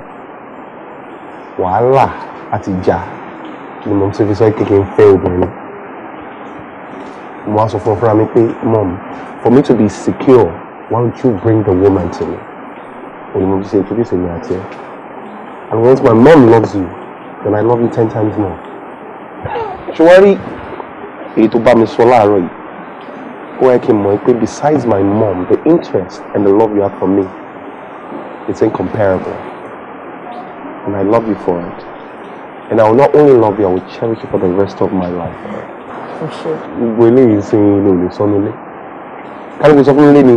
wàhálà àti ìjà ni mo ti fi sọ kékeré ń obìnrin mo wá sọ fún ọfúnra mi pé mom for me to be secure why don't you bring the woman to me òyìnbó ti ṣe introduce mi àti ẹ and once my mom loves you then I love you ten times more ṣùwárí èyí tó bá mi sọ láàárọ̀ yìí ó yẹ kí n mọ̀ pé besides my mom the interest and the love you have for me it's incomparable and I love you for it and I will not only love you I will cherish you for the rest of my life gbogbo eléyìí sin inú mi sọnù kálukú sọ fún mi ni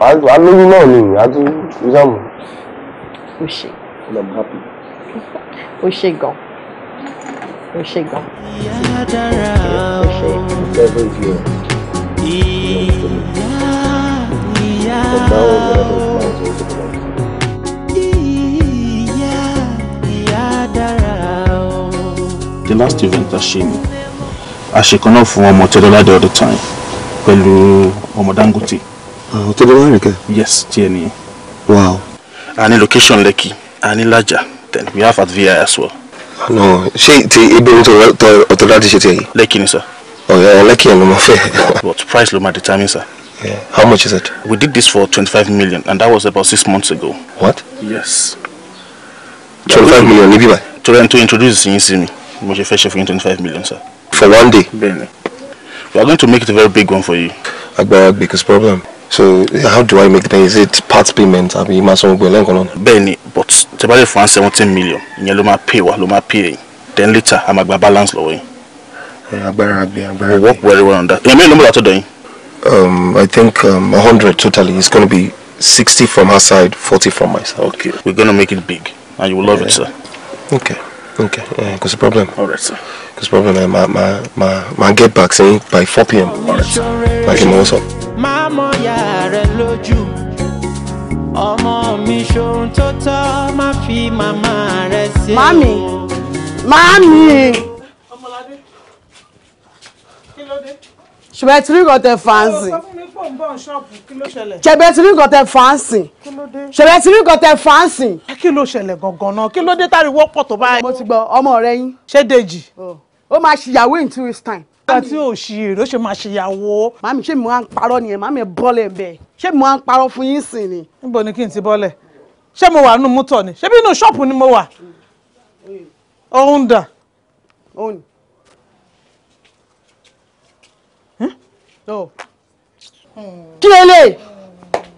wàá náà ni ìyá tó ìsàmù. o ṣe. o ṣe gan. o ṣe gan. ìyá dára o. ìyá ìyá o. The last event that she knew àṣekàn náà fún ọmọ tẹ́lọ́ládé all the time pẹ̀lú ọmọ Dangote. tẹ́lọ́ládé kẹ́. yes tiẹ̀ nìyẹn. wow. a ní location Lekki a ní Laja then we have at VI as well. àná ah, ṣé ti ibi tó ọ̀tọ̀ láti ṣe tiẹ̀ yìí. Lekki ni sir. ọ̀yọ́ oh, Lekki ẹ̀ ló máa fẹ́. [laughs] but price ló máa determine sir. Yeah. How much is it? We did this for 25 million and that was about six months ago. What? Yes. 25 million, níbí báyìí. Torí ẹni tó introduce yín sí mi, mo ṣe fẹ́ ṣe fún yín 25 million, sir for one day. Benny. We are going to make it a very big one for you. Agbára biggest problem. So how do I make that? Is it part payment? Àbí máa sanwó gbẹ lẹ́nkàn náà? Benny, but tẹ bá for fún wa million, You ló máa pay wa ló máa pay Then later, a máa gba balance lọ́wọ́ yín. Agbára àgbẹ̀ agbára. work very well on that. Ìyẹn mélòó ló látọ̀dọ̀ yín? Um, I think um, 100 totally. It's going to be 60 from her side, 40 from my side. Okay. We're going to make it big and you will love yeah. it, sir. Okay ok Cause sí problem kò sí problem ẹ my my my máa get back sẹ́yìn by 4 pm Alright. kí n mọ̀ sọ. máa mọ ìyá rẹ lójú ọmọ mi ṣohun tó tọ́ fi màmá rẹ ṣe. mami mami. ọmọládé kí ló dé. ṣùgbọ́n ẹ ti rí nǹkan mò ń bọ̀ ṣọ́ọ̀bù kí ló ṣẹlẹ̀. ṣẹ̀bẹ̀ tí nǹkan tẹ fàánsì. kí ló dé. ṣẹ̀bẹ̀ tí nǹkan tẹ fàánsì. kí ló ṣẹlẹ̀ gangan náà kí ló dé táriwo pọ̀ tó báyìí. mo ti gbọ́ ọmọ rẹ yín. ṣé Dèjì. ó máa ṣìyàwó in two weeks time. nígbà tí ò ṣì èrò ṣe máa ṣìyàwó. màmí ṣé mo máa ń parọ́ nìyẹn màmí bọ́lẹ̀ bẹ́ẹ̀ ṣé mo máa ń parọ́ fún yín sìn ni. níbo ni kí n ti bọ́lẹ̀ ṣé mo wà nínú mútọ̀ ni ṣé bí inú ṣọ́ọ̀pù ni mo wà. òun dà. òun. no kí lè lè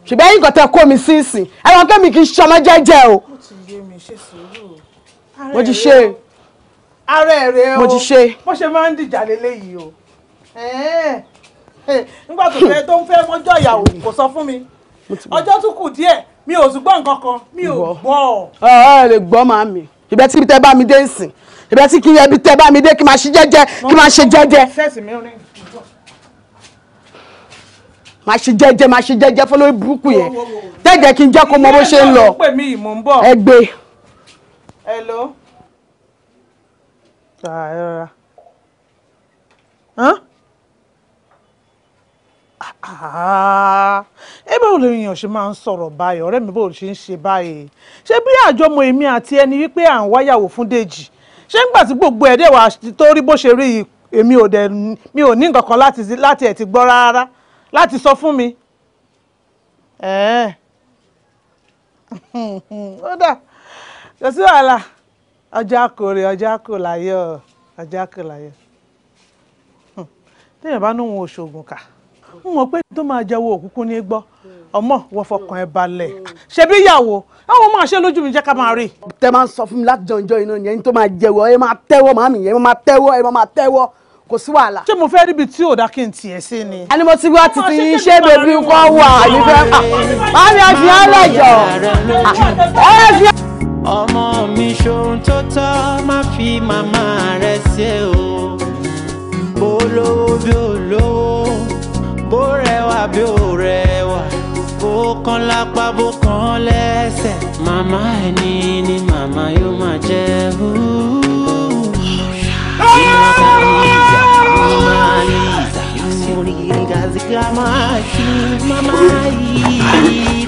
ṣùgbọ́n yín nǹkan tẹ kó mi sínsìn ẹran kẹ́mi kì í ṣọmọ jẹ́jẹ́ o. mo ti ṣe. ara ẹ̀ rẹ o mo ti ṣe. bó ṣe máa ń dìjà lélẹ́yìí o nígbà tó fẹ́ tó ń fẹ́ mọ́jọ́ ìyàwó kò sọ fún mi ọjọ́ tún kù díẹ̀ mi ò ṣùgbọ́n nǹkan kan mi ò gbọ́. ẹ ẹ lè gbọ́ màá mi ìbẹ́ tí tẹ bá mi dé ń sìn ìbẹ́ tí kí ẹ bí tẹ bá mi dé kí máa ṣe jẹ́jẹ́ kí máa ṣe jẹ́jẹ́ máa ṣe jẹ́jẹ́ máa ṣe jẹ́jẹ́ fọlọ́ burúkú yẹn tẹ́jẹ́ kí n jẹ́ kó mọ bó ṣe ń lọ ẹ gbé. hello. Ah, ẹ báwo lè yàn ṣe máa ń sọ̀rọ̀ báyìí ọ̀rẹ́ mi bó ṣe ń ṣe báyìí ṣé bí àjọmọ̀ èmi àti ẹni wípé à ń wáyàwó fún Dèjì ṣé ń gbà tí gbogbo ẹ̀ tó rí bó ṣe rí èmi ò ní nǹkan kan láti ẹ̀ ti gbọ́ rárá láti sọ fún mi [laughs] ó dà kò sí wàhálà ọjọ́ àkòrè ọjọ́ àkòláyọ̀ ọjọ́ àkòláyọ̀ téèyàn bá níwọn òṣogùn kà ń mọ̀ pé tó máa jẹ́wọ́ òkúkún ní gbọ́ ọmọ wọ́n fọkàn ẹ balẹ̀ ṣebí ìyàwó àwọn ọmọ àṣẹ lójú mi jẹ́ ká máa rí. tẹ máa ń sọ fún mi láti jọjọ iná yẹn tó máa jẹ́wọ́ ẹ máa tẹ́wọ́ màmí yẹn máa tẹ́wọ́ ẹ máa tẹ́wọ́ kò sí wàhálà. ṣé mo fẹ́ ríbi tí ò dá kí n tiẹ̀ sí ni. ẹni mo ti wá títí yín ṣé bèbí nǹkan wà nífẹ̀ẹ́ máa mi ọ̀sìn ọlẹ́jọ́ ọlẹ́jọ́. ọmọ mi ṣohun tó tọ́ má fi màmá rẹ̀ ṣe o bó lówó bí ó lówó bó rẹwà bí ó rẹwà bó kan lápá bó kan lẹ́sẹ̀ màmá ẹni ni màmá yóò máa jẹ́ hùwù. azikamashi mamayi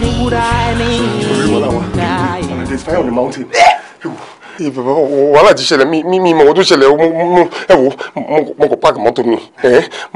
ningurane there is fire on the mountain wàhálà ti ṣẹlẹ̀ mi mi mọ̀ ọdún ṣẹlẹ̀ ẹ wo mo kò páàkì mọ́tò mi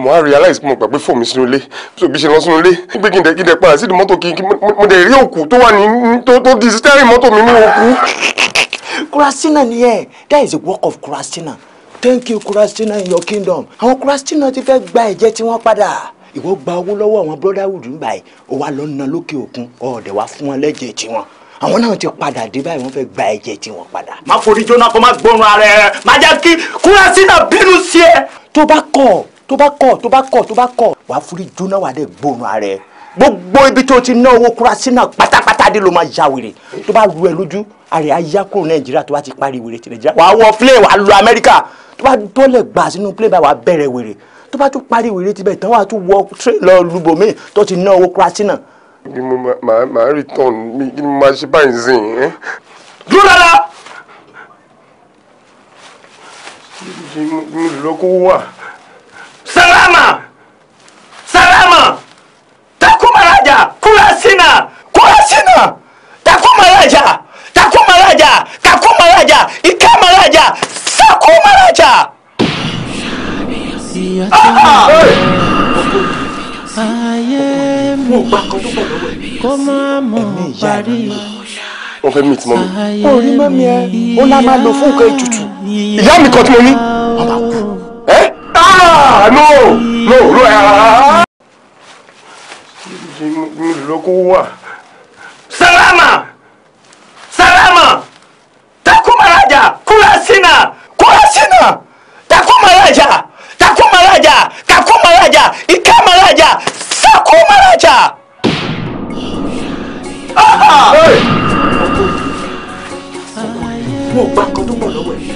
mo á realize mo gbàgbé fóònù mi sínú ilé so bí ṣe lọ sínú ilé pé kí n dẹ̀ kí n dẹ̀ padà sídìí mọ́tò kí n mo dẹ̀ rí òkú tó wà ní tó tó di sítẹ́rì mọ́tò mi ní òkú. kurasina ni ẹ that is a work of kurasina thank you kurasina in your kingdom àwọn kurasina ti fẹ́ gba ẹ̀jẹ̀ tí wọ́n padà ìwọ gba owó lọ́wọ́ àwọn brotherhood ń báyìí ó wá lọ ná lókè òkun ọ̀ọ́dẹ̀ wá fún wọn lẹ́jẹ̀ tiwọn àwọn náà ti padà dé báyìí wọ́n fẹ́ gba ẹ̀jẹ̀ tiwọn padà. má forí jóná kó má gbóòórùn ara ẹ má jẹ́ kí kúrẹ́sì náà bínú sí ẹ. tó bá kọ̀ tó bá kọ̀ tó bá kọ̀ tó bá kọ̀ wàá forí jóná wàá dẹ̀ gbóòórùn ara ẹ gbogbo ibi tó ti ná owó kúrasí náà pátápátá dé ló máa ya wèrè tó bá ru ẹ lójú àrẹ ayá kúrò nàìjíríà tó bá ti parí wèrè ti nàìjíríà wàá wọ plane wàá lu amẹ́ríkà tó bá dọ́lẹ̀ gbà sínú plane báyìí wàá bẹ̀rẹ̀ wèrè tó bá tún parí wèrè tibẹ̀ tán wàá tún wọ lọ lùbòmíì tó ti ná owó kúrasínà. ni mo máa máa return mi ni mo máa ṣe báyìí sìn ín. dúró dáadáa. ṣe mo lè lọ kó wà. salama salama takumaraja kúrasínà kúrasínà takumaraja takumaraja kakumaraja ikamaraja sakumaraja ìyá tó wà ayé mi kó má mọ̀ parí wọ́n fẹ́ mìtì mọ́ mi. o rí mọ́mi ẹ ó lá máa lò fún nǹkan ètùtù ìyá mi kan tí mo ní wọ́n bá kú. ẹ ah no no no ẹ. mo lè lọ kó wà. salama salama takumaraja kurasina kurasina takumaraja maraja kaku maraja ike maraja saku maraja. mo gba nǹkan tó pọ̀ lọ́wọ́ ẹ̀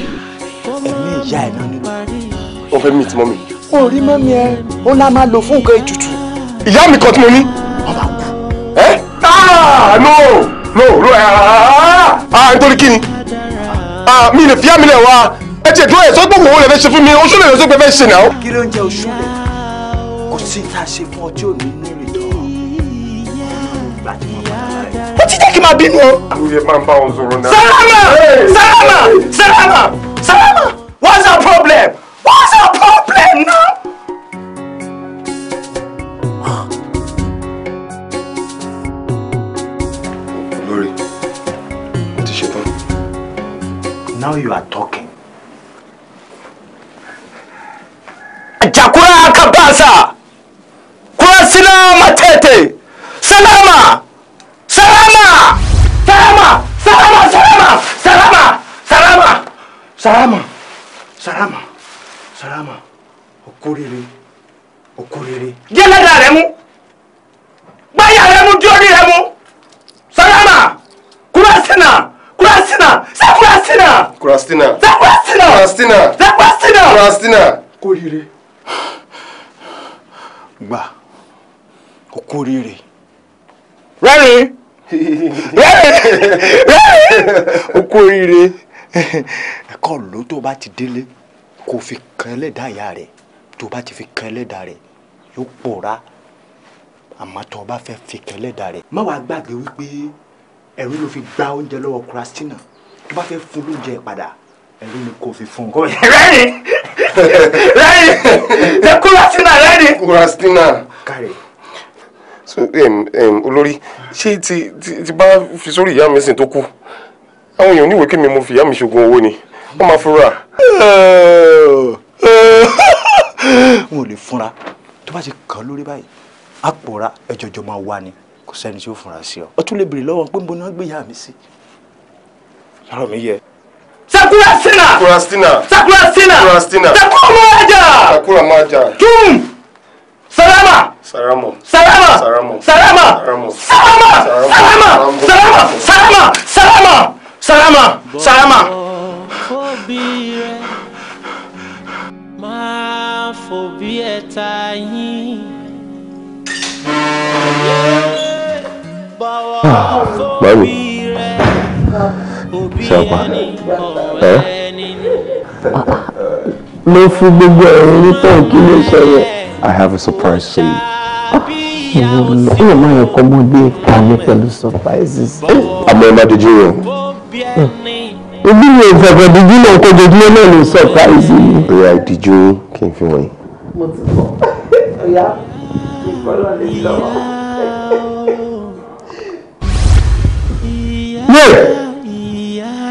ẹ̀mí ìyá ẹ̀ náà nínú. ó fẹ́ mi ti mọ́ mi. ó rí mọ́mí ẹ ó lá máa lò fún nǹkan ètùtù. ìyá mi kan tí mo ní. ọba kú. ẹ ah no no no ah ah, ah ah nítorí kí ni ah mi lè fi àmì lẹ̀ wá ẹ ti ètò ẹ̀sọ́ gbogbo owó lè fẹ́ ṣe fún mi oṣù lè lọ́sọ́ pé fẹ́ ṣe náà. kí ló ń jẹ oṣù rẹ kò sí tá a ṣe fún ọjọ́ òní ní ìrètò ó ti jẹ́ kí n máa bínú o. àwùjẹ máa ń bá wọn sọ̀rọ̀ náà. sálámà sálámà sálámà sálámà what's our problem what's our problem now. Now you are talking. la basa kuna silama tete salama salama salama salama salama salama salama salama salama salama okuriri okuriri. jẹ́lẹ́dà rẹ̀ mú gbáyà rẹ̀ mú jórí rẹ̀ mú salama kurasina kurasina sa kurasina. kurasina. sa kurasina. kurasina. sa kurasina. kurasina. kurasina. kurire gbà kó kú oríire rẹ́rìn rẹ́rìn rẹ́rìn ó kú oríire ẹ̀kọ́ ló tó bá ti délé kó fi kan ẹlẹ́dàá ìyá rẹ̀ tó bá ti fi kan ẹlẹ́dàá rẹ̀ yóò pòórá àmọ́ tó o bá fẹ́ fi kan ẹlẹ́dàá rẹ̀ má wàá gbàgbé wípé ẹ̀rú ló fi gba oúnjẹ lọ́wọ́ kurastina tó bá fẹ́ fún lóúnjẹ padà ẹ̀rí ni kò fi fún un. rẹ́ni rẹ́ni ṣe kúrasínà rẹ́ni. kúrasínà. káre. so um, um, olórí ṣé ti ti bá fi sórí ìyá mi sìn tó kú àwọn èèyàn oníwèé kí mi mo fi ìyá mi ṣoògùn owó ni wọ́n máa fura. n ò lè fúnra tó bá ti kàn lórí báyìí a pòórá ẹjọjọ máa wà ní kò sẹ́ni tí ó fúnra sí ọ ọ lè béèrè lọ́wọ́ pé n bo ni wọ́n gbé ìyá mi sí. lọ́rọ̀ mi yẹ. Sakura Sina. Sakura Sina. Sakura Sina. Sakura Sina. Sakura Maja. Sakura Maja. Tum. Salama. Salama. Salama. Salama. Salama. Salama. Ah, Salama. Salama. Salama. Salama. Salama. Salama. Salama. fòbí ẹ̀ta yín. Báwo fòbí rẹ̀? sọpa ẹ ló fún gbogbo ẹ̀rọ nípa kí ló I have a surprise for you. Ah, Ìyá máa yẹ kọ́ mọ́ gbé ìpàdé mi pẹ̀lú surprises. Àmọ́ ẹ má dojú rẹ̀. Hmm. Ibi mi ò fẹ̀fẹ̀ díjú náà kó jojúmọ́ náà ló surprise mi. Ìyá ìdíjú kì í fi wọ̀nyí. Mo ti bọ̀, ọ̀yá ìkọlọ̀ lè lọ.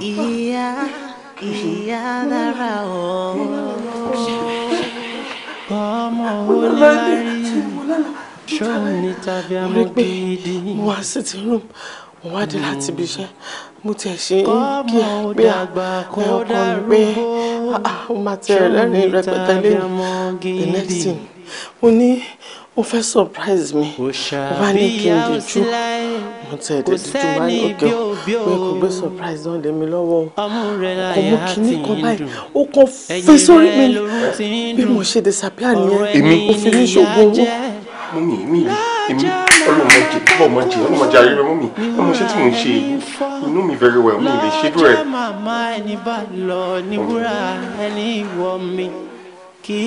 ìyá ìyá dára o ọmọ olárí ṣóun ní tàbí àmọ́ gidi. mo wá sí ti rúm mo wá dé láti ibi iṣẹ́ mo tiẹ̀ ṣe kí ẹ gbé ẹ ọkọ gbé ó ah, ah, máa tẹ̀ lẹ́rìn rẹpẹtẹ lẹ́yìn the next thing mo ní ó fẹ́ surprise mi ó bá ní kí n dijú mo tẹ̀ ẹ̀dẹ̀ dijú bá ní òkè ó pé kò gbé surprise náà lé mi lọ́wọ́ kò mú kinní kan báyìí ó kàn fẹ́ sórí mi bí mo ṣe disappear nìyẹn èmi ó fi ní ṣògùn owó. mọ́mí mi èmi ọlọ́mọdé ọlọ́mọdé ọlọ́mọdé ayẹyẹ mọ́mí ọmọ ṣé tí mò ń ṣe inú mi very well mi lè ṣe dúró ẹ̀. màmá ẹni bá lọ ní wúrà ẹni wọ mi kí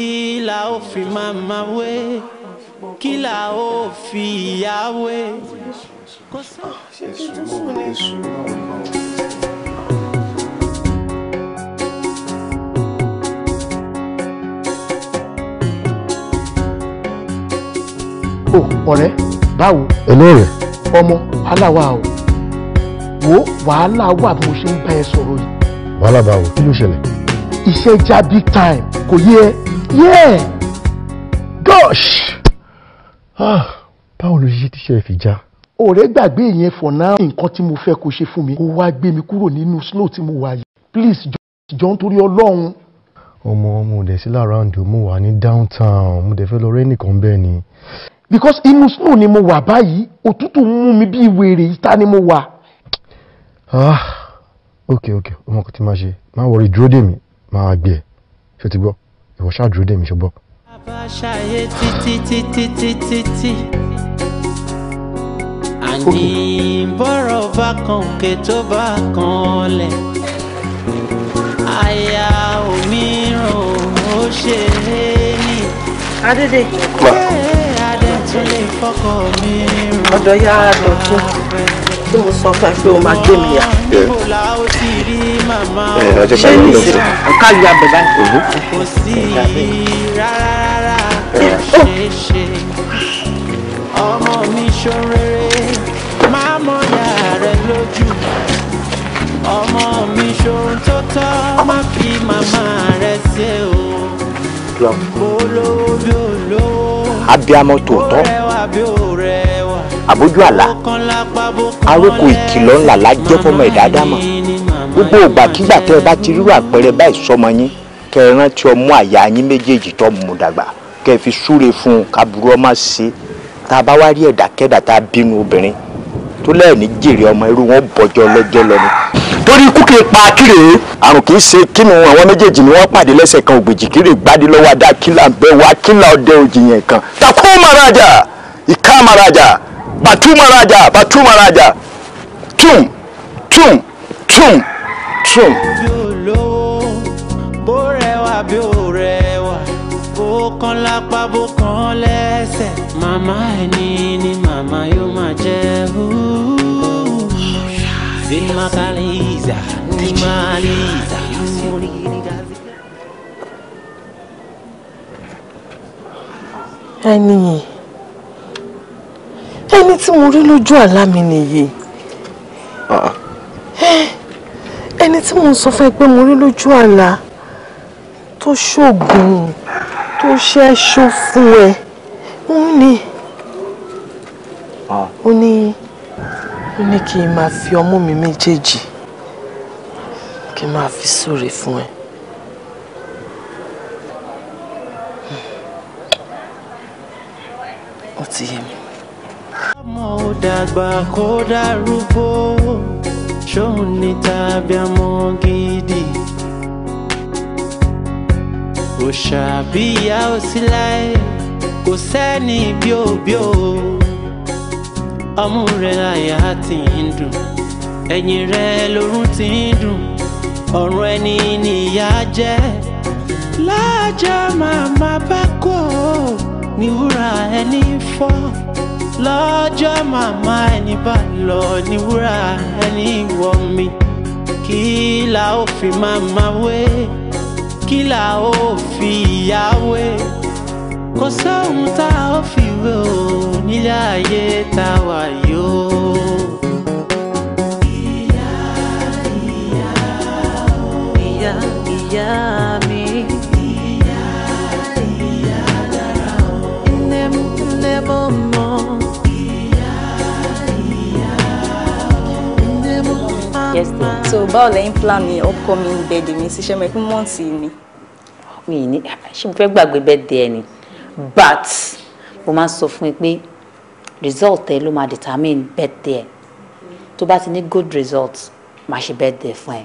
kí là ó fi ìyá wé. kò sí o ọ̀rẹ́ báwo. ẹlẹ rẹ. ọmọ wàhálà wà o wo wàhálà wà bí mo ṣe ń bá ẹ sọ̀rọ̀ yìí. wàhálà báwo kí ló ṣẹlẹ̀. iṣẹ́ já big time kò yé ẹ. yeah gosh. Ah, báwo ló ṣe tíṣẹ́ fi já. ọ̀rẹ́ gbàgbé yẹn for now nǹkan tí mo fẹ́ kó ṣe fún mi kó wá gbé mi kúrò nínú slow tí mo wà yìí please jọ ń torí ọlọ́run. ọmọ ọmọ òde sí làrándì mo wà ní downtown mo dẹ̀ fẹ́ lọ rẹ́ nìkan bẹ́ẹ̀ ni. because inú slow ni mo wà báyìí òtútù ń mú mi bíi wèrè ìta ni mo wà. ah ok ok ọmọ kan tí máa ṣe máa wọrí dúró dè mí máa gbé ẹ ṣe ti gbọ́ ìwọ ṣáà dúró dè mí ṣe gbọ́ àbáṣayé títí títí títí tí àní bọ́rọ̀ bá kan òkè tó bá kan lẹ̀ àyà òmíràn ó ṣe é ní. adédè. adẹ́tún lè tí mo sọ fún ẹ pé o máa gbé mi yà. ṣé ní ìsìn ká yà bẹ̀rẹ̀. kò ọmọ mi ṣorere máa mọ ìyá rẹ lójú àlá aróko ìkìlọ̀ ńlá la jẹ́ fọmọ ẹ̀dá dámọ̀ gbogbo ògbàkigbà tẹ́ ẹ bá ti rírò àpẹẹrẹ báyìí sọmọ yín kẹ́ ẹ rántí àyà yín méjèèjì tó mú dàgbà kẹ́ ẹ fi súre fún un kábùrú ọmọ ṣe tá a bá wá rí ẹ̀dákẹ́dà tá a bínú obìnrin tó lẹ́ẹ̀ní jèrè ọmọ irú wọn bọ̀jọ́ lọ́jọ́ lọ ni. torí ikú kì pa kíre àrùn kì í ṣe kínú àwọn méjèèjì ni wọ́n pàdé lẹ́sẹ̀ kan ògbèjì kíre gbádé lọ́wọ́ adá kílà ń bẹ wá kílà ọdẹ òjìyàn kan. takú maraja ìka maraja bàtú maraja bàtú maraja tùm tùm tùm tùm. màmá ẹni ni màmá yóò máa jẹ́ sinima kaliza sinima liza. ẹni ẹni tí mo rí lójú àlá mi nìyí ah, ẹni tí mo sọ fún ẹ pé mo rí lójú àlá tó ṣoògùn tó ṣe ṣó fún ẹ òun ni ah. ó ní ó ní kí n máa fi ọmú mi méjèèjì kí n máa fi súre fún ẹ. Hmm. ó ti yé mi. ọmọ ò dàgbà kó dárúgbó ṣóun ní tàbí ọmọ gidi òṣàbíyá ó sí láì. kò sẹ́ni bíòbíò ọmú rẹ̀ àyà ti ń dùn ẹ̀yìn rẹ̀ lórún ti ń dùn ọ̀run ẹni nìyà jẹ́ lájà màmá bá kò ní wúrà ẹni fọ́ lọ́jọ́ màmá ẹni bá lọ ní wúrà ẹni wọ mi kí la ó fi màmá wé kí la ó fi ìyá wé. kò sóhun tá ó fi wé o nílé ayé tá a wà yóò. ìyá ìyá ìyá yes so báwo lẹ́yìn plan mi upcoming birthday mi ṣiṣẹ́ mẹ́kún mọ́ọ̀tì mi. mi ní ṣé mo fẹ́ gbàgbé birthday ẹ ni but mo máa ń sọ fún yín pé result ẹ ló máa determine birthday ẹ tó bá ti ní good result máa ṣe birthday fún ẹ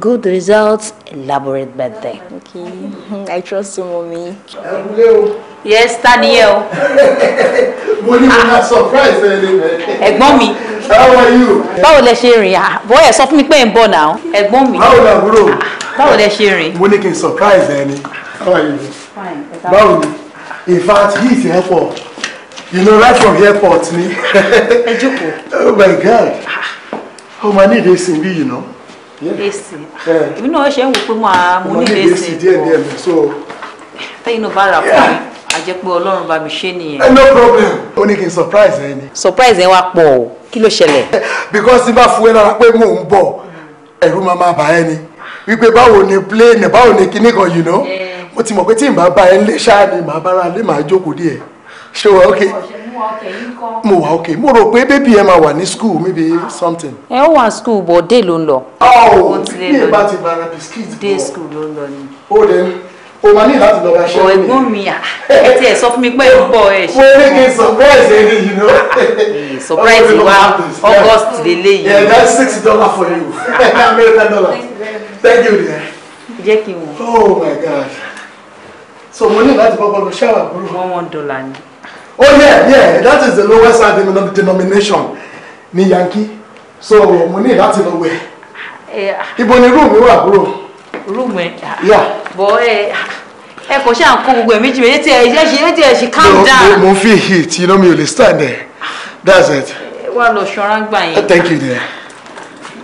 good result elaborate birthday. okay i trust you mummy. ẹ ń o. yes ta ni yẹ o. [laughs] mo ní mo máa surprise ẹ lé mẹ. ẹ̀gbọ́n mi. how are you. báwo lẹ ṣe rìn ah, bọ́ ẹ sọ fún mi pé ẹ ń bọ̀ náà ẹ̀gbọ́n mi. báwo làbúrò. Ah, báwo lẹ ṣe rìn. mo ní kí n surprise ẹ ni how are you. fine. báwo ni in fact he is airport you know right from airport me. ẹ jókòó. [laughs] oh my god How many days in sin you know? ná. You know, náà ṣe ń my money days mo ní You sin pọ tẹyin I just rà fún mi àjẹ pé eh, no problem ó ní kí n surprise ẹ ni. surprise ẹ wá pọ̀ o kí [laughs] because if I ẹ lára pé move ń bọ̀ ẹ̀rù máa máa bà We ni wípé báwo ni plane báwo ni kinní kan yìí ná ó ti mọ̀ pé tí n bá bá ẹ lé ṣáà ni màá bára lé màá jókòó díẹ̀ ṣé wà ókè mo wà ókè mo rò pé bébí ẹ máa wà ní school maybe something. ẹ ó wà school bọ̀ dé ló ń lọ. ọ̀ oh, bí ẹ bá ti bára biskit bọ̀ dé school ló ń lọ ni. ó lè ní o ma ní láti lọ ra ṣe é mi. ọ̀gbọ́n mi à ẹ ti ẹ̀ sọ fún mi pé ó bọ̀ ẹ̀ ṣe. wọ́n ní kí n surprise ẹ ní yìí náà. surprise wa august lele yìí. yeah that's six dollars for you [laughs] american dollar thank you. jẹ́ kí n wò. oh my god so money ní láti kọ́kọ́ lọ ṣáwà àbúrò. one one dollar ni. oh yeah yeah that is the lowest side the denomination ní yankee so money ní láti lọ wẹ̀. Eh, ibo ni room wà àbúrò. room. ẹ. yà. bọ ẹ ẹ kò ṣáà kó gbogbo ẹ méjì méjì tí ẹ ṣe ẹ ti ẹ ṣe calm down. mo fi heat you know me. ò lè stand there that's it. wà á lọ ṣọ́ra gbà yẹn. thank you there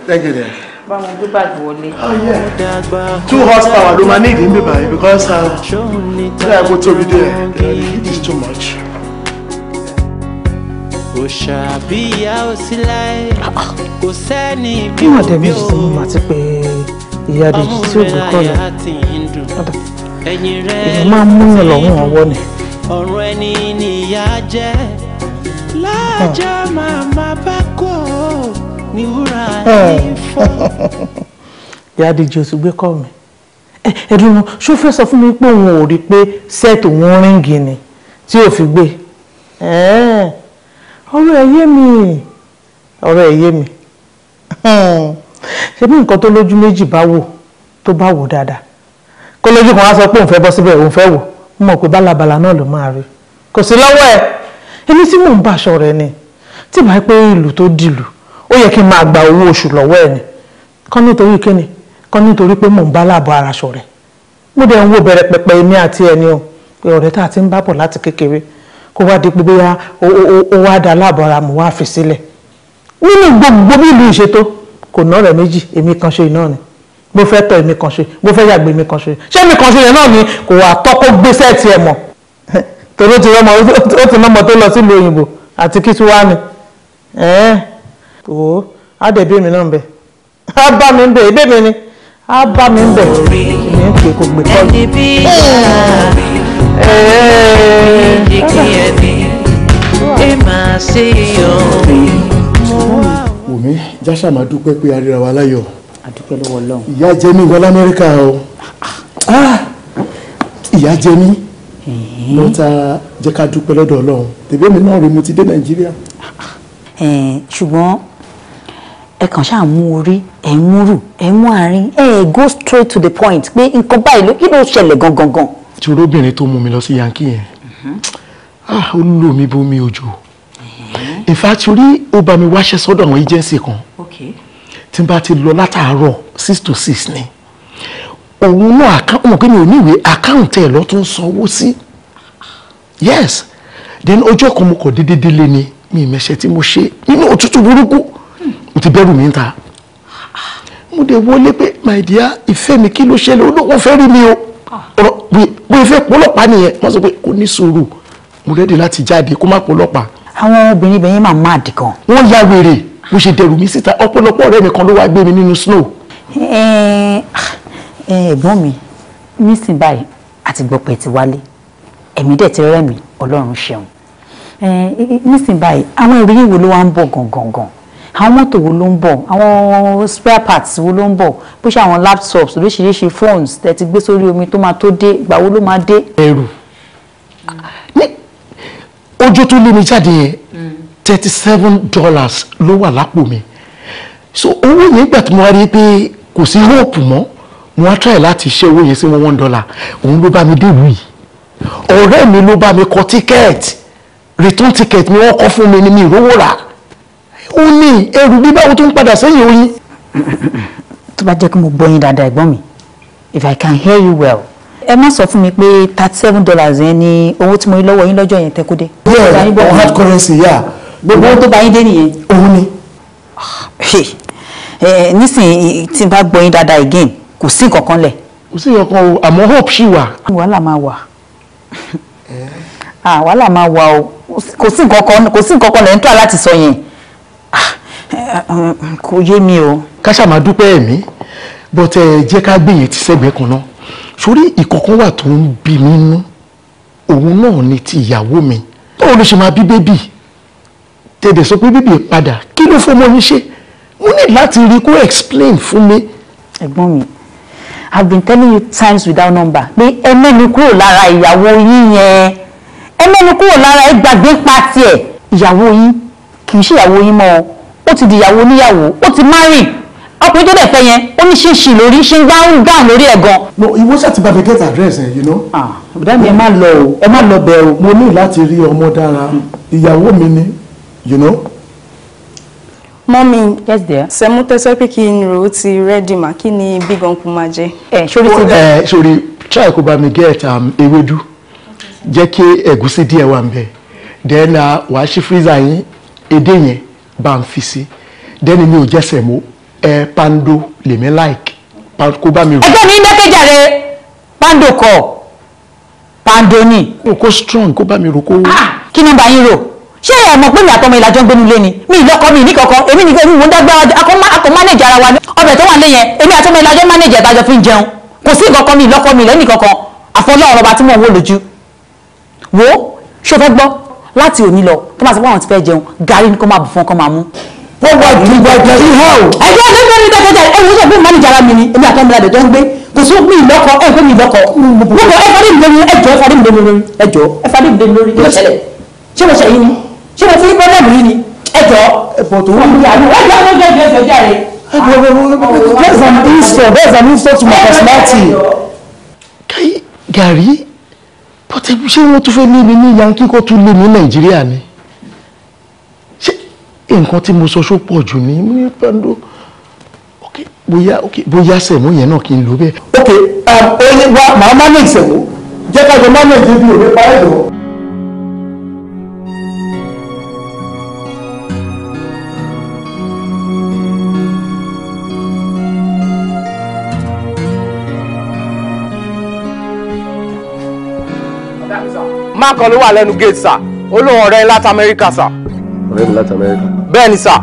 thank you there báwọn gbé ah, two horsepower ló máa ní ìdí ń bèbà yìí because ṣé uh, àgbo tóbi dé ẹ̀ it is too much. kò ṣàbíyá ó sí láì ah, ah. kò sẹ́ni bí wọ́n dẹ̀ méjì sí mímọ́ àti pé ìyá dèjì tí ò gbé kọ́ lọ èèyàn ni wúrà ní ah. fọ́. dáàdì jẹ́ oṣù gbé kọ́ mi ẹ̀dùn ṣó fẹ́ sọ fún mi pé òun ò rí i pé sẹ́ẹ̀tì òun ríǹgì ni tí ò fi gbé ọ̀rọ̀ ẹ̀ yé mi ọ̀rọ̀ ẹ̀ yé mi hmm. ṣe bí nǹkan tó lójú méjì bá wò tó bá wò dáadáa kó lójú kan wá sọ pé òun fẹ́ bọ́ síbẹ̀ òun fẹ́ wò mo mọ̀ pé bálabàla náà ló máa rí kò sí lọ́wọ́ ẹ̀ èmi tí mò ń bá aṣọ rẹ ni tí bá pé ìlú tó dìlù ó yẹ kí n máa gba owó oṣù lọ́wọ́ ẹ̀ ni kán nítorí kíni kán nítorí pé mò ń bá láàbọ̀ ara ṣọ̀rẹ́ mo dẹ̀ ń wo bẹ̀rẹ̀ pẹ̀pẹ̀ èmi àti ẹni o pé ọ̀rẹ́ tá a ti ń bá bọ̀ láti kékeré kó wá di pé bóyá ó wá da láàbọ̀ ara mo wá fi sílẹ̀ nínú gbogbo bí ìlú ìṣètò kò ná ọ̀rẹ́ méjì èmi kan ṣe iná ni bó fẹ́ tọ̀ èmi kan ṣe bó fẹ́ yàgbé èmi kan ṣe ṣé èmi kan ṣe yẹn náà ni kò wà tọ́ kó gbé sẹ́ẹ̀tì ẹ̀ mọ̀ [laughs] torí ó ti rọ́mọ tó lọ sílùú òyìnbó àti kí tí wàá ni wò ó á dẹ̀ bí èmi náà ń bẹ̀ á bá mi ń bẹ̀ ebí mi ni á bá mi ń bẹ̀ èmi ń pè kò gbé kọ́lù. ẹni bí wùmí jáṣà máa dúpẹ́ pé aríra wa láyọ̀ ìyá jẹ mí wọ o ah! Ah! ìyá jẹ mí lọ́tà jẹ́ ká dúpẹ́ lọ́dọ̀ ọlọ́run tèmi náà rí mo ti dé nàìjíríà. ṣùgbọ́n ẹ kàn ṣáà mú orí ẹ mú rù ẹ mú àárín ẹ go straight to the point pé nǹkan báyìí ló kí ló ṣẹlẹ̀ gangan gan. ti olóbìnrin tó mú mi lọ sí yankee yẹn mm-hmm. ah, ó lò mí bómi òjò ìfàtí mm-hmm. orí ó bá mi wáṣẹ sọ́dọ̀ àwọn agency kan tí n bá ti lọ látàárọ̀ six to six ni òun náà àkáǹtì pé mi ò níwèé àkáǹtì ẹ̀ lọ́tún sanwó sí yes then ọjọ́ kan mo kọ̀ déédéé délé ni mi ìmẹ̀ṣẹ̀ tí mo ṣe nínú òtútù burúkú o ti bẹ̀rù mi ń ta mo dé wọlé pé my dear ìfẹ́ mi kí ló ṣẹlẹ̀ olóòwò fẹ́ rí mi o ọ̀rọ̀ bó ife pọlọ́pàá nìyẹn wọ́n sọ pé kò ní sùúrù mo rẹ́dí láti jáde kó má pọlọ́pàá. àwọn obìnrin bẹ̀yẹn máa máa dì gan. wọ́n ya wèrè bó ṣe dẹrù mi síta ọ̀pọ̀lọpọ̀ ọ̀rẹ́ mi kan ló wá gbé mi nínú snow. ẹ̀gbọ́n mi nísìn báyìí àti gbọ̀pẹ̀ ti wálé ẹ̀mí dẹ̀ ti rẹ́ mi ọlọ́run ṣeun nísìn báyìí àwọn ìrírí wo ló wá ń bọ̀ gangan àwọn mọ́tò wo ló ń bọ̀ àwọn spare parts wo ló ń bọ̀ bó ṣe àwọn laptops oríṣiríṣi phones tẹ́ ti gbé sórí omi tó máa tó dé ìgbà wo ló máa dé. ẹrù ní ọjọ́ tó lé mi jáde yẹn thirty seven dollars ló wà lápò mi so owó yẹn gbà tí mo wá rí i pé kò sí hope mọ́ mo wá try láti ṣe owó yẹn sí one dollar òun ló bá mi dé ìlú yìí ọ̀rẹ́ mi ló bá mi kọ tíkẹ́ẹ̀tì return ticket mi wọ́n kọ́ fún mi ní mi ìrówó rà ó ní ẹrù bíbáwo tó ń padà sẹ́yìn oyin. tó bá jẹ́ kí mo gbọ́ yín dáadáa ẹ̀gbọ́n mi if i can hear you well ẹ má sọ fún mi pé thirty seven dollars yẹn ni owó tí mo rí lọ́wọ́ yín lọ́jọ́ yẹn tẹ́ kó dé. yeah on hard currency yeah. gbogbo owó tó bá yín dé nìyẹn. òun ni. nísìnyí tí n bá gbọ́ yín dáadáa again kò sí nǹkan kan lẹ̀. kò sí nǹkan kan o àmọ́ hope ṣì wà. wàhálà máa wà ah, wàhálà máa wà o kò sí nǹkan kan lẹ̀ ń tọ́ láti sọ yẹn kò yé mi o. ká ṣáà dúpẹ́ ẹ̀mí but ẹ jẹ́ ká gbìyànjú ti sẹ́gbẹ́ kan náà sórí ìkọ̀kan wà tó ń bí mi nú òun náà ni ti ìyàwó mi báwo ló ṣe máa bí bébì tẹ̀dẹ̀ sọ pé bébì padà kí ló fọmọ yín ṣe mo ní láti rí kó explain fún mi. ẹ̀gbọ́n mi I've been telling you times without number pé ẹ mẹ́nu kúrò lára ìyàwó yín yẹn ẹ mẹ́nu kúrò lára ẹ gbàgbé pa tiẹ̀ ìyàwó yín kì í ṣe ìyàwó yín mọ́ o ó ti dìyàwó oníyàwó ó ti márì ọkùnrin tó dẹ̀ fẹ́ yẹn ó ní ṣíṣì lórí ṣe ń gbáhùn gáàn lórí ẹ̀ gan. no ìwọ ṣáà ti bá mi get address ẹ eh, you know. ah ọ̀dà mi ẹ má lọ o ẹ má lọ bẹ̀ o. mo ní láti rí ọmọ dára hmm. ìyàwó mi ni you know. mọ́mí yes there? sẹ́mú tẹ́sọ́ pé kí n rò ó ti rẹ́dì mà kí ni big uncle máa jẹ. ẹ sori ti bá. ẹ sori try kó bá mi get um, ewédú jẹ́ kí ẹ̀gúsí díẹ̀ wà ń bẹ̀ then uh, wàá ṣí freezer yín edé yẹn bá ń fi sí dẹ́ni mi ò jẹ́sẹ̀ mọ́ ẹ pando lèmi like kó bá mi rò. ẹgbẹ́ mi mẹ́kẹ́jà rẹ pando kọ pando ni. kó strong kó bá mi rò kó. Ah, kí ni bá yín rò ṣé ẹ mọ̀ pé mi àtọmọ ìlàjọ ń gbénu lé ni mi ìlọkọ mi ní kankan èmi nìkan èmi mò ń dágbà akọ mánéjì ara wa ni ọbẹ̀ tó wà lé yẹn èmi àtọmọ ìlàjọ mánéjì ẹ̀dájọ fi ń jẹun kò sí kankan mi ìlọkọ mi lẹ́nìkankan àfọlọ́ ọ̀rọ̀ bá tí mò ń wò lójú wo ṣo fẹ́ gbọ́ láti òní lọ tó máa sọ pé àwọn ti fẹ́ jẹun gàrí ni kó máa bù fún kó máa mú. ó wà ní ìwádìí sí hàn. ẹjọ́ ní bẹ́ẹ̀ ni tẹ́tẹ́tẹ́ ẹ wọ́n sọ pé mánìjà ara mi ni èmi àti ọmọdé tó ń gbé kò sí mi ìlọ́kọ ẹ gbé mi ìlọ́kọ. gbogbo ẹ fadé mi lórí ẹjọ́ ẹ fadé mi lórí ẹjọ́ ẹ fadé mi lórí kí ló ṣẹlẹ̀ ṣé mo ṣe yín ni ṣé mo fi ní pọ́nlẹ́mù yín ni ẹjọ́ ẹ̀fọ́ tó wà. ẹjọ́ ló ń gẹ but ṣé wọ́n tún fẹ́ lé mi ní yankí kó tún lé mi nàìjíríà ni ṣé nǹkan tí mo sọ ṣó pọ̀ jù ní ní pando ok bóyá ok bóyá sẹ̀mú yẹn náà kí n lò bẹ́ẹ̀. ok oye um, wa màá manage sẹ̀mú jẹ́ ká jọ manage bí òwe parí lọ. kan ló wà lẹ́nu gate sà ó ọ̀rẹ́ láti amẹ́ríkà sà. ọ̀rẹ́ mi láti amẹ́ríkà. bẹ́ẹ̀ sà.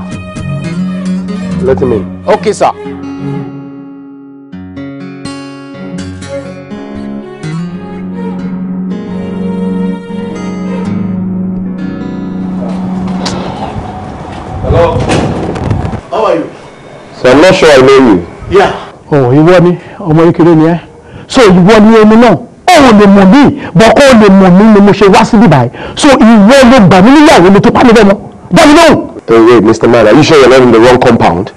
let me. ok sà. hello how are you. sir i'm not sure i know you. yeah. ọ̀ oh, ìwọ ni ọmọ ìkéré ni ẹ́ so ìwọ ni ẹni náà ò lè mọ̀ mí bọ̀ lè mọ̀ mí ni mo ṣe wá síbí báyìí so ìwọ ló gbà mí níyàwó ló tó pàmì bẹ́ẹ̀ mọ́ bọ́ọ̀lù lóhùn. hey oh, mr man you sure you're in the wrong compound.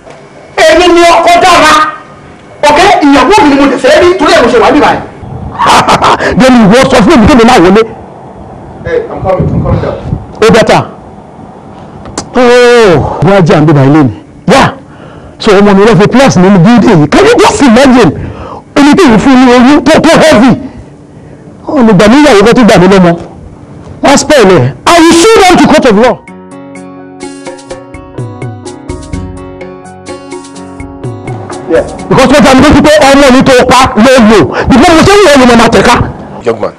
èmi ni ọkọ dára ọ̀kẹ́ ìyàwó mi ni mo tẹ̀sẹ̀ rí torí ẹ̀ mo ṣe wá níbàyìí. then [laughs] ìwọ sọ fún mi kéde máa wọlé. hey i'm coming i'm coming down. ó bẹ́tà ooo oh, wọ́n á jẹ́ àǹdí báyìí lónìí yá so ọmọ mi rẹ fi plus nínú bídìí can you just imagine omi tí ìfún mi oyún tó tó heavy wọn lè gbà mí ìyàwó kan tó gbà mí lọ́mọ wọ́n spẹ́ẹ̀ lẹ̀ I will sue them to court of law. Yeah. because wọ́n ta mi lójú pé ọmọ mi tó pa ló lò bíbá mo ṣe ń yẹ ọmọ máa tẹ̀ka. young man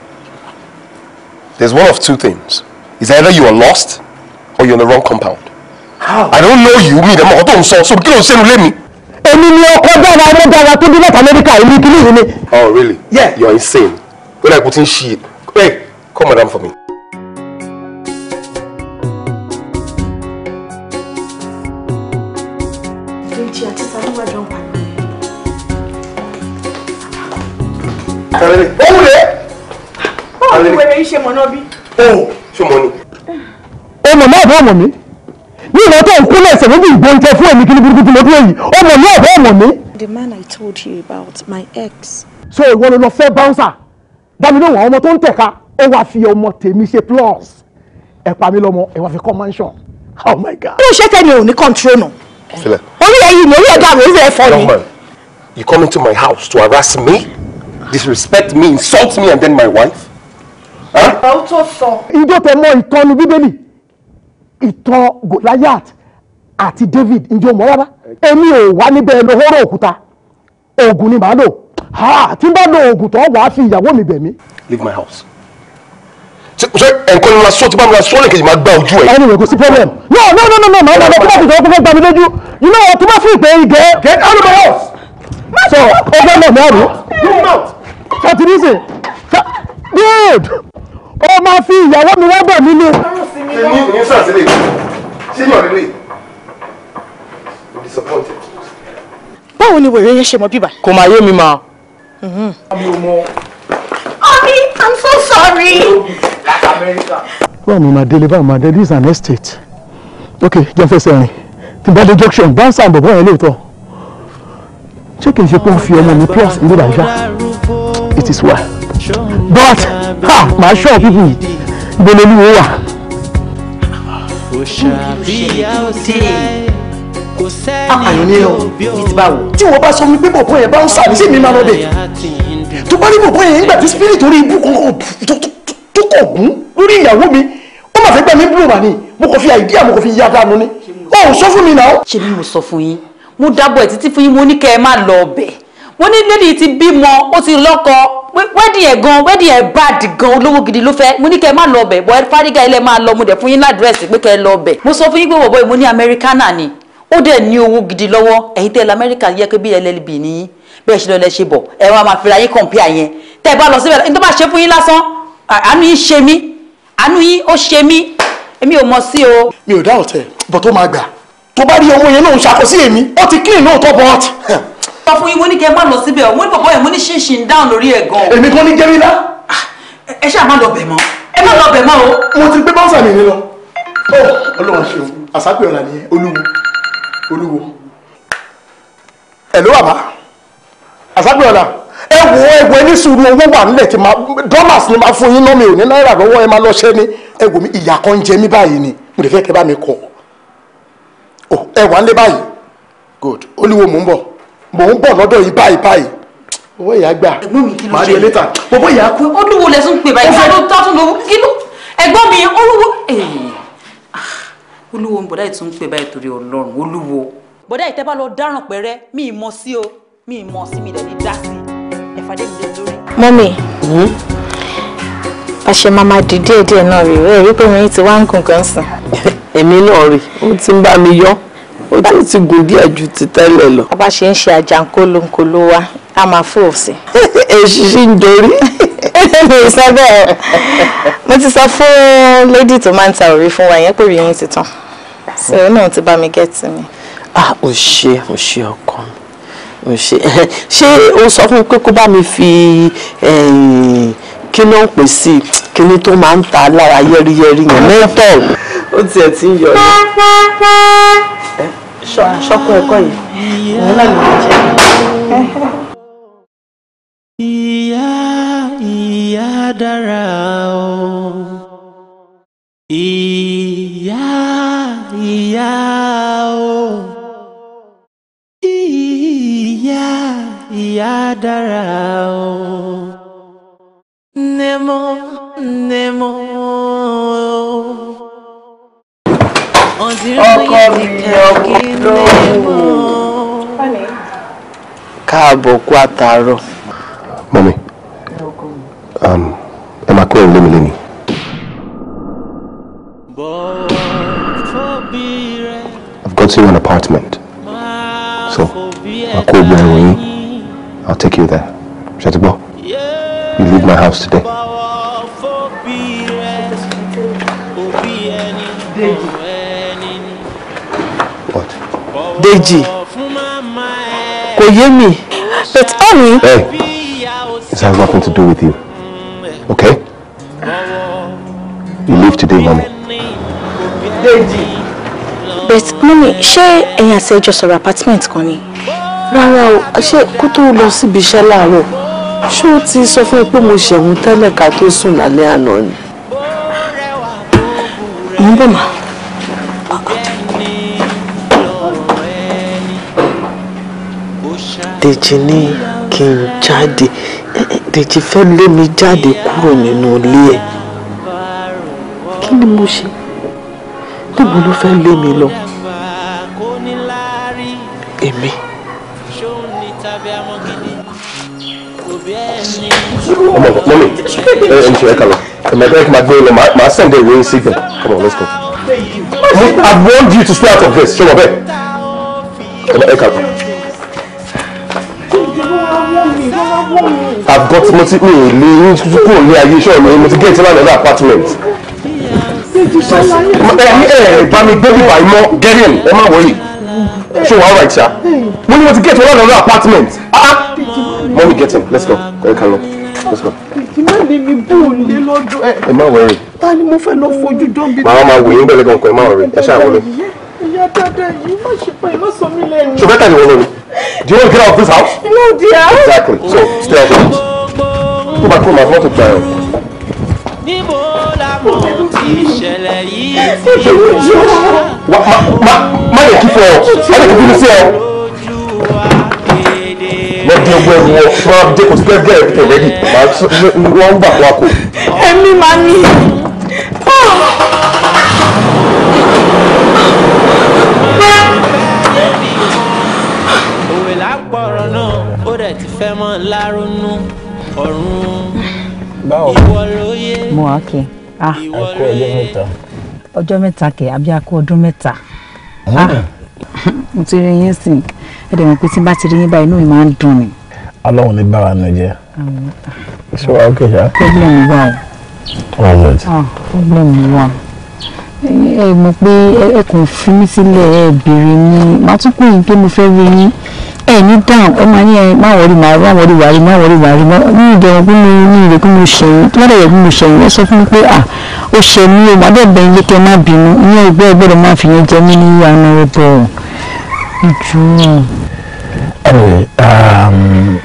there is one of two things is either you are lost or you are in the wrong compound. How? I don't know you mi ìdàmọ̀ ọ̀tọ̀ ń sọ so kí ló ń ṣe nulẹ̀ mi. èmi ni ọkọ dára ọmọ dára tó dé láti Amẹ́ríkà ìlú kìlì yìí ni. oh really? yeah you are insane ó dà kó tí ń ṣe come madam for me. kejì àti sanuwa jọ ń pariwo. kàrẹ́lẹ̀ ó wúlẹ̀. báwo ni wẹ́rẹ́ yìí ṣe mọ̀ náà bí. ó ṣe mọ̀ ni. ó mọ̀ náà bá ọmọ mi ní ìwọ tó ń kúnlẹ̀ ẹsẹ̀ méjì ìgbóúnjẹ fún èmi kí ni burúkú tí mo dúró yìí ọmọ náà bá ọmọ mi. the man I told you about my ex. so ìwọ ló lọ fẹ́ bouncer dámi lóhùn àwọn ọmọ tó ń tẹ̀ka ó wá fi ọmọ tèmi ṣe plus ẹ pa mí lọ́mọ ẹ wá fi kọ́ mansion oh my god. bí o ṣe tẹ́lẹ̀ òní control nù orí ẹ yìí ni orí ẹ dàrú orí ẹ fọ́ ni. you come into my house to harass me disrespect me insult me and then my wife. ọ̀rọ̀ tó sọ. ìjọ tẹ mọ ìtàn ní bíbélì ìtàn Goliath àti David ìjọ mọ́ rárá èmi ò wá níbẹ̀ lọ́wọ́rọ̀ òkúta oògùn ni màá lò ha tí n bá lo oògùn tó wàá fi ìyàwó mi bẹ̀ mí. leave my house. ṣe ẹ̀kọ́ ni mo ra sọ tí bá mo ra sọ máa gba ojú ẹ̀. anyway kò sí problem. no no no no no màá lọ kí wọ́n ti sọ pé fẹ́ gba mi lójú you know what tí wọ́n fi ìpè ìgẹ́. get out of my house. so ó fẹ́ mọ̀ mí àrùn. ṣàtì ní sìn dude ó máa fi ìyàwó mi wá bọ̀ nínú. ṣe ní sàtìlẹ̀ ṣé ní ọ̀rẹ́lẹ̀ báwo ni wèrè yẹn ṣe mọ bíbá. kò máa yé mi máa mi ò Obi, I'm so sorry. Báwo ni màá délé My màá délé this is an estate. Okay, don't face any. Tí n bá dé junction, bá ń sàn bọ̀bọ̀ yẹn lóòótọ́. Ṣé kìí ṣe pé ó fi ọmọ mi plus ní ìdá ìṣá? It is well. But ha màá ṣọ́ pípù yìí. Ìgbélé olúwo wà. Òṣàbíyá ọ̀sẹ̀ apààyàn ah, ni ẹ o ìtìbáwò tí wọ́n bá sọ mi pé bòbó yẹn bá ń sàmì sí mi máa lọ bẹ̀ tó bá rí bòbó yẹn nígbà tí spirit orí ibú tó kọ̀ gún lórí ìyàwó mi ó mà fẹ́ gbà mí búrò mà ní mo kò fi àìdíà mo kò fi yá dànù ni ó ò sọ fún mi náà. ṣé mi ò sọ fún yín mo dábọ̀ ẹ̀ títí fún yín mo ní kẹ́ ẹ má lọ ọbẹ̀ mo ní lady ti bímọ ó ti lọ́kọ wẹ́ẹ̀dì ẹ̀ gan wẹ́ẹ̀dì ẹ̀ bad gan olówó gidi ló fẹ́ mo ní kẹ́ ẹ má lọ ọbẹ̀ bọ́ ẹ fárígà ilẹ̀ máa lọ mo dẹ̀ fún yín ládírẹ́sì pé kẹ́ ẹ lọ ọbẹ̀ mo sọ fún yín pé bọ̀bọ̀ yìí mo ní amẹ́ríkánà ni ó dẹ̀ ní owó gidi lọ́wọ́ ẹ̀yin tẹ́ lamẹ́ríkà yẹ pé bí llb nìyí bẹ́ẹ̀ ṣe lọ́lẹ́ ṣe bọ̀ ẹ wá máa fira yín kọ̀ǹpìà yẹn tẹ́ ẹ bá lọ síbẹ̀ nítorí bá ṣe fún yín lásán àánú yín ṣe mí àánú yín ó ṣe mí èmi ò mọ̀ sí o. mi ò dá ọ̀tẹ̀ bọ̀ tó máa gbà tó bá rí ọmọ yẹn náà ṣàkóso èmi ó ti clean náà tó bọ̀ ọ́t. sọ fún yín mo ní kẹ́ ẹ má lọ síbẹ̀ o. mo ah, ti gbé bọ́ǹsà mi ní lọ. ó oh, ọlọ́run ṣeun olúwo ẹ̀ló bàbá àságbéọlá ẹ wo ẹ wo ẹ ní sùúrù owó wà nílẹ̀ tí máa dọ́làs ni máa fún yín náà mi ò ní náírà lọ́wọ́ ẹ máa lọ ṣẹ́ ni ẹ wò mí ìyà kan jẹ mí báyìí ni mo lè fẹ́ kẹ́ bá mi kọ́ ọ oh, ẹ wà nílé báyìí good olúwo mò ń bọ̀ mò ń bọ̀ lọ́dọ̀ yìí báyìí báyìí owó ìyá gbà máa rí ẹ létà bọ́bọ́ ìyá kú. olúwo lẹ́sùn pè báyìí ká ló tọ́ tún lówó kí ló olúwo ń bọ̀dá ìtún ń pè báyìí torí ọlọ́run olúwo. bọ̀dá ìtẹ́ bá lọ dáràn pẹ̀rẹ́ mi ì mọ sí o mi ì mọ sí mi lẹ́ni dá sí ẹ̀fàdé mi lórí. mọ́mì àṣẹ hmm? màmá di díẹ̀díẹ̀ náà rí rẹ̀ rí pé ti wá ń gùn gan sàn. [laughs] èmi náà rí ó ti ń bá mi yọ ó tó ti gùn díẹ̀ ju ti tẹ́lẹ̀ lọ. bàbá ṣe ń ṣe àjàǹkólóńkóló wa a máa fò sí. [laughs] èṣìṣì ń dorí [laughs] mi sọ bẹ́ẹ̀ mo ti sọ fún lady tó máa ń ta òrí fún wa yẹn pé rí yín ti tán so náà ti bá mi gẹ́tì mi. ah o ṣe o ṣe ọkọ mi o ṣe [laughs] ṣé o sọ fún mi pé kó bá mi fi kí ló ń pè sí kíní tó máa ń ta lára yẹ́rìyẹ́rì yẹn mẹ́tọ̀. ó tiẹ̀ ti ń yọ ni. ṣọ́kọ ẹ̀kọ́ yìí òun náà ló jẹ. ìyá ìyá dára o. Ìyá ìyá o ìyá ìyá dára o nemo nemo. ọkọ mi ọkọ lóhùn. káàbọ̀ kú àtàárọ̀. mọ́mi um, ẹ máa kúrò nílé mi lónìí. I've got you an apartment. So, I'll call you and I'll take you there. Shatibo, you leave my house today. What? Deji. Koyemi. But Ani. Hey, this has nothing to do with you. Okay? You leave today, mommy. Dèjì. bet mọ́mí ṣé ẹ̀yin àti ẹjọ́ sọ̀rọ̀ apartment kan ni. rárá o ṣé kó tó lọ síbi iṣẹ́ láàárọ̀ ṣé o ti sọ fún mi pé mo ṣẹ̀wọ̀n tẹ́lẹ̀ ká tó sùn lálẹ́ àná ni. mo ń bọ̀ mà. Dèjì ní kí n jáde Dèjì fẹ́ lé mi jáde kúrò nínú ilé ẹ̀ kí ni mo ṣe níbo ló fẹ́ lé mi lọ èmi. ọmọ mọ́mí ẹ ẹ ṣe ẹ kà lọ ẹ máa bẹ́ẹ̀ gbé lọ máa send a rain signal come on let's go. I want you to stay out of this ṣé wọ́n bẹ́ẹ̀ ẹ máa ẹ kà lọ. I've got mo ti mi ò lè ní kúrò ní ayé iṣẹ́ ọ̀nà mo ti gé ìtura lọ́dọ̀ apartment ẹ ẹ bá mi gbé bíbá yìí mọ́ gẹ́rìn ẹ má wọlé ṣé wàá right ṣá mo ní mo ti get one another apartment ah mommy get him let's go ẹ kàn lọ let's go. ìmọ̀ mi mi bò ń lé lọ́dọ̀ ẹ̀. ẹ má wọlé. ta ni mo fẹ́ lọ fojú dán bí. màá máa wò yín bẹ́ẹ̀ lọ́gàn kan ẹ má wọlé ẹ ṣáà wọlé. ìyá dáadáa yìí má ṣe pé iná sọ mí lẹ́nu. ṣùgbọ́n tàbí wọlé mi do you want to get out of this house. no dear. exactly so stay out of it. kó bá kó máa fọ́tò níbo la mọ̀ tí ìṣẹ̀lẹ̀ yìí ti mọ̀ ṣá. má yẹ kí fọ ọ má yẹ kí bínú sí ọ. lọ di ọgbọ ẹnu wọn fún wa dé kò sí gẹ́gẹ́ ẹbí tẹ́lẹ̀ ní wọn ń gbà wá kó. ẹ̀mí máa ní. òwe lápọ̀rọ̀ náà ó dẹ̀ ti fẹ́ mọ́ láronú ọ̀run ìwọ mo ah! kí. ẹ kú ọjọ́ mẹ́ta. ọjọ́ mẹ́ta kẹ̀ àbí a ah. mo ti rí yín sìn ẹ dẹ̀ mọ̀ pé tí bá ti rí yín báyìí ni. ọlọ́run ní bára jẹ́. ṣé wàá ṣá. problem ẹ mọ̀ pé ẹ kàn fi mí sílẹ̀ ẹ béèrè mi màá tún pè yín pé mo fẹ́ rí yín ẹ ní dáhùn ẹ máa ní ẹ má wọlé màá má wọlé wàá rí má wọlé wàá rí mi ì dẹ̀wọ̀n pé mi ní ìrè pé mo ṣẹ̀yìn tó bá dẹ̀ yẹ pé mo ṣẹ̀yìn ẹ sọ fún mi pé à ó ṣe mí o màá dẹ̀ bẹ̀yìn lékẹ́ má bínú ìyẹn ìgbẹ́ ìgbọ́dọ̀ máa fi yẹn jẹ mí ní àná rẹ bọ̀ ìjù. ẹ um,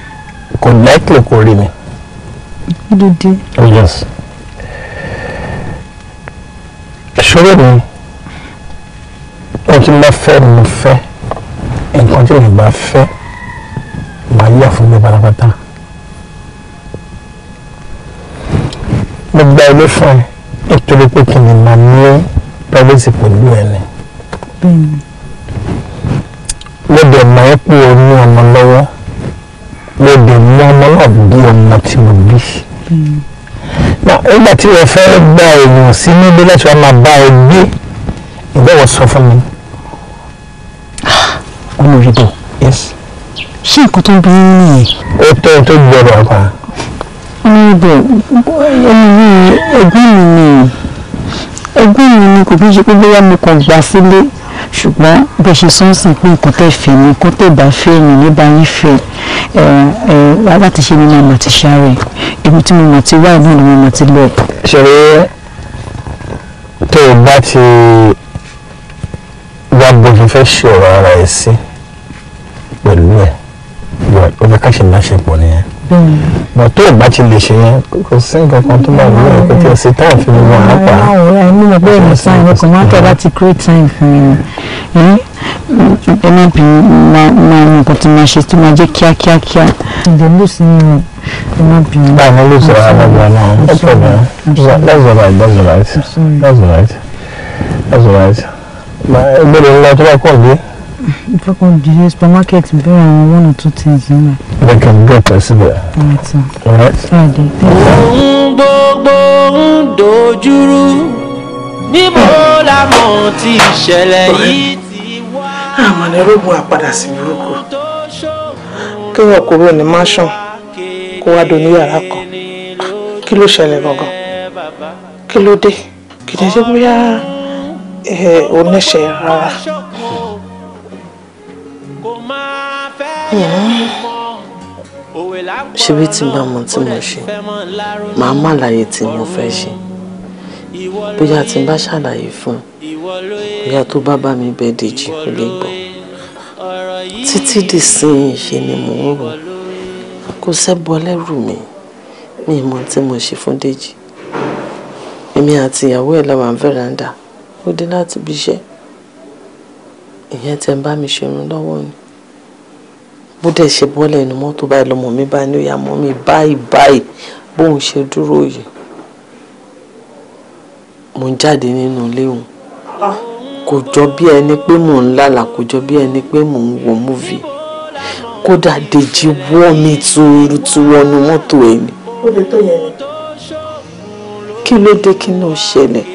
kò lẹ́kìlẹ̀ kò rí mi. kí ló dé. oh yes. ṣòro mi ohun tí mo fẹ́ mo fẹ́ nǹkan tí mo bá fẹ́ màá yà fún mi pátápátá mo gba ilé fún ẹ nítorí pé kí ni màá ní privacy pẹ̀lú ẹ ni mo dẹ̀ máa ń pè ọ ní ọmọ lọ́wọ́ mo dẹ̀ mú ọmọ náà bí ọmọ tí mo bí. Mm nígbà tí wọ́n fẹ́ gba oògùn sí níbi láti wọ́n máa bá ẹ gbé ìbọ̀wọ̀ sọ fún mi. [gasps] olùdìbò ṣé nǹkan tó ń bí nìyẹn. ó tẹ́ ẹ tó gbọ́dọ̀ àgbà. olùdìbò ẹni yìí ẹgbẹ́ mi ni ẹgbẹ́ mi ni kò fi ṣe pé bóyá mo kàn gbà sílé ṣùgbọ́n bẹ́ẹ̀ ṣe sọ́nsìn pé nǹkan tẹ́ fẹ́ ni nǹkan tẹ́ bá fẹ́ ni ní bá yín fẹ́ láti ṣe nínú àmọ̀ àti ibi tí mo mọ̀ ti wá ìmọ̀ ni mo mọ̀ ti lọ. ṣeré tó o bá ti wá bójú fẹ́ ṣọ̀rọ̀ ara ẹ̀ sí pẹ̀lú ẹ̀ o fẹ́ ká ṣe láṣepọ̀ nìyẹn bọ̀ tó o bá ti lè ṣe yẹn kò sí nǹkan kan tó máa wúlò kò tí o sì tá àfihàn wọn lápá. àwọn ọ̀rẹ́ mi mọ̀ pé èmi sáà ìwé kan máa tẹ̀ láti create time fún mi ẹ̀mí bí máa mọ nǹkan tí máa ṣe tó máa jẹ́ kíákíákíá. ǹjẹ́ ló sì ń rìn. No, no, lose it. I love you now. It's all right. That's all right. That's all right. That's alright. right. That's all right. Ẹgbẹ́ rẹ̀ lọ tó bá kọ̀ dé. Ìfẹ́ kan dìde supermarket bẹ̀rẹ̀ àwọn one or two things nínú. They can get us there. Alright, right. Ohun gbogbo ń dojúrú níbo la mọ̀ tí ìṣẹ̀lẹ̀ yìí ti wá. Àmọ̀ ni ológun àpadà sí burúkú. Kéwọ̀n kúrò ní mansion kó wá dùn ní yàrá kan kí ló ṣẹlẹ̀ gangan kí ló dé kì í ṣe bóyá oníṣẹ́ rárá. Hmm. ṣebí tí bá mọ tí mo ṣe màá má láyé tí mo fẹ́ ṣe bóyá tí n bá ṣàlàyé fún bóyá tó bá bá mi bẹ́ẹ̀ dèjì kò lè gbọ́ títí dìsín ṣe ni mò ń rò kò sẹ́bọ lẹ́rù mi mi ì mọ tí mo ṣe fún Dèjì èmi àti ìyàwó ẹ̀ làwọn fẹ́ràǹdà ó dé láti ibi iṣẹ́ ìyẹn tẹ́ ń bá mi ṣerun lọ́wọ́ ni bó dẹ̀ ṣe bọ́lẹ̀ inú mọ́tò báyìí lọ́mọ mi bá ní òyà mọ́ mi báyìí báyìí bóun ṣe dúró yìí mo ń jáde nínú ilé ah. kò jọ bí ẹni pé mò ń lálàá kò jọ bí ẹni pé mò ń wo múvì kódà dèjì wọ́ mi tuuru tu wọnú mọ́tò ẹ̀ ni. ó lè tó yẹn ni. kí ló dé kí náà ṣẹlẹ̀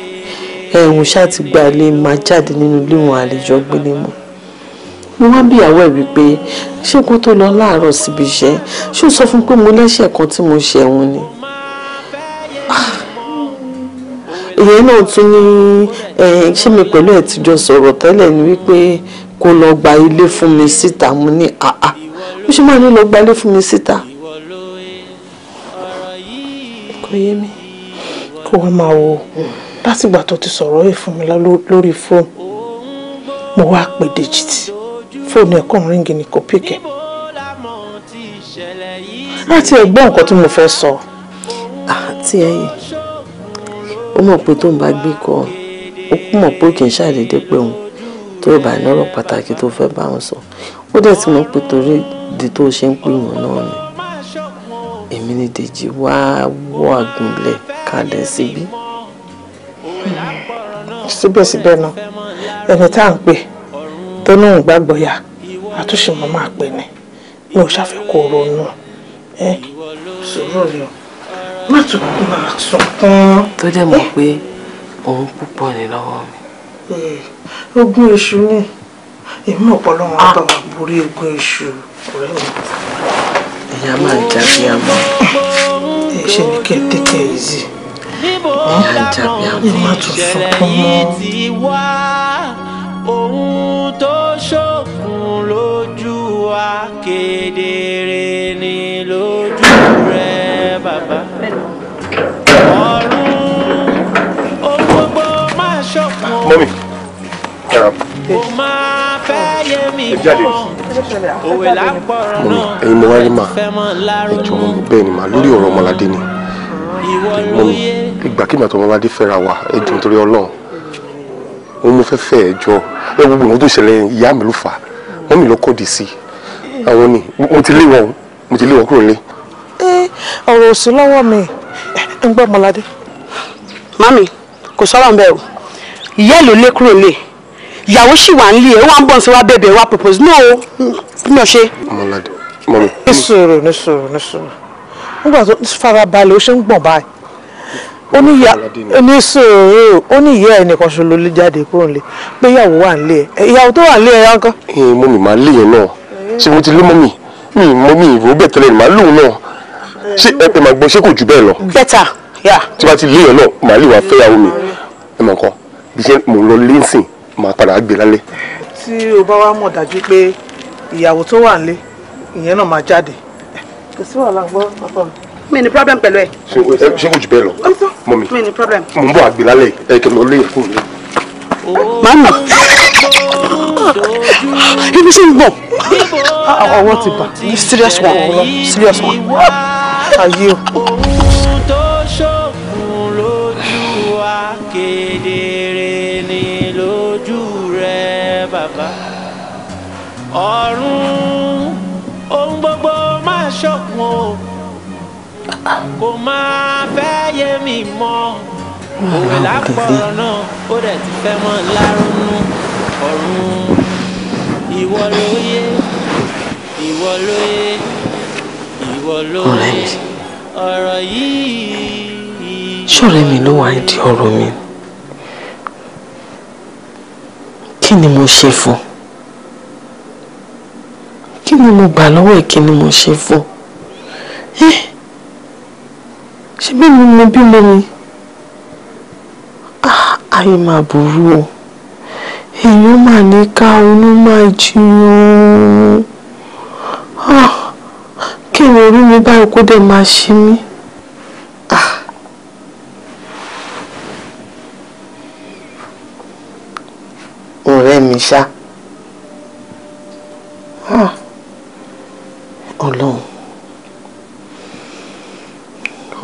ẹ̀hún ṣáà ti gba ilé máa jáde nínú ilé wọn àlejò gbélé mọ́ mo wá bí ìyàwó ẹ̀ wípé ṣé kó tó lọ láàárọ̀ síbi iṣẹ́ ṣé sọ fún pé mo lẹ́ṣẹ̀ kan tí mo ṣẹ̀ òun ni. Ah. ìyẹn náà tún ní ṣé mi pẹ̀lú ẹ̀ tìjọ sọ̀rọ̀ tẹ́lẹ̀ ni wípé kó lọ gba ilé fún mi síta mo ní àá ó ṣe máa ní lọ gbalé fún mi síta kò yé mi kó wá máa wo látìgbà tó ti sọ̀rọ̀ yìí fún mi lórí fóònù mo wá pè dèjìtì fóònù ẹ̀kọ́ ríngì ni kò pìkẹ́ láti ẹ̀gbọ́n nǹkan tí mo fẹ́ sọ. àti ah, ẹyẹ ó mọ̀ pé tó ń bá gbé kọ ó mọ̀ pé kì í ṣàdédé pé òun tó bá ọ̀rọ̀ pàtàkì tó fẹ́ bá wọn sọ ó dẹ̀ ti mọ̀ pé torí di tó ṣe ń pè wọ́n náà ni èmi ni dèjì wá wọ àgùnlẹ̀ kalẹ̀ síbí. síbẹ̀síbẹ̀ náà ẹni tá à ń pè tó náà ń gbàgbọ́ yá àtúnṣe mọ́ máa pè ní mi ò ṣàfikún ronú ẹ sòrò rẹ o má tún máa sunkún. tó dẹ̀ mọ̀ pé òun púpọ̀ ní lọ́wọ́ mi. ogun èṣù ni èmi ọ̀pọ̀lọpọ̀ àbáwọ̀ borí ogun èṣù ìyá máa jáde àmọ́ ṣe ni kí n tẹ́tẹ́ yìí sí ìyá jáde àmọ́ ìmọ̀ tún sunkún mọ́. ohun tó ṣókun lójú wa kedere ni lójú rẹ bàbá. ọ̀run ohun gbogbo máa ṣókun. mọ́mí ẹ̀rọ ẹ̀yin mo wáyé mà ẹjọ́ mo bẹ́ẹ̀ ni mà lórí ọ̀rọ̀ ọmọládé ni mo ìgbàkigbà tó ọmọládé fẹ́ra wa ẹjọ́ nítorí ọlọ́run mo mú fẹ́ fẹ́ ẹjọ́ ẹ gbogbo ìwọ́n tó ṣẹlẹ̀ ìyá mi ló fà á wọ́n mi ló kọ́dì sí àwọn ni mo ti lé wọn mo ti lé wọn kúrò nílé. ọ̀rọ̀ òsì lọ́wọ́ mi ń gbọ́ ọmọládé. mami kò sọ̀rọ̀ ń bẹ̀ o ìyá ẹ̀ lé kúrò nílé ìyàwó sì wà nílé ẹ wà ń bọ̀ sí wa bẹ̀bẹ̀ wa propose no o mi ò ṣe. ọmọlade mọmi. ní sùúrù ní sùúrù ní sùúrù nígbà tó farabalẹ̀ ó ṣe ń gbọ̀n báyìí ó ní ìyá ní sùúrù ó ní ìyá ẹ nìkan ṣoṣo ló jáde kúrò nílé pé ìyàwó wà nílé ẹ ìyàwó tó wà nílé ẹ yánkọ. ẹ mọmi màá lè yẹn náà ṣé mo ti lé mọmi mi mọmi ìwò bẹ́ẹ̀ tẹ́lẹ̀ màá lòun náà ṣé ẹ máa gbọ́ ṣé kò jù bẹ́ẹ̀ lọ. bẹ́tà yà. tí wàá ti lé yẹn náà màá lè wàá fẹ́yàwó mi ẹ mọ̀ nǹkan bí ṣe mò ń lọ máa padà gbé lálẹ́. tí o bá wá mọ̀ dájú pé ìyàwó tó wà nílé ìyẹn náà máa jáde kò sí wàhálà gbọ́ ọkọ mi. mi ní problem pẹ̀lú ẹ. ṣé kò jù bẹ́ẹ̀ lọ mọ mi mi ní problem. mo ń bọ̀ àgbè lálẹ́ ẹ kẹ́ mi lọ léyìn fún mi. ibi ṣe ń gbọ̀ ọwọ́ ah, ah, ah, ti bà serious one serious one ayé o. ọ̀run ohun gbogbo máa ṣọ̀kan o kò máa fẹ́ yé mi mọ́ òwe lápọ̀rọ̀ náà ó dẹ̀ ti fẹ́ mọ́ lárúnú ọ̀run ìwọ ló yé ìwọ ló yé ìwọ ló yé ọ̀rọ̀ yìí. ṣọ̀rẹ́ mi ló wà ní ọ̀rọ̀ mi kí ni mo ṣe fún un kí ni mo gbà lọ́wọ́ ẹ̀ kí ni mo ṣe fún ẹ eh, ṣé bí mo mọ bímọ ni ah, ayé máa burú o èèyàn máa ní ká onú máa jiyàn ah, kí ni orí mi báyìí kó dẹ̀ máa ṣe mí. Ah. ọ̀rẹ́ mi ṣá. Huh ọlọ́run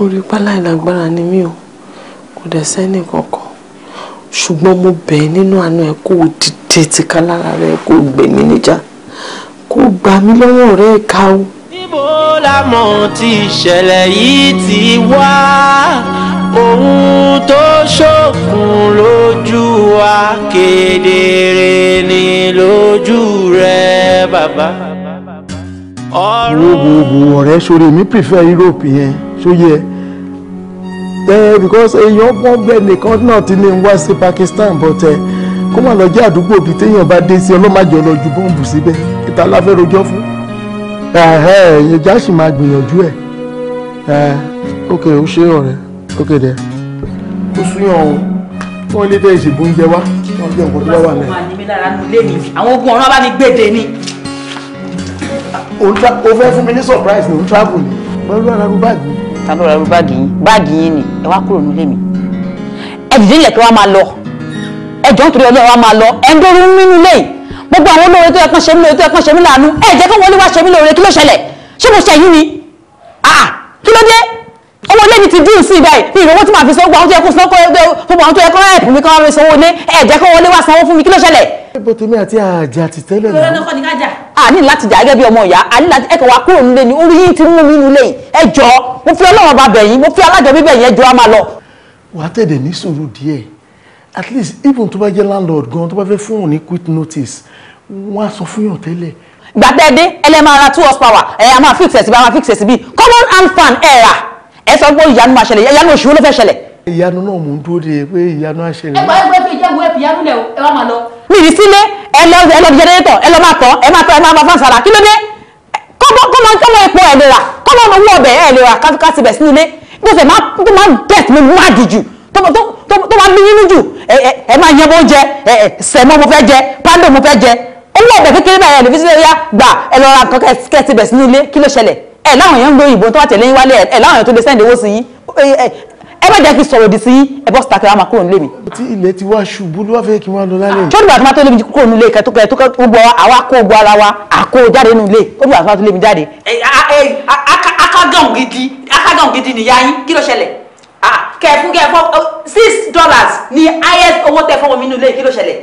orí pálá ìlágbára ni mí o kò dẹ̀ sẹ́nì kankan ṣùgbọ́n mo bẹ̀ nínú àánú ẹ kó o dìde tìka lára rẹ kó o gbè mí níjà kó o gbà mí lọ́wọ́ ọ̀rẹ́ ìka o. níbo la mọ̀ tí ìṣẹ̀lẹ̀ yìí ti wá ohun tó ṣókun lójú wa kedere ni lójú rẹ bàbá wo ọ̀rẹ́ sórí mi prefer Europe yẹn ṣó ẹ because èèyàn pọ́n bẹ́ẹ̀ nìkan náà ti ní wá sí Pakistan but ẹ kó má lọ jẹ́ àdúgbò bíi téèyàn bá dé sí ọlọ́màjọ lọ ju bọ́ǹbù síbẹ̀ ìta la fẹ́ rojọ́ fún ẹ̀yìn já sì máa gbìyànjú ẹ̀ ok ó ṣe ọ̀rẹ́ ok dẹ. ó súyàn o wọ́n lé dẹ́ ìṣègùn oúnjẹ wá wọ́n jẹ́ nǹkan tó wà wà náà. àwọn ogun ọ̀run abánigbèdè ni o fẹ́ fún mi ní surprise ní o travel ni mo lọ ra báàgì mi. ta ló ra báàgì yín báàgì yín ni ẹ wá kúrò nílé mi ẹ dìde nílẹ̀ kí wọ́n máa lọ ẹ jọ̀ọ́ nítorí ọlọ́run wa máa lọ ẹ ń dórí nínú ilé gbogbo àwọn olóore tó yẹ kán ṣe mí lóore tó yẹ kán ṣe mí láàánú ẹ jẹ́ kí wọ́n lè wá ṣe mí lóore kí ló ṣẹlẹ̀ ṣé mo ṣe yín ni kí ló dé owó ilé mi ti dín sí ibà yìí ìrówó tí màá fi sanwó àwọn tó yẹ kó sanwó gbogbo àwọn tó yẹ kó ẹ̀pù mi kí wọ́n fi sanwó ilé ẹ jẹ́ kí wọ́n lè wá sanwó fún mi kí ló ṣẹlẹ̀. ibo tèmi àti àjà ti tẹ́lẹ̀ náà a ní láti jà gẹ́gẹ́ bí ọmọ ìyá a láti ẹ̀kọ́ wa kúrò nílé ni orí yín ti mú mi nílé yìí ẹ jọ mo fi ọlọ́run ọba bẹ̀yìn mo fi alájọ bíbẹ̀ yẹn jọ á máa lọ. wà á tẹ̀lé ní sùúrù díẹ̀ at least even tó bá jẹ́ landlord gan tó bá fẹ́ fún òun ní quick notice wọ́n á sọ fún yàn tẹ́lẹ̀. gbàtẹ́dé ẹlẹ́màá ra two horsepower ẹ̀ a máa fix ẹ̀ sí bí a máa fix ẹ̀ bí common hand fan ẹ̀ rà ẹ sọ pé ìyanu máa ṣẹlẹ̀ ìyanu òṣùwò ló fẹ́ ṣẹlẹ̀. ìyanu náà mò ń dúró de pé ìyanu á ṣẹlẹ̀. ẹ gbọ́ ẹgbẹ́ fi ìjẹ́gun ẹ̀ fìyanu lẹ̀ ẹ wá máa lọ. mi ì sílé ẹ lọ ẹ lọ jẹnẹrétọ̀ ẹ lọ máa tọ́ ẹ máa tọ́ ẹ máa máa fáṣara kí ló dé kọ́mọ kọ́mọ kọ́mọ epo ẹ̀ lè rà kọ́mọ owó ọbẹ̀ ẹ̀ lè rà kásì bẹ̀ sí ilé tó sẹ̀ máa tó máa bẹ̀ tó máa dì jù tó máa bí nínú jù ẹ máa yẹ bó jẹ sẹ̀mọ́ mo fẹ́ jẹ pando mo fẹ́ jẹ owó ọbẹ̀ kékeré bẹ́ẹ̀ ẹ̀ lè fi sílẹ̀ yá gbà ẹ lọ ra nǹkan kẹ́sì bẹ̀ sí ilé kí ló ṣẹlẹ̀ ẹ láwọn èèyàn ń gbé òyìnbó tó wà tẹ̀lé ẹ bá jẹ́ kí sọ̀rọ̀ òdì sí ẹ bọ́ síta kí wọ́n máa kúrò nílé mi. tí ilẹ̀ ti wá ṣubú ló wá fẹ́ kí wọ́n lọ lálẹ́ yìí. jọ́dún àtúmọ̀ tó lé mi kúrò nílé kẹtó kẹtó gbogbo àwa kó gbogbo ara wa àkó jáde nínú ilé ó dùn àtúmọ̀ tó lé mi jáde. akádàn gidi akádàn gidi nìyá yín kí ló ṣẹlẹ̀ kẹfún kẹfún oh, six dollars ni highest owó tẹ fọwọ́ mi nínú ilé kí ló ṣẹlẹ̀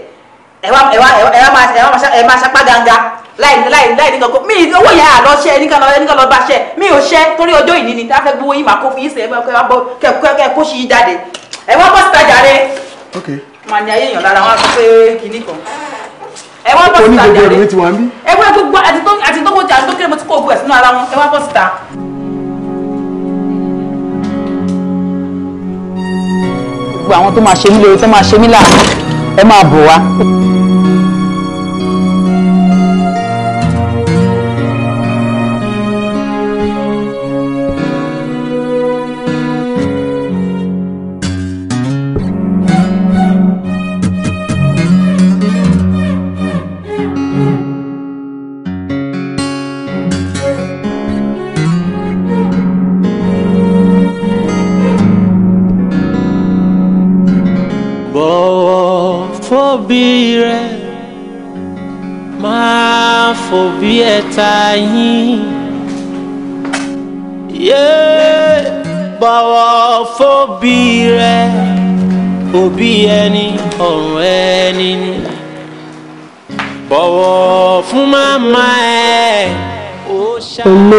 ẹ wá ẹ wá ẹ wá máa ẹ wá máa ẹ máa sapá ganga láì láì láì ní kankan mi owó yẹn àlọ ṣẹ ẹnìkan lọ ẹnìkan lọ bá ṣẹ mi ò ṣẹ torí ọjọ́ ìní ni tá a fẹ́ gbowó yìí máa kó fi yín sè é kẹ wá bọ kẹ kẹ kẹ kó ṣe yí jáde ẹ wá bọ́ síta jàre. ok màá ní ayé èèyàn lára wọn sọ pé kinní kan. ẹ wá bọ́ síta jàre onígbègbè rẹ ti wá ń bí. ẹ wá gbogbo àti tó àti tó kọjá àti tó kéré mo ti kó ogun ẹ̀ sínú ara wọn ẹ wá bọ́ síta. gbogbo àwọn tó máa ṣe mí lóore tó máa ṣe mí láàánú ẹ máa bọ̀ wá.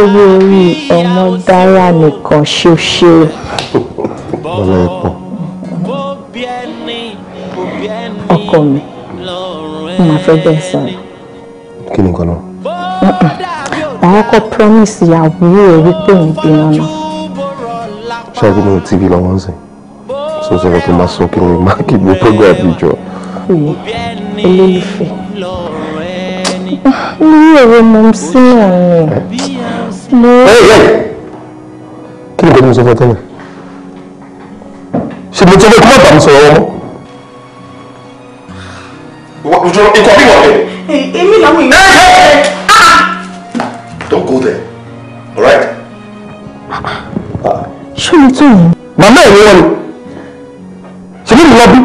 lówó orí ọmọ dára nìkan ṣoṣo. ọ̀rọ̀ ẹ̀ pọ̀. ọkọ mi mo máa fẹ́ bẹ́ẹ̀ sọ̀rọ̀. kí ni nǹkan àwọn ọkọ promise ìyàwó rẹ̀ wípé òun bímọ náà. ṣáàbí ní tv lọ́wọ́ ń sìn sọ sọ̀rọ̀ tó máa sọ kí ni má kí ni program ìjọ. olólùfẹ́ ní èrò mọ̀ sí ọ̀run slow. kí ni kò ní sọ fún ọ tẹ́lẹ̀ ṣe mo ti lè kó má bàmí sọ̀rọ̀ wọn mọ́ ojú ikọ̀ bí wọ̀nyẹ. èmi làwọn èèyàn. ẹ ẹ ah! don't go there alright. ṣé o tó yìí. màmá ẹ̀ ní wọn ni ṣèlú mi lọ bí.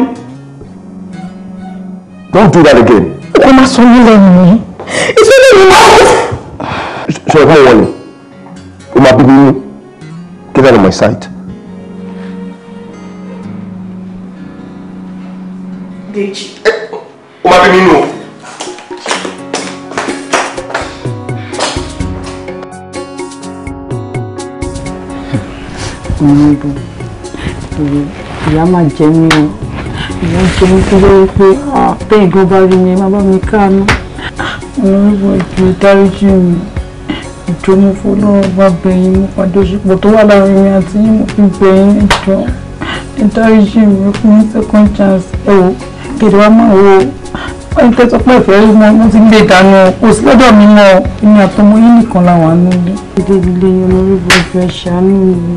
don't do that again. ọkọ máa sọ mí lẹ́yìn mi. ìṣẹ́lẹ̀ mi máa. ṣe ọkọ wọn ni. Uma máa get out of my sight. Deji. ó máa bí mi nù o. níbo ìyá máa jẹ mí o ìyá jẹ mí tó lórí pé bẹ́ẹ̀ bó bá rí mi má bá mi ìjọ mo fọlọ́run bá bẹ̀yìn mo padà òṣèpọ̀ tó wà láàrin mi àti yín mo fi bẹ̀yìn ìjọ ìtọ́rí ṣì mí fún second chance ẹ o kèrè wá máa wo wọ́n tẹ́ sọ pé ìfẹ́ rí mọ́ mo ti lè dànù kò sí lọ́dọ̀ mi mọ́ èmi àtọmọ yín nìkan làwọn àánú ilé. èdè ìdílé olórí gbogbo ẹ̀ ṣàánú mi.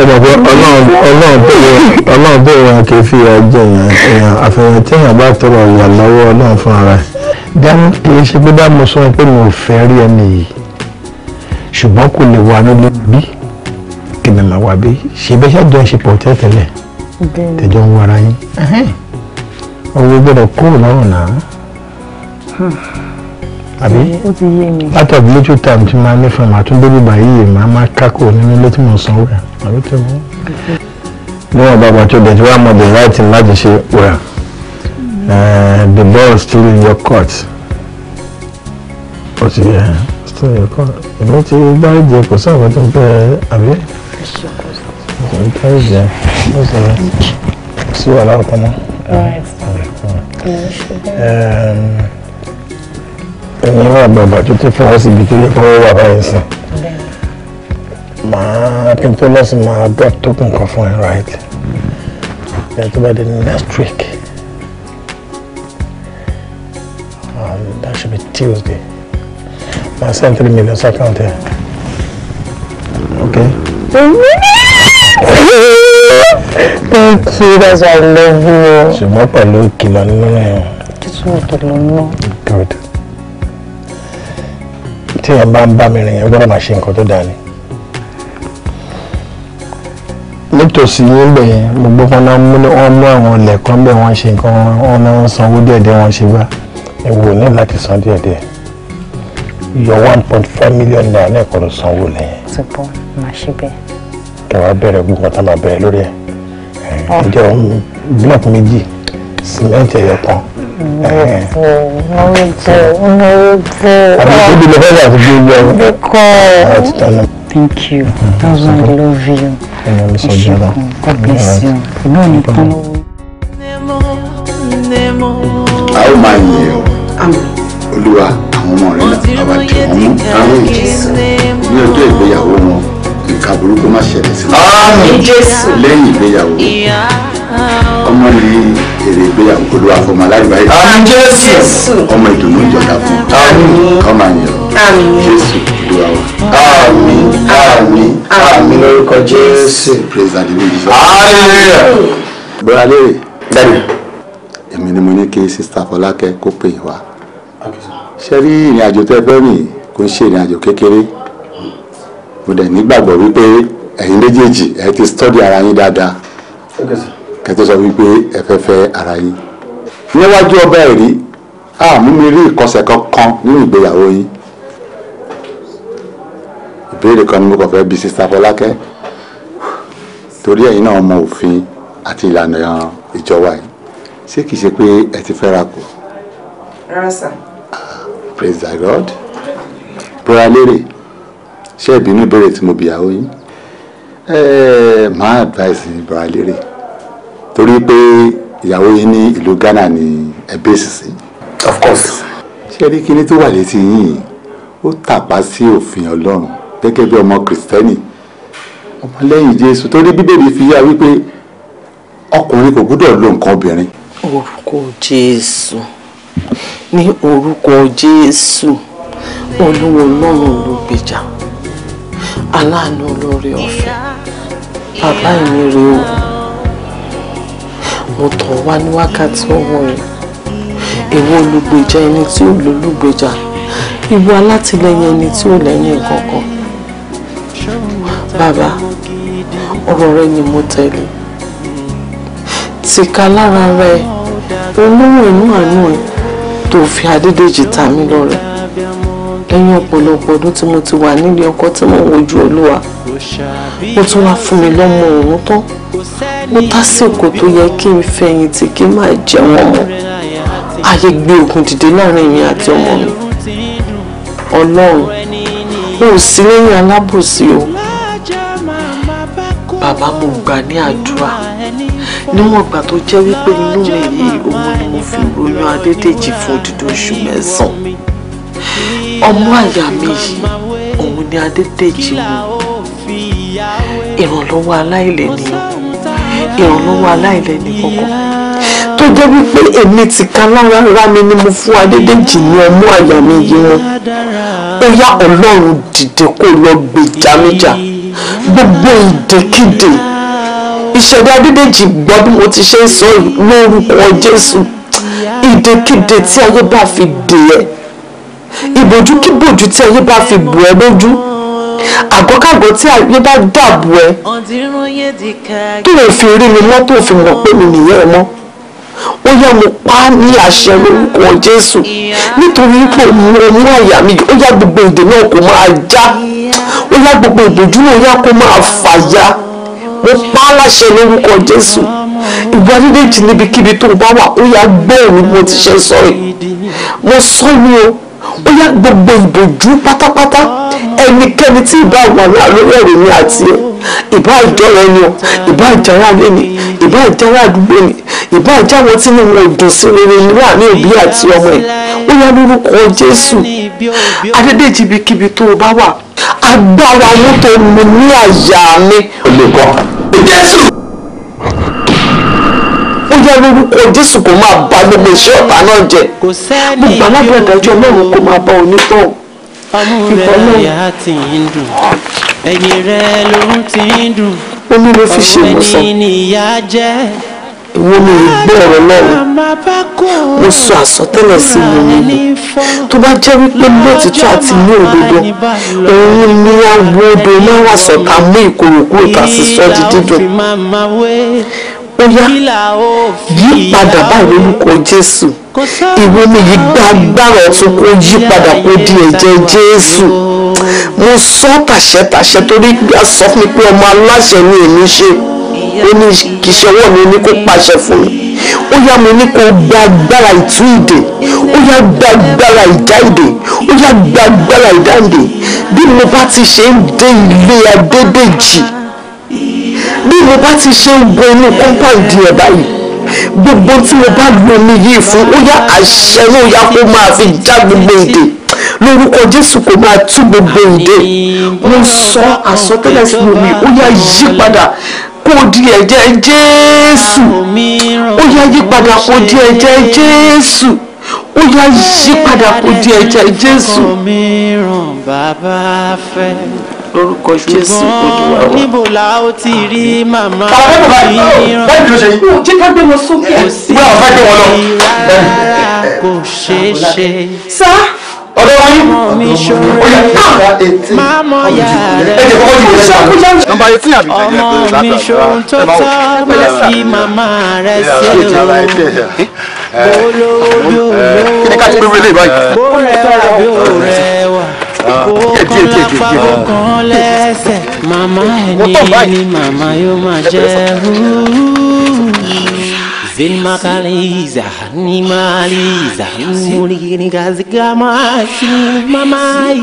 ẹ mọ̀ pé ọlọ́run bẹ̀rẹ̀ wọn kì í fi tí èèyàn bá tọrọ ìyà lọ́wọ́ fún ara ẹ̀ dáná kì í ṣe pé dá mo sọ pé mo fẹ́ rí ẹni yìí ṣùgbọ́n kò lè wà nílé bí kìnnì máa wà bí ṣe bẹ́ẹ̀ ṣáàjọ ń ṣe pọ̀ tẹ́tẹ́lẹ̀ tẹ̀jọ́ ń wara yín owó gbọ́dọ̀ kúrò lọ́rùn náà àbí látọ̀bí lójú tá àmì tí máa ní fún mi àtúndébí báyìí màá máa kákò nínú ilé tí mo san wẹ̀ àbí tẹ̀ wọ́n. níwọ̀n bá gbàtọ́ dẹ̀ tí wàá mọ̀ the right thing láti ṣe wẹ̀ the ball is still in your court. Ó ti fún yẹn kan èmi ti bá ìjẹ kò sí àwọn tó ń pẹ àbí. kò ń pẹ ìjẹ ó sì ń sí wàhálà ọkọ mọ. ẹ̀yin wà bàbà tó ti fọwọ́ sí ibi tó yẹ kó wà báyìí sí màá kí n tó lọ́sìn máa dọ́ tó kù nǹkan fún ẹ right ẹ tó bá dé next week um, that should be Tuesday. I sent three million so account here. Okay. Thank you, that's why I love you. Ṣùgbọ́n pẹ̀lú ìkìlọ̀ nínú ẹ̀. Kí tún ìkìlọ̀ náà? Good. Tí èèyàn bá ń bá mi rìn, ẹ gbọ́dọ̀ máa ṣe nǹkan tó dáa ni. nítòsí yín bẹ̀ yẹn mo gbọ́ fún wọn mú àwọn ọ̀lẹ̀ kan bẹ̀ wọ́n ṣe nǹkan wọn náà sanwó díẹ̀díẹ̀ wọ́n ṣe bá. ẹ wò ní láti san díẹ̀díẹ̀ yọ one point five million naira lẹ́ẹ̀kan ló sanwó lẹ́yìn. ṣùgbọ́n màá ṣe bẹ́ẹ̀. kẹwàá bẹ̀rẹ̀ gbogbo ọ̀tá máa bẹ̀rẹ̀ lórí ẹ̀ ǹjẹ́ òun búlọ̀kù méjì sìmẹ́ǹtì ẹ̀yọ kan. Thank you. Thousand I love you. God bless you. A ó máa yìn ọ́. Olúwa ọmọ rẹ náà bàbá tí wọn mú àrùn ìjẹsà ní ọjọ́ ìgbéyàwó wọn nǹkan burúkú má ṣẹlẹ̀ sí wọn. àmín jésù lẹ́yìn ìgbéyàwó ọmọ ní èrè ìgbéyàwó olúwa fọmọ aláìbáyé. àmín jésù ọmọ ìdùnnú ìjọba fún un kọ́ máa yọ jésù olúwa wa. àmín àmín àmín lórúkọ jésù. praise and praise. hallelujah. bọ́lá léèrè. bẹ́ẹ̀ni. èmi ni mo ní kí sista fọlákẹ́ kó pè wá. Okay, ṣe rí ìrìn àjò tẹ́ fẹ́ rìn kò ń ṣe ìrìn àjò kékeré mo dẹ̀ nígbàgbọ́ wípé ẹ̀yin méjèèjì ẹ ti study ara yín dáadáa kẹ́ tó sọ wípé ẹ fẹ́ fẹ́ ara yín níwájú ọba ẹ̀rí àmú mi rí ìkọsẹ̀ kankan nínú ìgbéyàwó yín ìbéèrè kan ni mo kàn fẹ́ bi sista Fọlákẹ́ torí ẹ̀yin náà mọ òfin àti ìlànà ìjọba yìí ṣé kìí ṣe pé ẹ ti fẹ́ra kù. rárá sà praise thy god bọ́ra lérè ṣé ìbínú ìbéèrè tí mo bìyàwó yín máa advice ní bọ́ra lérè torí pé ìyàwó yín ní ìlú Ghana ní ẹbí ìsìsì. of course. ṣé rí kíní tó wà létí yín ó tàpá sí òfin ọlọ́run gẹ́gẹ́ bí ọmọ kìrìsìtẹ́nì ọmọlẹ́yìn jésù torí bíbélì fi yá wípé ọkùnrin kò gbúdọ̀ lo nǹkan obìnrin. orúkọ jésù ní orúkọ Jésù olúwo ọlọ́run olùgbèjà aláàánú olóore ọ̀fẹ́ bàbá ìmíre o mo tọ̀ wá ní wákàtí ọwọ́ rẹ̀ ìwọ olùgbèjà ẹni tí ò lólùgbèjà ìwọ alátìlẹyìn ẹni tí ò lẹ́yìn kankan bàbá ọ̀rọ̀ rẹ ni mo tẹ̀lé tìka lára rẹ olówó inú àánú ẹ tó fi Adédèjì ta mí lọ́rẹ lẹ́yìn ọ̀pọ̀lọpọ̀ ọdún tí mo ti wà nílé ọkọ tí mo wojú olúwa ó tún wá fún mi lọ́mọ òun tán ó tásìkò tó yẹ kí n fẹ̀yìntì kí n máa jẹun ọmọ ayé gbé ogun dìde láàrin èmi àti ọmọ mi ọlọ́run ó sì lẹ́yìn alábòsí o bàbá mo gbà ní àdúrà níwọ̀n ìgbà tó jẹ́ wípé inú mi yìí òun ni mo fi ròyìn adédèjì fún odidi oṣù mẹ́sàn-án ọmọ àyà mi yìí òun ni adédèjì wò ìrànlọ́wọ́ aláìlẹ̀ ni ìrànlọ́wọ́ aláìlẹ̀ ni kọ̀ọ̀kan tó jẹ́ wípé èmi ti ka lára ara mi ni mo fún adédèjì ní ọmọ àyà mi yìí wọn ó yá ọlọ́run dìde kó lọ gbèjà gbogbo ìdèkìdè ìṣẹ̀dá dídèjì gbọ́ bí mo ti ṣe ń sọ lórúkọ Jésù ìdèkìdè tí ayé bá fi dè ẹ́ ìbòjúkíbòjú tí ayé bá fi bò ẹ́ lójú àgọ́kàgọ́ tí ayé bá dàbò ẹ́ tó lè fi rí mi mọ́ tó fi mọ̀ pé mi nìyẹn mọ́ ó yá mo pa á ní àṣẹ lórúkọ Jésù nítorí pé òun mú àyà mi ó yá gbogbo ìdè náà kó máa já ó yá gbogbo ìbòjúlò yá kó máa fàya mo pa á láṣẹ lórúkọ Jésù ìwà dídéjì níbikíbi tó bá wà ó yá gbọ́ òun mo ti ṣe sọ yìí mo sọ ni o ó yá gbogbo ìbòjú pátápátá ẹnikẹ́ni tí ìbá wà lórí ẹ̀rọ mi àti ẹ̀ ìbá ìjọra ẹni o ìbá ìjára rẹ ni ìbá ìjára àdúgbò ni ìbá ìjáwọ tí ni wọn ò dùn sí rere níwà ní òbí àti ọmọ ẹ̀ ó yá lórúkọ Jésù adédèjì ibikíbi tó o bá wà agbára wọn tó mu ní àyà mi. olè kọ́ jésù. ó yẹ lórúkọ jésù kó máa bà gbogbo iṣẹ́ ọ̀tá náà jẹ mo gbà lábẹ́ ìdájọ́ ọlọ́run kó máa bá onítọ̀hún. ọmú rẹ̀ àyà ti ń dùn ẹ̀yìn rẹ̀ lòún ti ń ọmọ ẹni ni ìyà jẹ́ ìwọ ni ìgbẹ́ ọ̀rọ̀ lọ́rùn mo sọ àsọtẹ́lẹ̀ sí mi níbi tó bá jẹ́ wípé lótìtọ́ àti ní òdodo òun ni àwọ odò máa wà sọ̀tà mú ìkoròkú òtà sí sọ́ọ́dì dídùn ó yá yí padà báyìí lórúkọ Jésù ìwọ ni yìí gba agbára ọ̀tun kó yí padà kó di ẹ̀jẹ̀ Jésù mo sọ tàṣẹ́tàṣẹ́ torí gbà sọ fún mi pé ọmọ aláṣẹ ni èmi ṣe ó ní kì í ṣe ọwọ́ mi ní kó pàṣẹ fún mi ó yá mi ní kó gba agbára ìtú ìdè ó yá gba agbára ìdá ìdè ó yá gba agbára ìdá ìdè bí mo bá ti ṣe ń dé ilé adédèjì bí mo bá ti ṣe ń wọ inú kọ́ńpáàdì ẹ̀ báyìí gbogbo tí mo bá lò mí yìí fún ó yá àṣẹ náà yá kó máa fi já gbogbo ìdè lórúkọ jésù kò máa tú gbogbo ìdè mo sọ àsọtẹ́lẹ̀ fún mi ó yá yí padà kó di ẹ̀jẹ̀ jésù ó yá yípadà kó di ẹ̀jẹ̀ jésù ó yá yípadà kó di ẹ̀jẹ̀ jésù. lórúkọ jésù olúwa wa. níbo la báyìí ló ṣe yí. jẹ́ ká gbé wọn sókè. kò sí ìrora kò ṣeé ṣe. sá nọmba eighteen àbí ọmọ mi ṣòun tó tọ́ bá sí màmá rẹ̀ sí o olówó bí ah. ẹni ni màmá yóò máa jẹ́ húú. Zilimakaliza nimaliza muligini kazigamashi mamai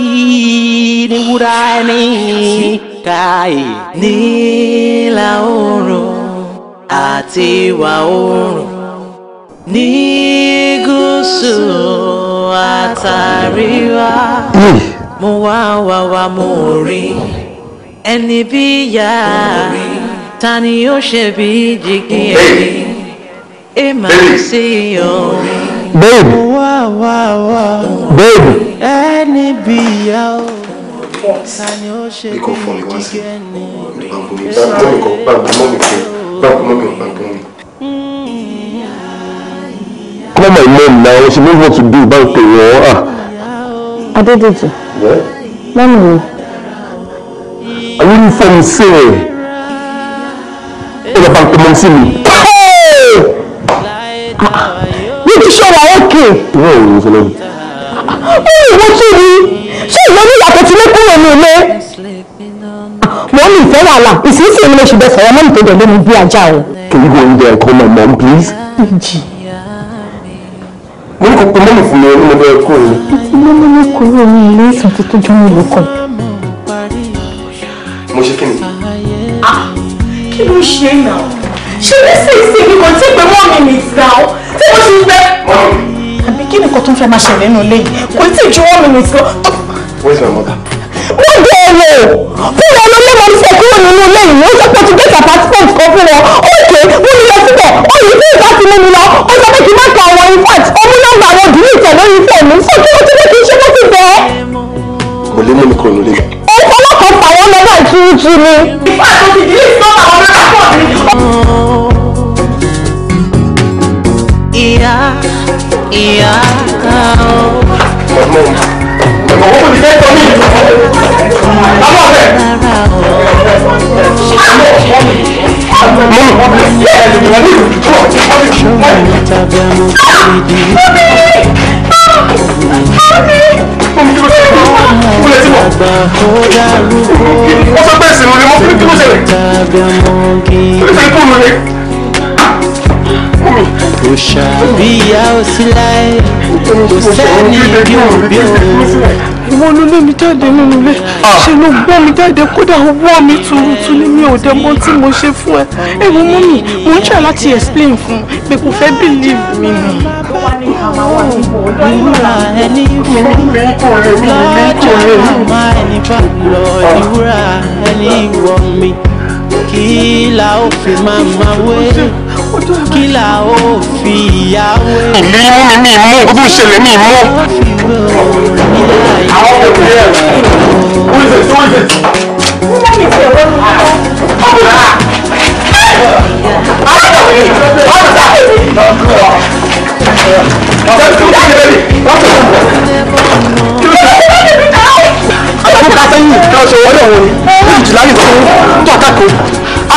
ni urani kai nílà oòrùn àti ìwà oòrùn ní gúúsù àtàríwá mo wá wá wá mo rí ẹni bí tani ta ni ṣe bí jìgì ẹni. Babe. Babe. baby. Nìkan fún mi wá sí. Bàbá mi kan, bàbá mọ́ mi kan, bàbá mọ́ mi kan, bàbá mi. Call my mom now, she knows what to do about the war. Ah. Adedeji. Yeah? Mọ́mí mi. Àwọn uniform ṣe é. Ó lọ bá ń pẹ́ mọ́ sí mi níbi iṣẹ́ wa ókè. ìwọ ò ní sọlẹ́ mi. ó ní ìwọ tún ni ṣé ìwọ ní yàtọ̀ tí lẹ́kùn rẹ̀ ní ilé. mo ní ìfẹ́ wàhálà ìsinsìnyí ni mo ṣì bẹ sọ̀rọ̀ mọ́mì tó dẹ̀ lómi bí ajá o. Can you go in there and call my mom please? ìjì. mo ní kò pé mọ́mì fún mi ní mo bẹ̀rẹ̀ kúrò ní. ètò mọ́mì ní kúrò ní ilé ìsìn tó tójú mi ló kàn. mo ṣe kí ni. Ah, kí ló ṣe náà. She ní sísè mi We tí take pé one minute now Say mo ti gbẹ. àbí kí nìkan tó ń fẹ́ máa ṣẹlẹ̀ nínú ilé yìí kò tí ju one minute lọ. where's my mother? wọ́n gbé ẹ̀rọ fúnra ló lé mọ́tò fẹ́ kúrò nínú ilé yìí ó sọ pé ti get a passport kan fún wọn ókè mú mi lọ síbẹ̀ ó yìí bí ìgbà tí mo mú lọ ó sọ pé kí n má ka àwọn infact ó mú nọ́mbà àwọn òbí mi tẹ̀ lórí fóònù fún kí wọ́n ti lè kí n ṣe bó ti bẹ́ẹ̀. kò lè mú mi kúrò nílé mi ó lọ bá ìtúrútú ni. ìfẹ́ àtúntì ìdílé ìtọ́ta àwọn mẹ́ta pọ̀ ní. ìyá ìyá ká ọmọ ọmọ ọmọ kò ní fẹ́ tọ́ mi. ẹsẹ̀ lórí mo kí ló ṣẹlẹ̀ lórí ṣe kó lórí. kò ṣàbíyá ó sí láì kò sẹ́ni ló lé jáde nínú ilé ṣe ló gbọ́ mi jáde kódà ọwọ́ mi tuurutu ni mi ò dẹ tí mo ṣe fún ẹ ewu mú mi mo ń ṣe láti explain fún pé kò fẹ́ believe mi nù. ìwúra ẹni fún lọ́jọ́ máa ẹni bá lọ ìwúra ìwọ mi kí la ó fi màmá wé kí la ó fi ìyá wé. ìlú mímú mi mú ọdún ìṣẹ̀lẹ̀ mi mú. àwọn ọmọ ìlú yẹn wọ́n ń sèso wọ́n ń sẹ́yìn lọ́sọ̀ ọ̀rẹ́ òun ni ní ìjìlá yìí fún tó àtàkùn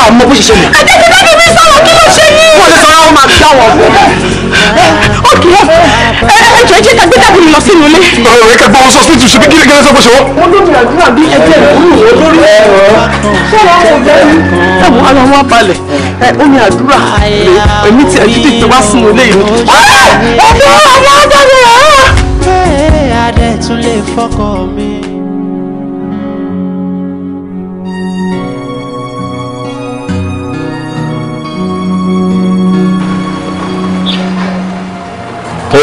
àmọ́ bó ṣe ṣẹlẹ̀. àtẹ̀tẹ̀ bá mi sọ̀rọ̀ kí ló ṣe yìí. wọ́n lè sọ ọ́ máa dá wọn fún ókè ẹ ẹ jọ ẹjẹ tàgbé tàbí lọ sínú ilé. ọ̀rọ̀ rẹ kẹgbọ́n sọ sí tùsùn bí kí lẹ́gẹ́rẹ́ sọ́kọ̀ ṣọwọ́. wọ́n ló bìrà bí àbí ẹgbẹ́ ìlú lórí ẹ̀rọ sọ̀rọ̀ àwọn ọ̀gá yìí. táwọn ará wọn balẹ̀ ẹ ó ní àdúrà èmi tí ẹjú tètè wá sínú ilé yìí. ọ̀rẹ́ ẹ̀dùn àwọn ọ̀gá mi rẹ̀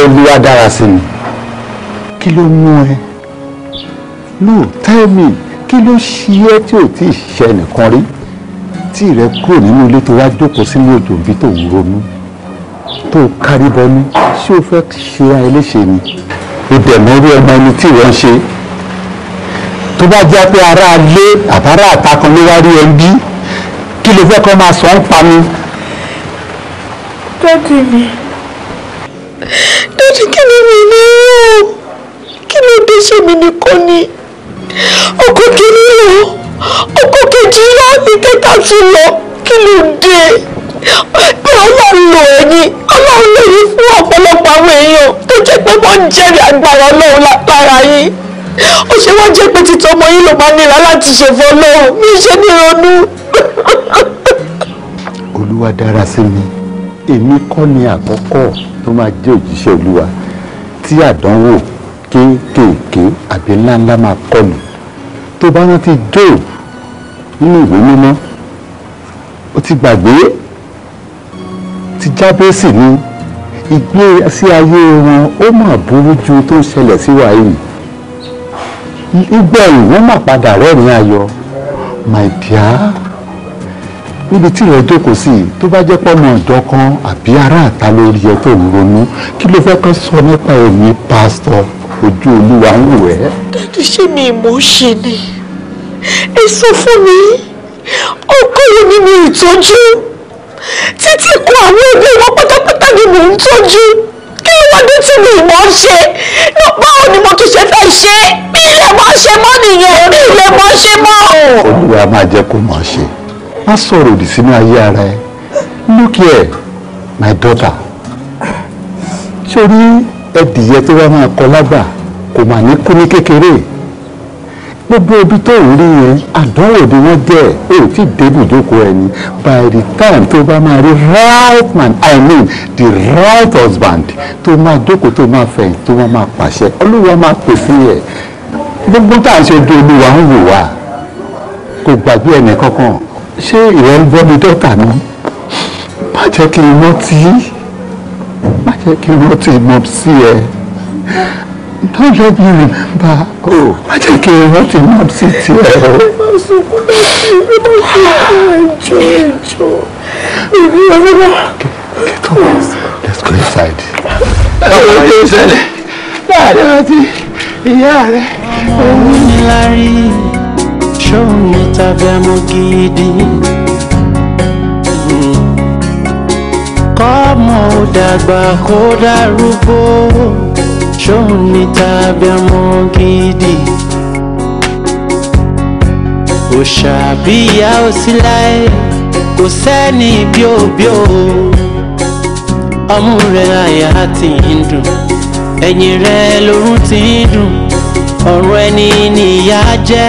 olúwa dára sí mi. kí ló mú ẹ no tell me kí ló ṣí ẹ tí ò tí ì ṣe nìkan rí tí rẹ kúrò nínú ilé tó wá jókòó sínú òjò bí tó ń ronú tó kárí bọnú ṣé o fẹ́ ṣe àìléṣe ni o dẹ̀ ọmọ ẹni tí ìwọ ń ṣe tó bá jẹ́ pé ará ilé àbárà àtakùn ló wá rí ẹ bí kí ló fẹ́ kọ́ máa sọ ń pa mi. dádì mi. ṣe mí nìkan ni ọkọ kìíní lọ ọkọ kejì lọ ìkẹta tún lọ kí ló dé ọlọ́run lò ẹ̀yìn ọlọ́run lò yín fún ọ̀pọ̀lọpọ̀ àwọn èèyàn tó jẹ́ pé wọ́n ń jẹ́rìí agbára ọlọ́run lára yín ó ṣe wá jẹ́ pé títọ́ ọmọ yín ló máa nira láti ṣe fọlọ́run mi ṣe ní ronú. [laughs] olúwa dára sí mi èmi kọ́ ni àkọ́kọ́ tó máa jẹ́ òjíṣẹ́ olúwa tí àdánwò kéékèèké àbí ńláńlá máa kọlù tó bá rántí Jóò nínú ìwé mímọ́ ó ti gbàgbé ti jábẹ́sì ni ìgbé sí ayé wọn ó mà burú ju tó ń ṣẹlẹ̀ sí wa yìí ìgbẹ̀yìn wọ́n mà padà rẹ́rìn-ín ayọ̀ my dear níbi tí ìrẹ́ jókòó sí tó bá jẹ́ pọ́nmọ ọ̀dọ́ kan àbí ará àta lórí ẹ tó ń ronú kí ló fẹ́ kọ́ sọ nípa ẹ̀mí pásítọ̀ ojú olúwa ń wò ẹ́. dádì ṣé mi ìmọ̀ ṣe ni ẹ sọ fún mi ọkọ yìí ni mi ìtọ́jú títí kọ àwọn ẹbí wọn pátápátá ni mò ń tọ́jú kí ló wáá dé tí mi ìmọ̀ ṣe báwo ni mo tún ṣe fẹ́ ṣe bí ilẹ̀ mọ́ ṣe mọ́ nìyẹn bí ilẹ̀ mọ́ ṣe mọ́. olúwa máa jẹ́ kó mọ̀ ṣe má sọ̀rọ̀ òdì sínú ayé ara ẹ look here my daughter ṣorí ẹdìyẹ tó wá máa kọ lágbà kò mà ní kú ní kékeré gbogbo ibi tó ń rí yẹn àdánwò ni wọ́n jẹ́ ẹ ò tí débù jókòó ẹni by the time tó bá máa rí right man i mean the right husband tó máa jókòó tó máa fẹ̀yìn tó máa máa pàṣẹ olúwa máa pèsè ẹ̀ gbogbo tá à ń ṣe ojú olúwa ń wò wá kò gbàgbé ẹnì kankan ṣé ìwọ ń bọ́ mi dọ́tà náà má jẹ́ kí n rántí jẹ́ kí wọ́n ti mọ̀ sí ẹ. Don't let me remember. Má jẹ́ kí wọ́n ti mọ̀ sí ti ẹ o. Ẹ má sunkún náà sí ẹ má sunkún Let's go inside. Ọ̀rọ̀ tó ń ṣẹlẹ̀ láàrin àti ìyá rẹ̀. Ọmọ mi lárí, ṣóun tàbí amọ̀ gidi. kọ́mọ ó dàgbà kó dárúgbó ṣóun ní tàbí ọmọ gidi òṣàbíyá ó sí láyé kò sẹ́ni bíòbíò ọmú rẹ̀ àyà ti ń dùn ẹ̀yìn rẹ̀ lórún ti ń dùn ọ̀rọ̀ ẹni nìyá jẹ́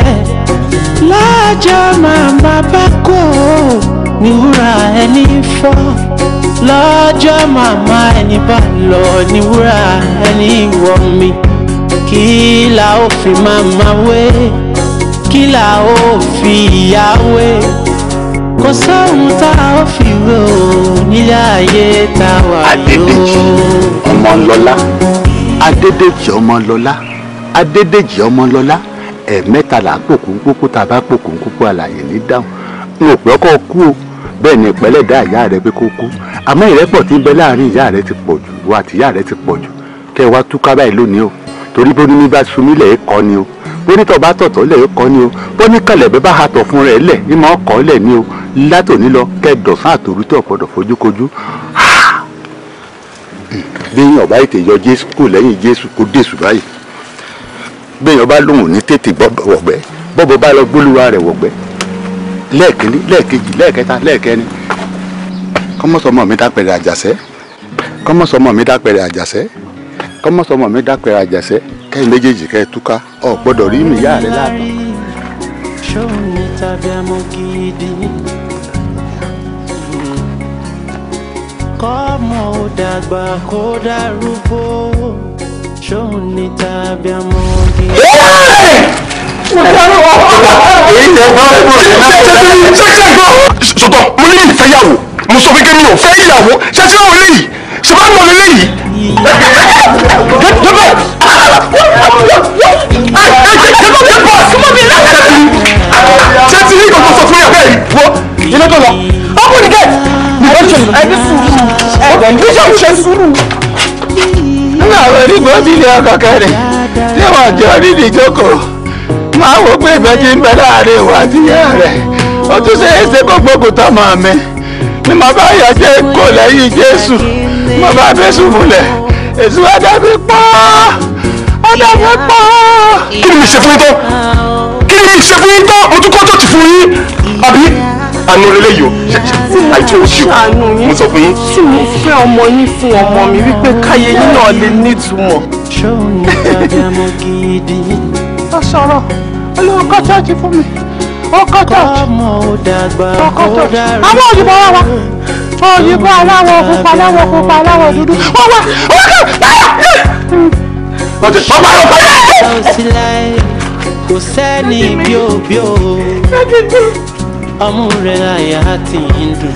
láàjọ màmá bá kò níwúrà ẹni fọ́ lọ́jọ́ màmá ẹni bá lọ ní wúrà ẹni ìwọ mi kí la ó fi màmá wé kí la ó fi ìyá wé kò sóhun tá a ó fi wé o nílé ayé tá a wà yó. Adédèjì Ọmọlọlá Adédèjì Ọmọlọlá Adédèjì là á pòkúńpókó tá a bá pòkúńpókó àlàyé ní dáhùn n ò pẹ́ kọ́ kú o bẹ́ẹ̀ ni ìpẹ́lẹ̀ dá ìyá rẹ pé kó àmọ́ ìrẹ́pọ̀ tí ń bẹ láàrin ìyá rẹ ti pọ̀ jù wa àti rẹ ti pọ̀ jù kẹ́ ẹ wá túká báyìí lónìí o torí bó ní mi bá sumi lẹ̀ ẹ́ kọ́ ni o bó ní tọ̀bá tọ̀tọ̀ lẹ̀ ẹ́ kọ́ ni o bó ní kàlẹ̀bẹ́ bá ha tọ̀ fún rẹ̀ lẹ̀ ní mọ́ kọ́ lẹ̀ ni o látòní lọ kẹ́ ẹ dọ̀sán àtòrú tó ọ̀pọ̀dọ̀ fojúkojú bẹ́yìn ọ̀bá ètè yọ jésù kò lẹ́yìn jésù kò désù báyìí bẹ́yìn ọba lòun ò ní tètè wọ̀gbẹ́ bọ́bọ̀ bá lọ gbólúwa rẹ̀ wọ̀gbẹ́ lẹ́ẹ̀kínní lẹ́ẹ̀kejì lẹ́ẹ̀kẹta lẹ́ẹ̀kẹrin kọ́mọ́sọmọ mi dápẹ̀rẹ̀ àjàsẹ́ kọ́mọ́sọmọ mi dápẹ̀rẹ̀ àjàsẹ́ kọ́mọ́sọmọ mi dápẹ̀rẹ̀ àjàsẹ́ kẹ́yìn méjèèjì kẹ́ ẹ túká ọ̀ gbọ́dọ̀ rí mi yá rẹ láàbà. ṣóòní tàbí àmọ́ gidi kọ́mọ ò dàgbà kó dàrúgbó ṣóòní tàbí àmọ́ gidi. èyí ni ẹ bá ń bọ̀ ẹ̀ náà. sọ́tọ̀ mo ní ìfẹ́yàwó mo sọ fún kémi ò fẹ́ ìyàwó ṣé tí wọ́n léyìí ṣé bá mọ̀ léyìí. ṣé tí ní ìgbàgbọ́ sọ fún yàrá yìí wọ́n iná tó lọ. ọkùnrin nìkẹ́ nìkẹ́ ẹni sùúrù ẹni sùúrù ṣe sùúrù. nínú àwọn onígbọ̀n bí ilé ọkọ̀ kẹrin tí wọ́n jọ nídìí jókòó máa wò pé ìgbẹ́jì ń bẹ láàrin ìwà àtìyá rẹ̀ ó tún ṣe é ṣe kó gbógun tọ́ mọ́ mi ni mo bá yọ jẹ́ kó lẹ́yìn jésù mo bá fẹ́sùn múlẹ̀ èsù ọ̀dàbí pọ̀ ọ̀dàbí pọ̀. kí ni mi ṣe fún yín tán kí ni mi ṣe fún yín tán mo tún kọ́ ṣọ́ọ̀tì fún yín àbí àánú eléyìí o àìtí o ṣì o mo sọ fún yín. tí mo fẹ́ ọmọ yín fún ọmọ mi wípé káyé yín náà lè nítumọ̀. ó sọ̀rọ̀ olóòkọ́ ṣọ́ọ̀ṣì fún mi ó cut out ó cut out àwọn òyìnbó wà wá òyìnbó aláwọ̀ pupa aláwọ̀ pupa aláwọ̀ dúdú wọ́n wá wọ́n kọ́ báyọ̀. ọba ló bá yẹ. kò sẹ́ni bíobíò ọmú rẹ̀ àyà ti ń dùn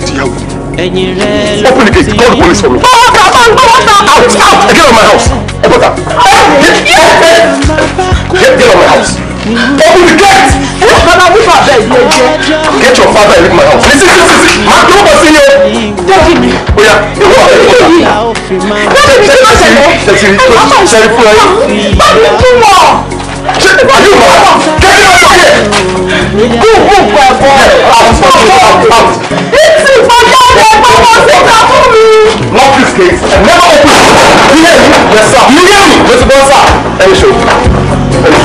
ẹ̀yìn rẹ̀ ló ti ń dùn. Get out of my house! Get out of my house! What will get? Mama, which one best you get? your father and leave my house. Listen, listen, listen. Ma, don't go see here. Tell me. Oh yeah. You want to leave me? What did you say? Tẹ̀sí sẹ́rí fún ẹ. Má mi kú mọ̀. Ṣé ìgbà yóò wá? Kẹ́kẹ́ náà sọ yẹ. Kú kú pẹ̀pọ̀. Out, out, out. Ìtì ìfọ̀jáde pọ̀pọ̀ síta fún lock this case and never open it. You hear me? Yes, sir. You hear me? Mo ti bọ́ sà. Ẹ ní ṣòwò. Ẹ ní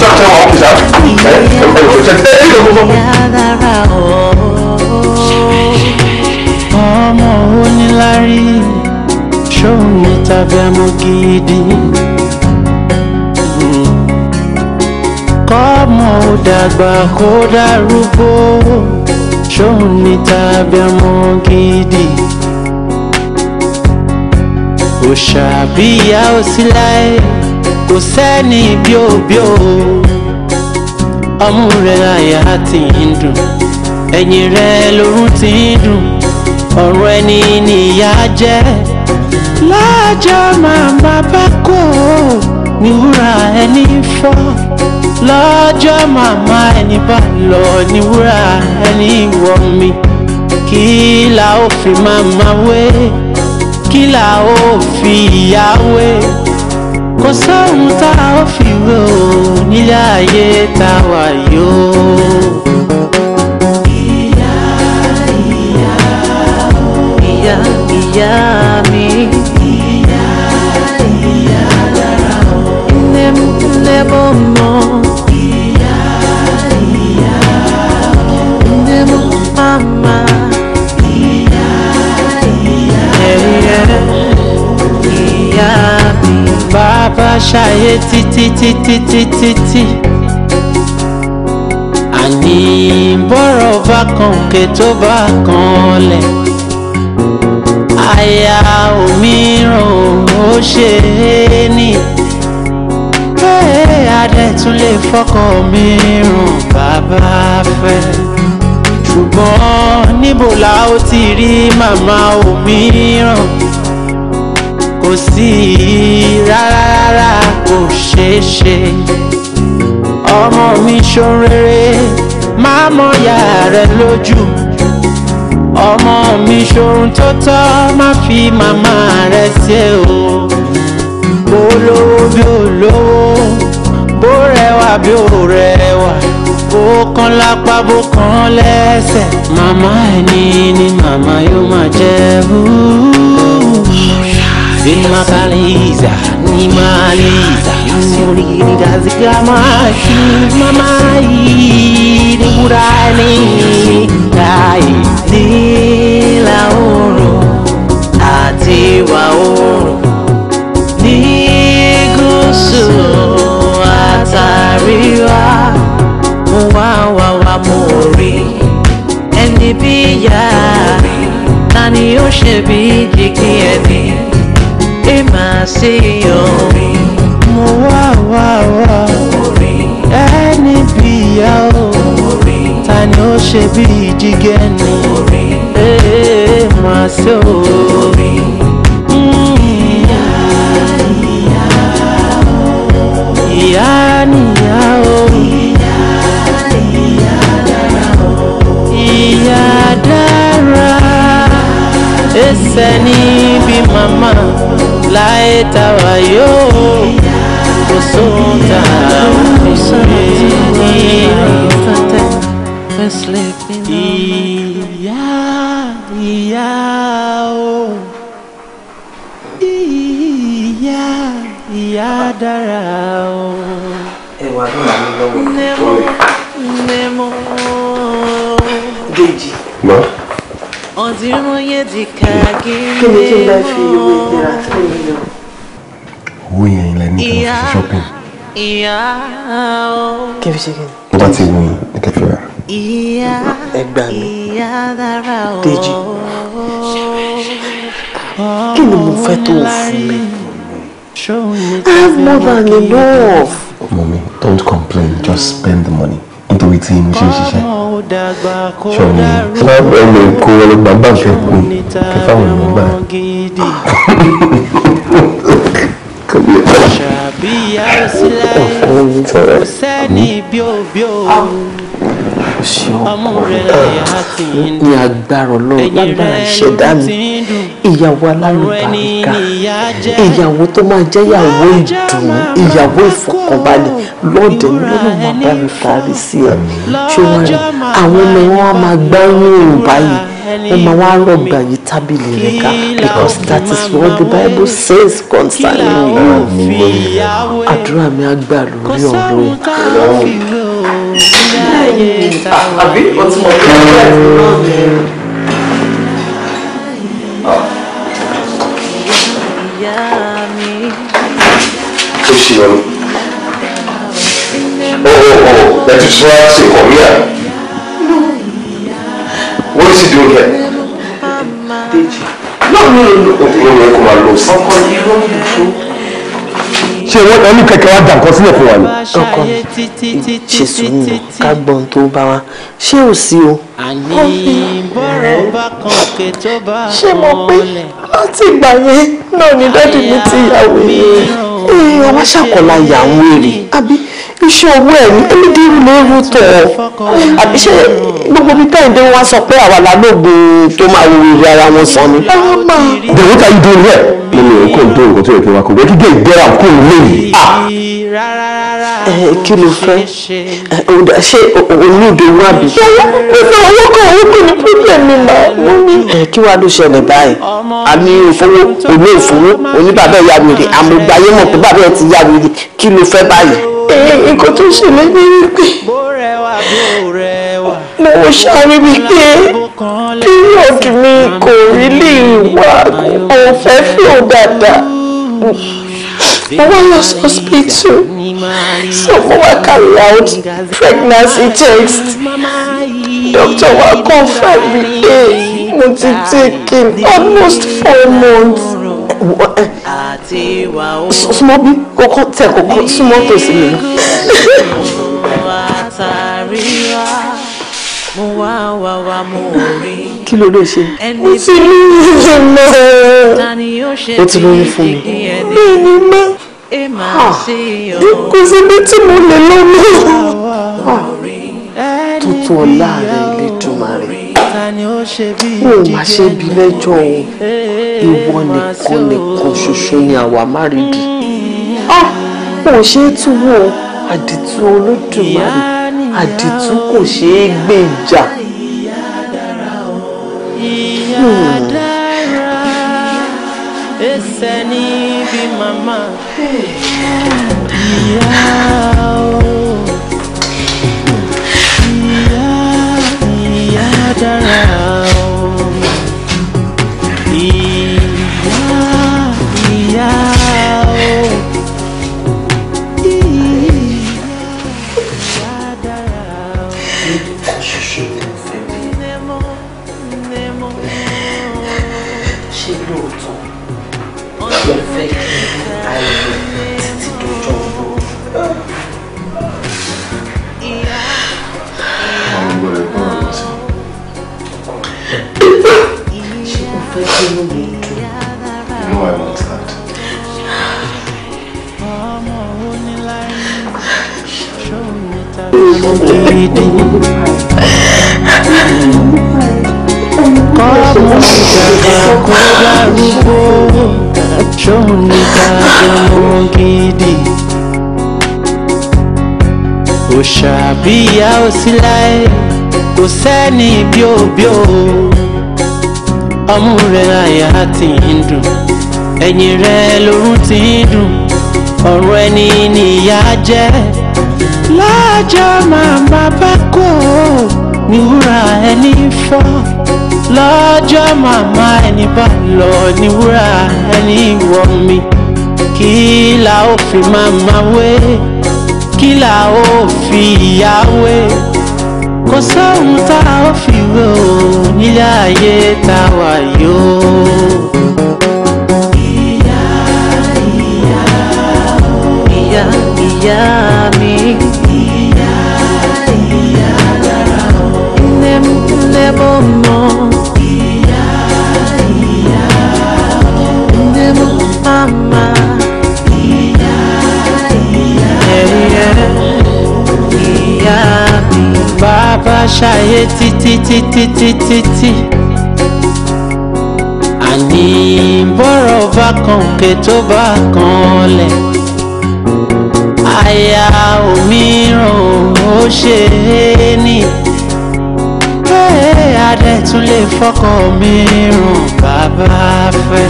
ṣòwò. Ṣé ọ̀ṣẹ́ wọn kì í ṣá? Ẹ Kọ́mọ ò dàgbà kó dárúgbó ṣòwò ní tàbí àmọ́ gidi òṣàbíyá òsì láì kò sẹ́ni bíòbíò ọmú rẹ̀ àyà ti ń dùn ẹ̀yìn rẹ̀ lórún ti ń dùn ọ̀rọ̀ ẹni nìyá jẹ́ láàjọ màmá bá kò níwúrà ẹni fọ́ lọ́jọ́ màmá ẹni bá lọ níwúrà ẹni wọ̀ mi kí la ó fi máa máa wé kí là ó fi ìyà wé kò sóhun tá ó fi wé o nílé ayé tá a wà yóò. ìyá ìyá mi. ìyá ìyá lára o. nne m nne bọ́ mọ́. bá ṣàyè títí títí títí tí. àní bọ́rọ̀ bá kan òkè tó bá kan lẹ̀. àyà òmíràn ó ṣe é ní. bẹ́ẹ̀ adé tún lè fọ́kọ̀ mìíràn bàbá fẹ́. ṣùgbọ́n níbo la ó ti rí màmá òmíràn kò sí rárá rárá kò ṣeé ṣe ọmọ mi ṣorere má mọ ya rẹ lójú ọmọ mi ṣohun tó tọ́ má fi màmá rẹ ṣe o bó lówó bí ó lówó bó rẹwà bí ó rẹwà bó kan lápá bó kan lẹ́sẹ̀ màmá ẹni ni màmá yóò máa jẹ́ búú. Nimemaliza, nimaliza Siulini kazi kama hii mama hii ni burani Kai ni la ati wa Ni gusu atariwa Wa wa wa mori Ẹni bí ya Nani ó ṣe bí ẹ máa ṣe yọ. mo wá wá wá ẹni bí ìyá o ta ni ó ṣe bí ìjìgẹ́ ni ẹ máa ṣe o. Mm, ìyá ìyá o ìyá níyà o ìyá níyà dára o ìyá dára ẹsẹ̀ níbi màmá láyé táwa yóò kò sóhun tá a ò fi ní. ìyá ìyá o ìyá ìyá dára o. ẹ wà lóra mi lọ́wọ́. kí ni kí n bá fi owó ìlera shopping. kí n fi ṣe kí ni. tó bá ti ni mo fẹ́ tó fún I have more than enough. Mommy, don't complain. Just spend the money nítorí tí mo ṣe ń ṣiṣẹ́ ṣọ̀rọ̀ lábẹ́ kó wọlé bàbá ìfẹ́ pé kí fáwọn èèyàn gbà. ṣàbíyá òsínláyé kò sẹ́ni bíòbíò ọmọ ìyàwó alárùbáríkà ìyàwó tó máa jẹ́ ìyàwó ìdùnnú ìyàwó ìfọkànbalẹ̀ lọ́ọ̀dẹ̀ lọ́nà máa bá mi kárí sí ẹ̀ ṣùgbọ́n àwọn ọmọ wọn á máa gbá yín báyìí wọ́n máa wá rọ̀gbà yí tábìlì rẹ̀ ká because that is what the Bible says concerning you. àdúrà mi á gbà lórí ọ̀rọ̀ àbí ọtí mo fi ń bẹ̀rẹ̀ sí lọ́ọ̀dẹ̀. jẹun oh oh! o oh, ẹ ti tún wá ṣe kọ̀ míà what is he doing here. no no no no kò máa lọ sí. ọkọ ni you don't fún. ṣé wọn ẹnu kẹkẹ wa dà nǹkan sílẹ̀ fún wa ni. ọkọ mi ṣe sùúrù ká gbọ́ ohun tó bá wa ṣé ò sí o. àní bọ́rọ̀ bá kan kè tó bá kan lẹ̀. ṣé mo pé láti ìgbà yẹn náà ni dádì mi ti yàwó yẹn ẹ wá ṣàkọlà ìyá àwọn èrè àbí iṣẹ́ owó ẹ̀ ní ẹlẹ́dẹ́rù lóru tọ̀ àbí ṣe gbogbo bíi tẹ́yìndé wọn sọ pé àwa la lóògùn tó máa wo ìrì ara wọn sàn ni. the way that you dey here. mo ní òun kò ń tó nǹkan tó yẹ kí n wá kó gbẹ́dúgbẹ́ ìgbéra kó ń yìí rárá rárá eh, kí ló fẹ́ eh, ṣé onídò wà bí. nípa owó kan owó kan ní pípẹ́ mi mọ́ mú mi. kí wàá ló ṣẹlẹ̀ báyìí àmì òfowó òní òfowó oníbàbẹ̀ ya wèrè àmọ̀gbáyé mọ̀ pé bàbá ẹ ti ya wèrè kí ló fẹ́ báyìí. Eh, nǹkan tó ṣẹlẹ̀ ní wípé mo wò sáré wípé píríọ̀dù mi kò rí lè wá kò fẹ́ fún ọ dáadáa mo wá lọ hospital so mo wá carry out pregnancy test doctor will confirm mi pé mo ti almost four months súnmọ́ bí kókó tẹ kókó súnmọ́ tòsí mi mo wá kí ló lè ṣe. mo ti lóyún mọ́ o ti lóyún fún mi. bẹ́ẹ̀ ni mọ́ kò síbi tí mo lè lọ mọ́. tuntun ọ̀la rẹ̀ lè dùnmọ̀ rẹ̀ ó má ṣe bí lẹ́jọ́ o ìwọ nìkan nìkan ṣoṣo ni àwa má rí di. ó mm. ṣe é tún wọ àdìtú olódùmarè àdìtú kò ṣeé gbèjà dára ẹsẹ̀ níbi màmá ìyá o ìyá ìyá dára o. inú mi You know I want that. Kọ́mọ ìdàgbà kó dárúgbó, kò sẹ́ni bíòbíò ọmú rẹ àyà ti ń dùn ẹ̀yìn rẹ lórun ti ń dùn ọ̀rọ̀ ẹni nìyà jẹ́ lọ́jọ́ màmá bá kó ní wúrà ẹni fọ́ lọ́jọ́ màmá ẹni bá lọ ní ẹni wọ̀ mi kí la ó fi màmá wé kí la ó fi ìyá wé kò sóhun tá a ó fi wé o nílé ayé tá a wà yóò. ìyá ìyá mi. ìyá ìyá lára o. nne m nne m ọmọ. ìyá ìyá o. nne m mama. ìyá ìyá o ṣàyé títí títí títí tí. àní bọ́rọ̀ bá kan òkè tó bá kan lẹ̀. àyà òmíràn ó ṣe é ní. bẹ́ẹ̀ adé tún lè fọ́kọ̀ mìíràn bàbá fẹ́.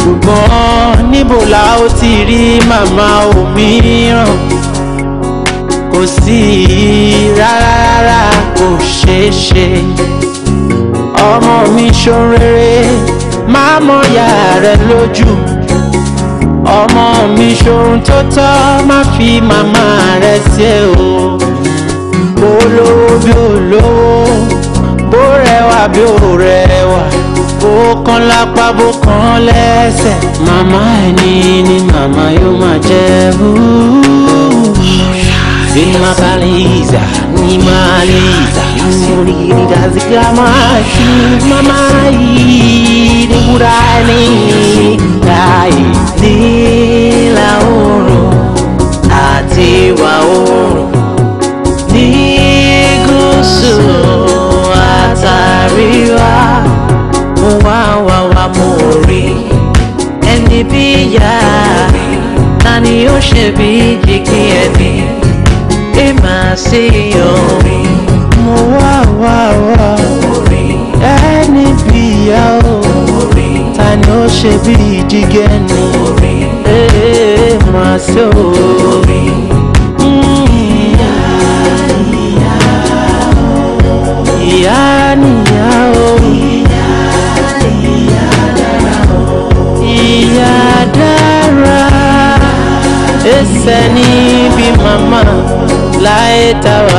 ṣùgbọ́n níbo la ó ti rí màmá òmíràn kò sí rárá rárá kò ṣeé ṣe ọmọ mi ṣorere máa mọ ìyá rẹ lójú ọmọ mi ṣohun tó tọ́ má fi màmá rẹ ṣe o bó lówó bí ó lówó bó rẹwà bí ó rẹwà bó kan lápá bó kan lẹ́sẹ̀ màmá ẹni ni màmá yóò máa jẹ́ búú. Zinamaliza, nimaliza Nirida zikamaki mamai Nigurani kai Nila oro Ate wa oro Nigusu atariwa Wa wa wa mori Ẹni bí ya Tani ó ṣe àṣeyọ. mo wá wá wá ẹni bíyà o ta ni ó ṣe bí ìdígẹ́nu ee máa ṣe o. ìyá níyà o. ìyá níyà o. ìyá dára ẹsẹ̀ níbi màmá. light our